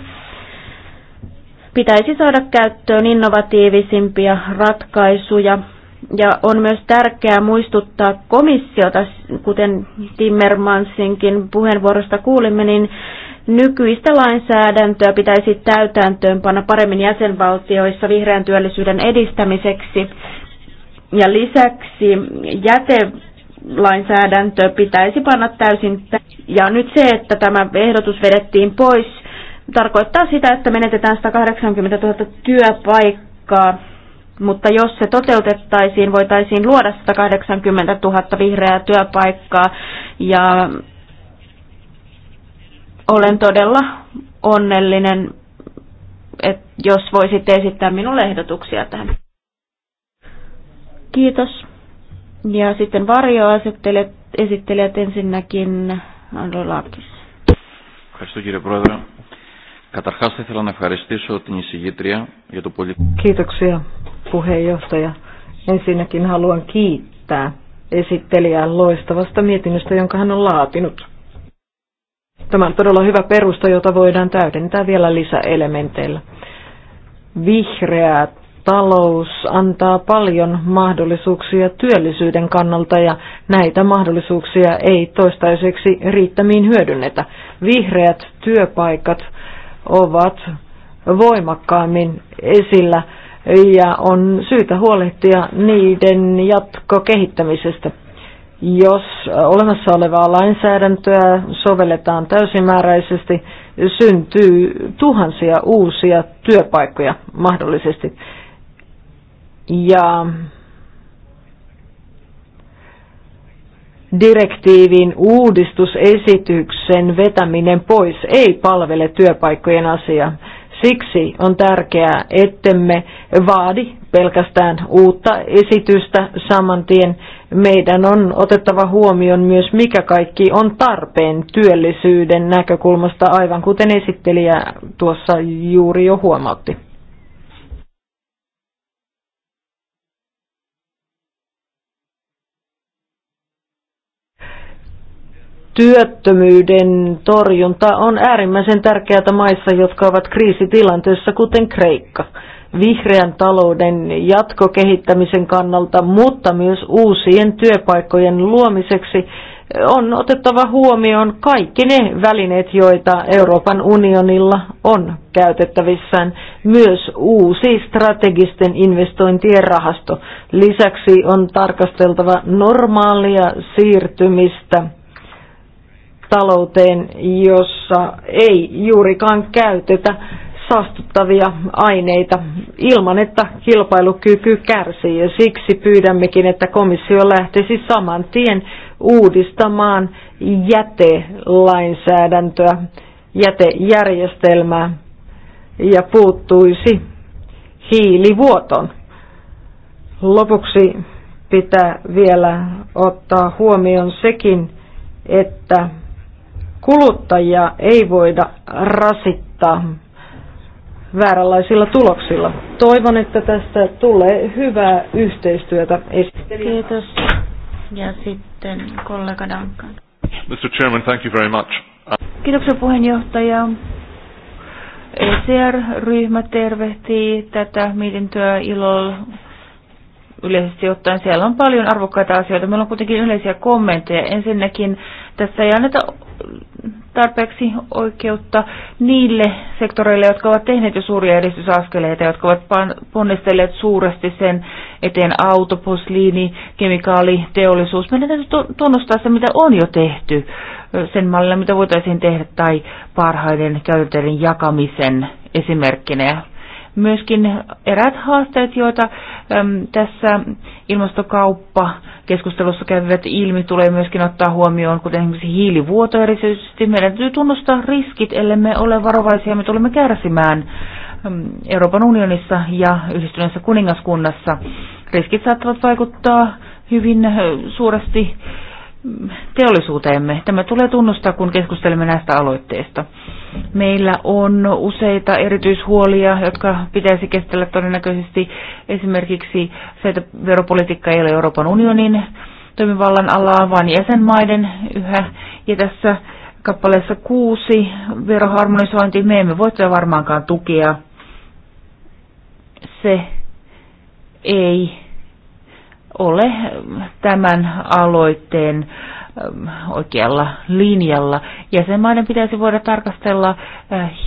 Pitäisi saada käyttöön innovatiivisimpia ratkaisuja ja on myös tärkeää muistuttaa komissiota, kuten Timmermansinkin puheenvuorosta kuulimme, niin nykyistä lainsäädäntöä pitäisi täytäntöönpanna paremmin jäsenvaltioissa vihreän työllisyyden edistämiseksi. Ja lisäksi jätelainsäädäntö pitäisi panna täysin. Ja nyt se, että tämä ehdotus vedettiin pois, tarkoittaa sitä, että menetetään 180 000 työpaikkaa, mutta jos se toteutettaisiin, voitaisiin luoda 180 000 vihreää työpaikkaa ja olen todella onnellinen, että jos voisitte esittää minulle ehdotuksia tähän. Kiitos. Ja sitten varjoasettelijat esittelijät ensinnäkin Andro Laakis. Kiitos, κύριε Καταρχάς ήθελα να ευχαριστήσω την εισηγήτρια για το πολύ... Kiitoksia puheenjohtaja. Ensinnäkin haluan kiittää esittelijää loistavasta mietinnöstä, jonka hän on laatinut. Tämä on todella hyvä perusta, jota voidaan täydentää vielä lisäelementeillä. Vihreät talous antaa paljon mahdollisuuksia työllisyyden kannalta ja näitä mahdollisuuksia ei toistaiseksi riittämiin hyödynnetä. Vihreät työpaikat ovat voimakkaammin esillä ja on syytä huolehtia niiden jatkokehittämisestä. Jos olemassa olevaa lainsäädäntöä sovelletaan täysimääräisesti, syntyy tuhansia uusia työpaikkoja mahdollisesti. Ja direktiivin uudistusesityksen vetäminen pois ei palvele työpaikkojen asiaa. Siksi on tärkeää, ettemme vaadi pelkästään uutta esitystä saman tien. Meidän on otettava huomioon myös, mikä kaikki on tarpeen työllisyyden näkökulmasta, aivan kuten esittelijä tuossa juuri jo huomautti. työttömyyden torjunta on äärimmäisen tärkeää maissa, jotka ovat kriisitilanteessa, kuten Kreikka vihreän talouden jatkokehittämisen kannalta, mutta myös uusien työpaikkojen luomiseksi eh, on otettava huomioon kaikki ne välineet, joita Euroopan unionilla on käytettävissään, myös uusi strategisten investointien rahasto. Lisäksi on tarkasteltava normaalia siirtymistä talouteen, jossa ei juurikaan käytetä saastuttavia aineita ilman, että kilpailukyky kärsii. Ja siksi pyydämmekin, että komissio lähtisi saman tien uudistamaan jätelainsäädäntöä, jätejärjestelmää ja puuttuisi hiilivuoton. Lopuksi pitää vielä ottaa huomioon sekin, että kuluttajia ei voida rasittaa vääränlaisilla tuloksilla. Toivon, että tästä tulee hyvää yhteistyötä. Kiitos. Ja sitten kollega Duncan. Mr. Chairman, thank you very much. Kiitoksia puheenjohtaja. ECR-ryhmä tervehtii tätä mietintöä ilolla yleisesti ottaen. Siellä on paljon arvokkaita asioita. Meillä on kuitenkin yleisiä kommentteja. Ensinnäkin tässä ei anneta tarpeeksi oikeutta niille sektoreille, jotka ovat tehneet jo suuria edistysaskeleita, jotka ovat ponnistelleet suuresti sen eteen auto, kemikaali, teollisuus. Meidän täytyy tunnustaa se, mitä on jo tehty sen mallilla, mitä voitaisiin tehdä, tai parhaiden käytäntöiden jakamisen esimerkkinä myöskin erät haasteet, joita äm, tässä ilmastokauppa keskustelussa käyvät ilmi, tulee myöskin ottaa huomioon, kuten esimerkiksi hiilivuoto erityisesti. Meidän täytyy tunnustaa riskit, ellei me ole varovaisia, me tulemme kärsimään Euroopan unionissa ja yhdistyneessä kuningaskunnassa. Riskit saattavat vaikuttaa hyvin äh, suuresti teollisuuteemme. Tämä tulee tunnustaa, kun keskustelemme näistä aloitteista. Meillä on useita erityishuolia, jotka pitäisi kestellä todennäköisesti esimerkiksi se, että veropolitiikka ei ole Euroopan unionin toimivallan alaa, vaan jäsenmaiden yhä. Ja tässä kappaleessa kuusi veroharmonisointi, me emme voi varmaankaan tukea. Se ei ole tämän aloitteen ähm, oikealla linjalla. Jäsenmaiden pitäisi voida tarkastella äh,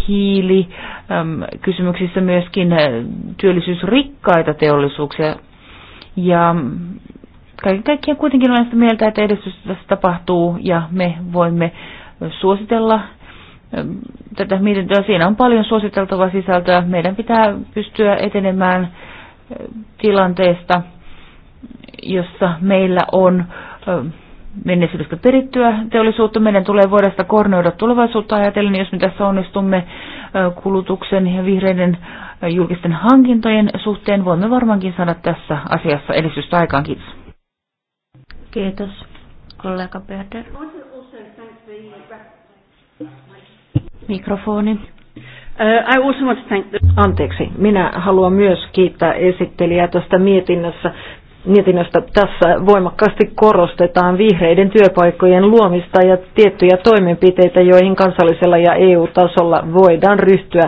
hiilikysymyksissä ähm, myöskin äh, työllisyysrikkaita teollisuuksia. Ja mm, kaiken kaikkiaan kuitenkin olen sitä mieltä, että edistys tässä tapahtuu ja me voimme äh, suositella ähm, tätä mietintöä. Siinä on paljon suositeltavaa sisältöä. Meidän pitää pystyä etenemään tilanteesta – jossa meillä on menneisyydestä perittyä teollisuutta. Meidän tulee voida sitä koordinoida tulevaisuutta ajatellen, jos me tässä onnistumme kulutuksen ja vihreiden julkisten hankintojen suhteen. Voimme varmaankin saada tässä asiassa edistystä aikaan. Kiitos. Kiitos, kollega Berder. Mikrofoni. I also want to thank the... Anteeksi, minä haluan myös kiittää esittelijää tästä mietinnössä mietinnöstä tässä voimakkaasti korostetaan vihreiden työpaikkojen luomista ja tiettyjä toimenpiteitä, joihin kansallisella ja EU-tasolla voidaan ryhtyä.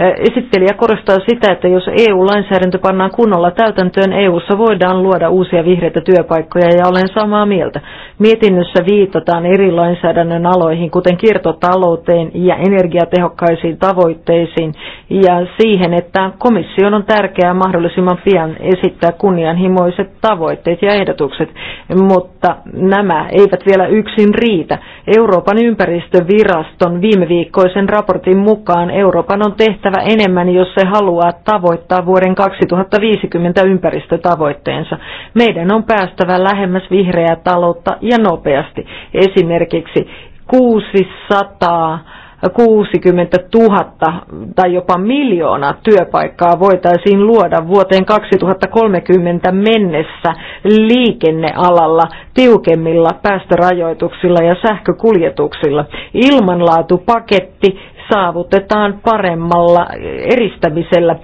Esittelijä korostaa sitä, että jos EU-lainsäädäntö pannaan kunnolla täytäntöön, EU-ssa voidaan luoda uusia vihreitä työpaikkoja ja olen samaa mieltä. Mietinnössä viitataan eri lainsäädännön aloihin, kuten kiertotalouteen ja energiatehokkaisiin tavoitteisiin ja siihen, että komission on tärkeää mahdollisimman pian esittää kunnianhimoiset tavoitteet ja ehdotukset, mutta nämä eivät vielä yksin riitä. Euroopan ympäristöviraston viime viikkoisen raportin mukaan Euroopan on tehtävä enemmän, jos se haluaa tavoittaa vuoden 2050 ympäristötavoitteensa. Meidän on päästävä lähemmäs vihreää taloutta ja nopeasti. Esimerkiksi 600 60 000 tai jopa miljoona työpaikkaa voitaisiin luoda vuoteen 2030 mennessä liikennealalla tiukemmilla päästörajoituksilla ja sähkökuljetuksilla. Ilmanlaatupaketti saavutetaan paremmalla eristämisellä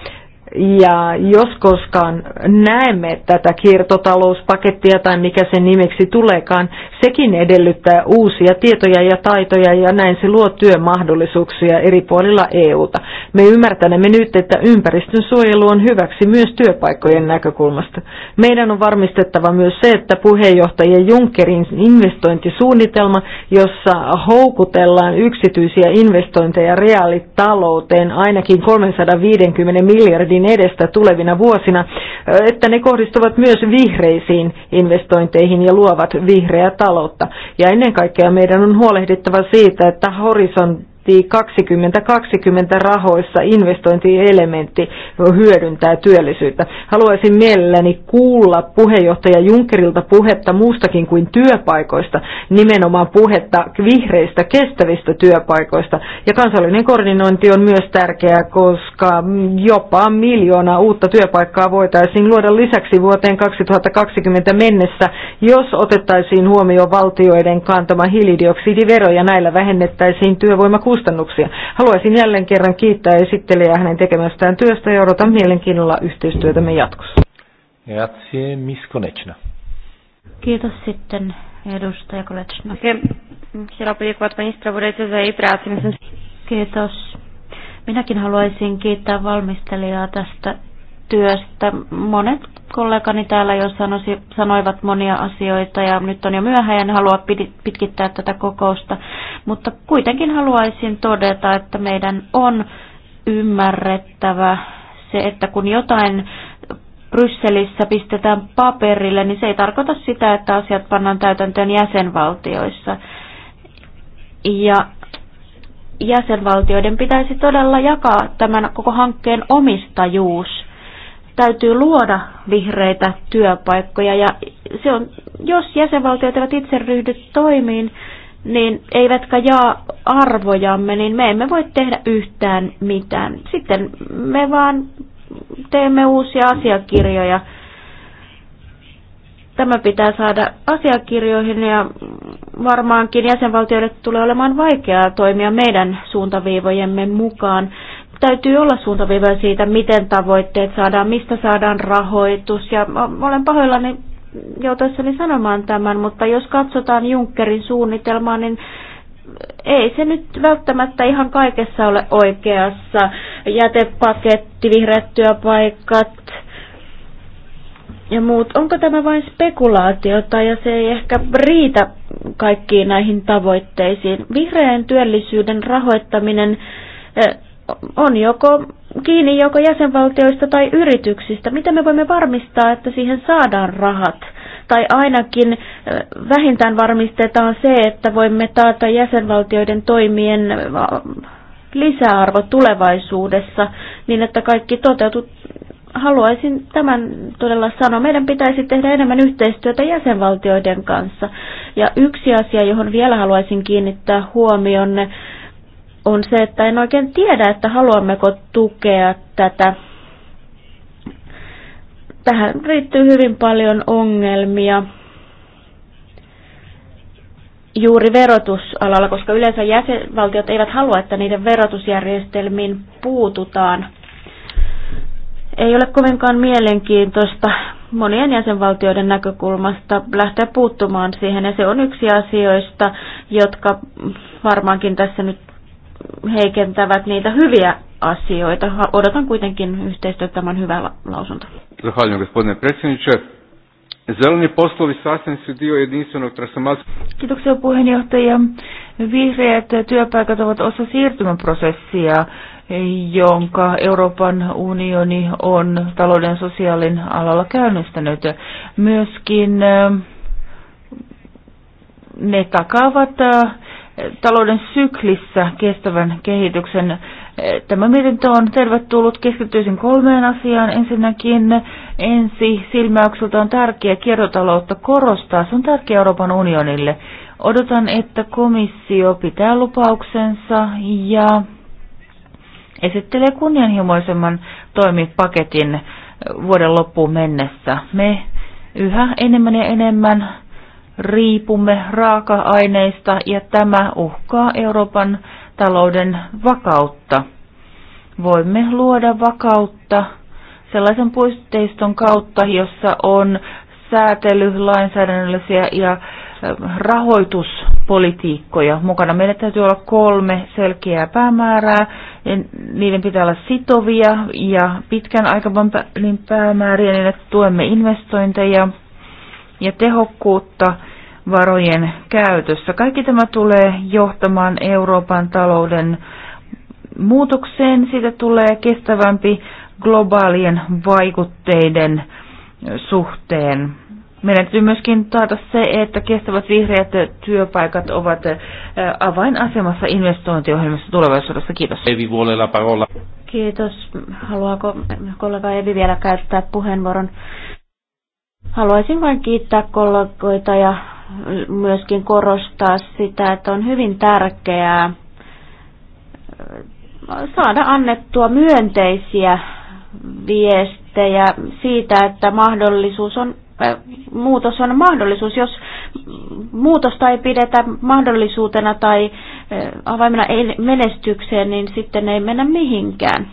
ja jos koskaan näemme tätä kiertotalouspakettia tai mikä sen nimeksi tuleekaan, sekin edellyttää uusia tietoja ja taitoja ja näin se luo työmahdollisuuksia eri puolilla EUta. Me ymmärtämme nyt, että ympäristön suojelu on hyväksi myös työpaikkojen näkökulmasta. Meidän on varmistettava myös se, että puheenjohtaja Junckerin investointisuunnitelma, jossa houkutellaan yksityisiä investointeja reaalitalouteen ainakin 350 miljardin edestä tulevina vuosina, että ne kohdistuvat myös vihreisiin investointeihin ja luovat vihreää taloutta. Ja ennen kaikkea meidän on huolehdittava siitä, että horisontti Horisontti 2020 rahoissa investointielementti hyödyntää työllisyyttä. Haluaisin mielelläni kuulla puheenjohtaja Junckerilta puhetta muustakin kuin työpaikoista, nimenomaan puhetta vihreistä kestävistä työpaikoista. Ja kansallinen koordinointi on myös tärkeää, koska jopa miljoona uutta työpaikkaa voitaisiin luoda lisäksi vuoteen 2020 mennessä, jos otettaisiin huomioon valtioiden kantama hiilidioksidivero ja näillä vähennettäisiin työvoimakustannuksia kustannuksia. Haluaisin jälleen kerran kiittää esittelijää hänen tekemästään työstä ja odotan mielenkiinnolla yhteistyötämme jatkossa. Grazie, Miss Konechna. Kiitos sitten edustaja Konechna. Kiitos. Minäkin haluaisin kiittää valmistelijaa tästä työstä. Monet kollegani täällä jo sanosi, sanoivat monia asioita ja nyt on jo myöhä ja en halua pitkittää tätä kokousta, mutta kuitenkin haluaisin todeta, että meidän on ymmärrettävä se, että kun jotain Brysselissä pistetään paperille, niin se ei tarkoita sitä, että asiat pannaan täytäntöön jäsenvaltioissa. Ja jäsenvaltioiden pitäisi todella jakaa tämän koko hankkeen omistajuus täytyy luoda vihreitä työpaikkoja ja se on, jos jäsenvaltiot eivät itse ryhdy toimiin, niin eivätkä jaa arvojamme, niin me emme voi tehdä yhtään mitään. Sitten me vaan teemme uusia asiakirjoja. Tämä pitää saada asiakirjoihin ja varmaankin jäsenvaltioille tulee olemaan vaikeaa toimia meidän suuntaviivojemme mukaan täytyy olla suuntaviivoja siitä, miten tavoitteet saadaan, mistä saadaan rahoitus. Ja olen pahoillani joutuessani sanomaan tämän, mutta jos katsotaan Junckerin suunnitelmaa, niin ei se nyt välttämättä ihan kaikessa ole oikeassa. Jätepaketti, vihreät työpaikat ja muut. Onko tämä vain spekulaatiota ja se ei ehkä riitä kaikkiin näihin tavoitteisiin? Vihreän työllisyyden rahoittaminen eh, on joko kiinni joko jäsenvaltioista tai yrityksistä. Miten me voimme varmistaa, että siihen saadaan rahat? Tai ainakin vähintään varmistetaan se, että voimme taata jäsenvaltioiden toimien lisäarvo tulevaisuudessa, niin että kaikki toteutuu. Haluaisin tämän todella sanoa. Meidän pitäisi tehdä enemmän yhteistyötä jäsenvaltioiden kanssa. Ja yksi asia, johon vielä haluaisin kiinnittää huomionne, on se, että en oikein tiedä, että haluammeko tukea tätä. Tähän liittyy hyvin paljon ongelmia juuri verotusalalla, koska yleensä jäsenvaltiot eivät halua, että niiden verotusjärjestelmiin puututaan. Ei ole kovinkaan mielenkiintoista monien jäsenvaltioiden näkökulmasta lähteä puuttumaan siihen, ja se on yksi asioista, jotka varmaankin tässä nyt heikentävät niitä hyviä asioita. Odotan kuitenkin yhteistyötä tämän hyvä lausunto. Kiitoksia puheenjohtaja. Vihreät työpaikat ovat osa siirtymäprosessia, jonka Euroopan unioni on talouden sosiaalin alalla käynnistänyt. Myöskin eh, ne takaavat eh, talouden syklissä kestävän kehityksen. Tämä mietintö on tervetullut. Keskittyisin kolmeen asiaan. Ensinnäkin ensi silmäykseltä on tärkeä kiertotaloutta korostaa. Se on tärkeä Euroopan unionille. Odotan, että komissio pitää lupauksensa ja esittelee kunnianhimoisemman toimipaketin vuoden loppuun mennessä. Me yhä enemmän ja enemmän riipumme raaka-aineista ja tämä uhkaa Euroopan talouden vakautta. Voimme luoda vakautta sellaisen puisteiston kautta, jossa on säätely, lainsäädännöllisiä ja rahoituspolitiikkoja mukana. Meillä täytyy olla kolme selkeää päämäärää. Niiden pitää olla sitovia ja pitkän aikavälin niin päämääriä, niin että tuemme investointeja – ja tehokkuutta varojen käytössä. Kaikki tämä tulee johtamaan Euroopan talouden muutokseen. Siitä tulee kestävämpi globaalien vaikutteiden suhteen. Meidän täytyy myöskin taata se, että kestävät vihreät työpaikat ovat avainasemassa investointiohjelmassa tulevaisuudessa. Kiitos. Evi Vuolella Kiitos. Haluaako kollega Evi vielä käyttää puheenvuoron? Haluaisin vain kiittää kollegoita ja myöskin korostaa sitä, että on hyvin tärkeää saada annettua myönteisiä viestejä siitä, että mahdollisuus on, muutos on mahdollisuus. Jos muutosta ei pidetä mahdollisuutena tai avaimena menestykseen, niin sitten ei mennä mihinkään.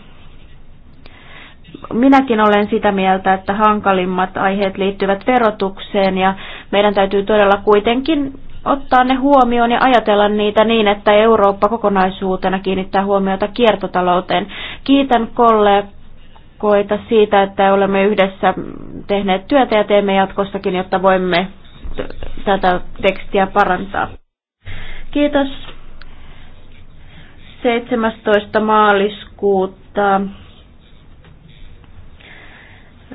Minäkin olen sitä mieltä, että hankalimmat aiheet liittyvät verotukseen ja meidän täytyy todella kuitenkin ottaa ne huomioon ja ajatella niitä niin, että Eurooppa kokonaisuutena kiinnittää huomiota kiertotalouteen. Kiitän kollegoita siitä, että olemme yhdessä tehneet työtä ja teemme jatkossakin, jotta voimme tätä tekstiä parantaa. Kiitos. 17. maaliskuuta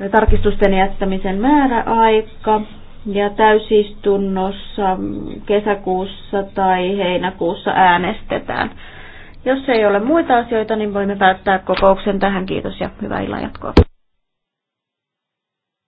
tarkistusten jättämisen määräaika ja täysistunnossa kesäkuussa tai heinäkuussa äänestetään. Jos ei ole muita asioita, niin voimme päättää kokouksen tähän. Kiitos ja hyvää illan jatkoa.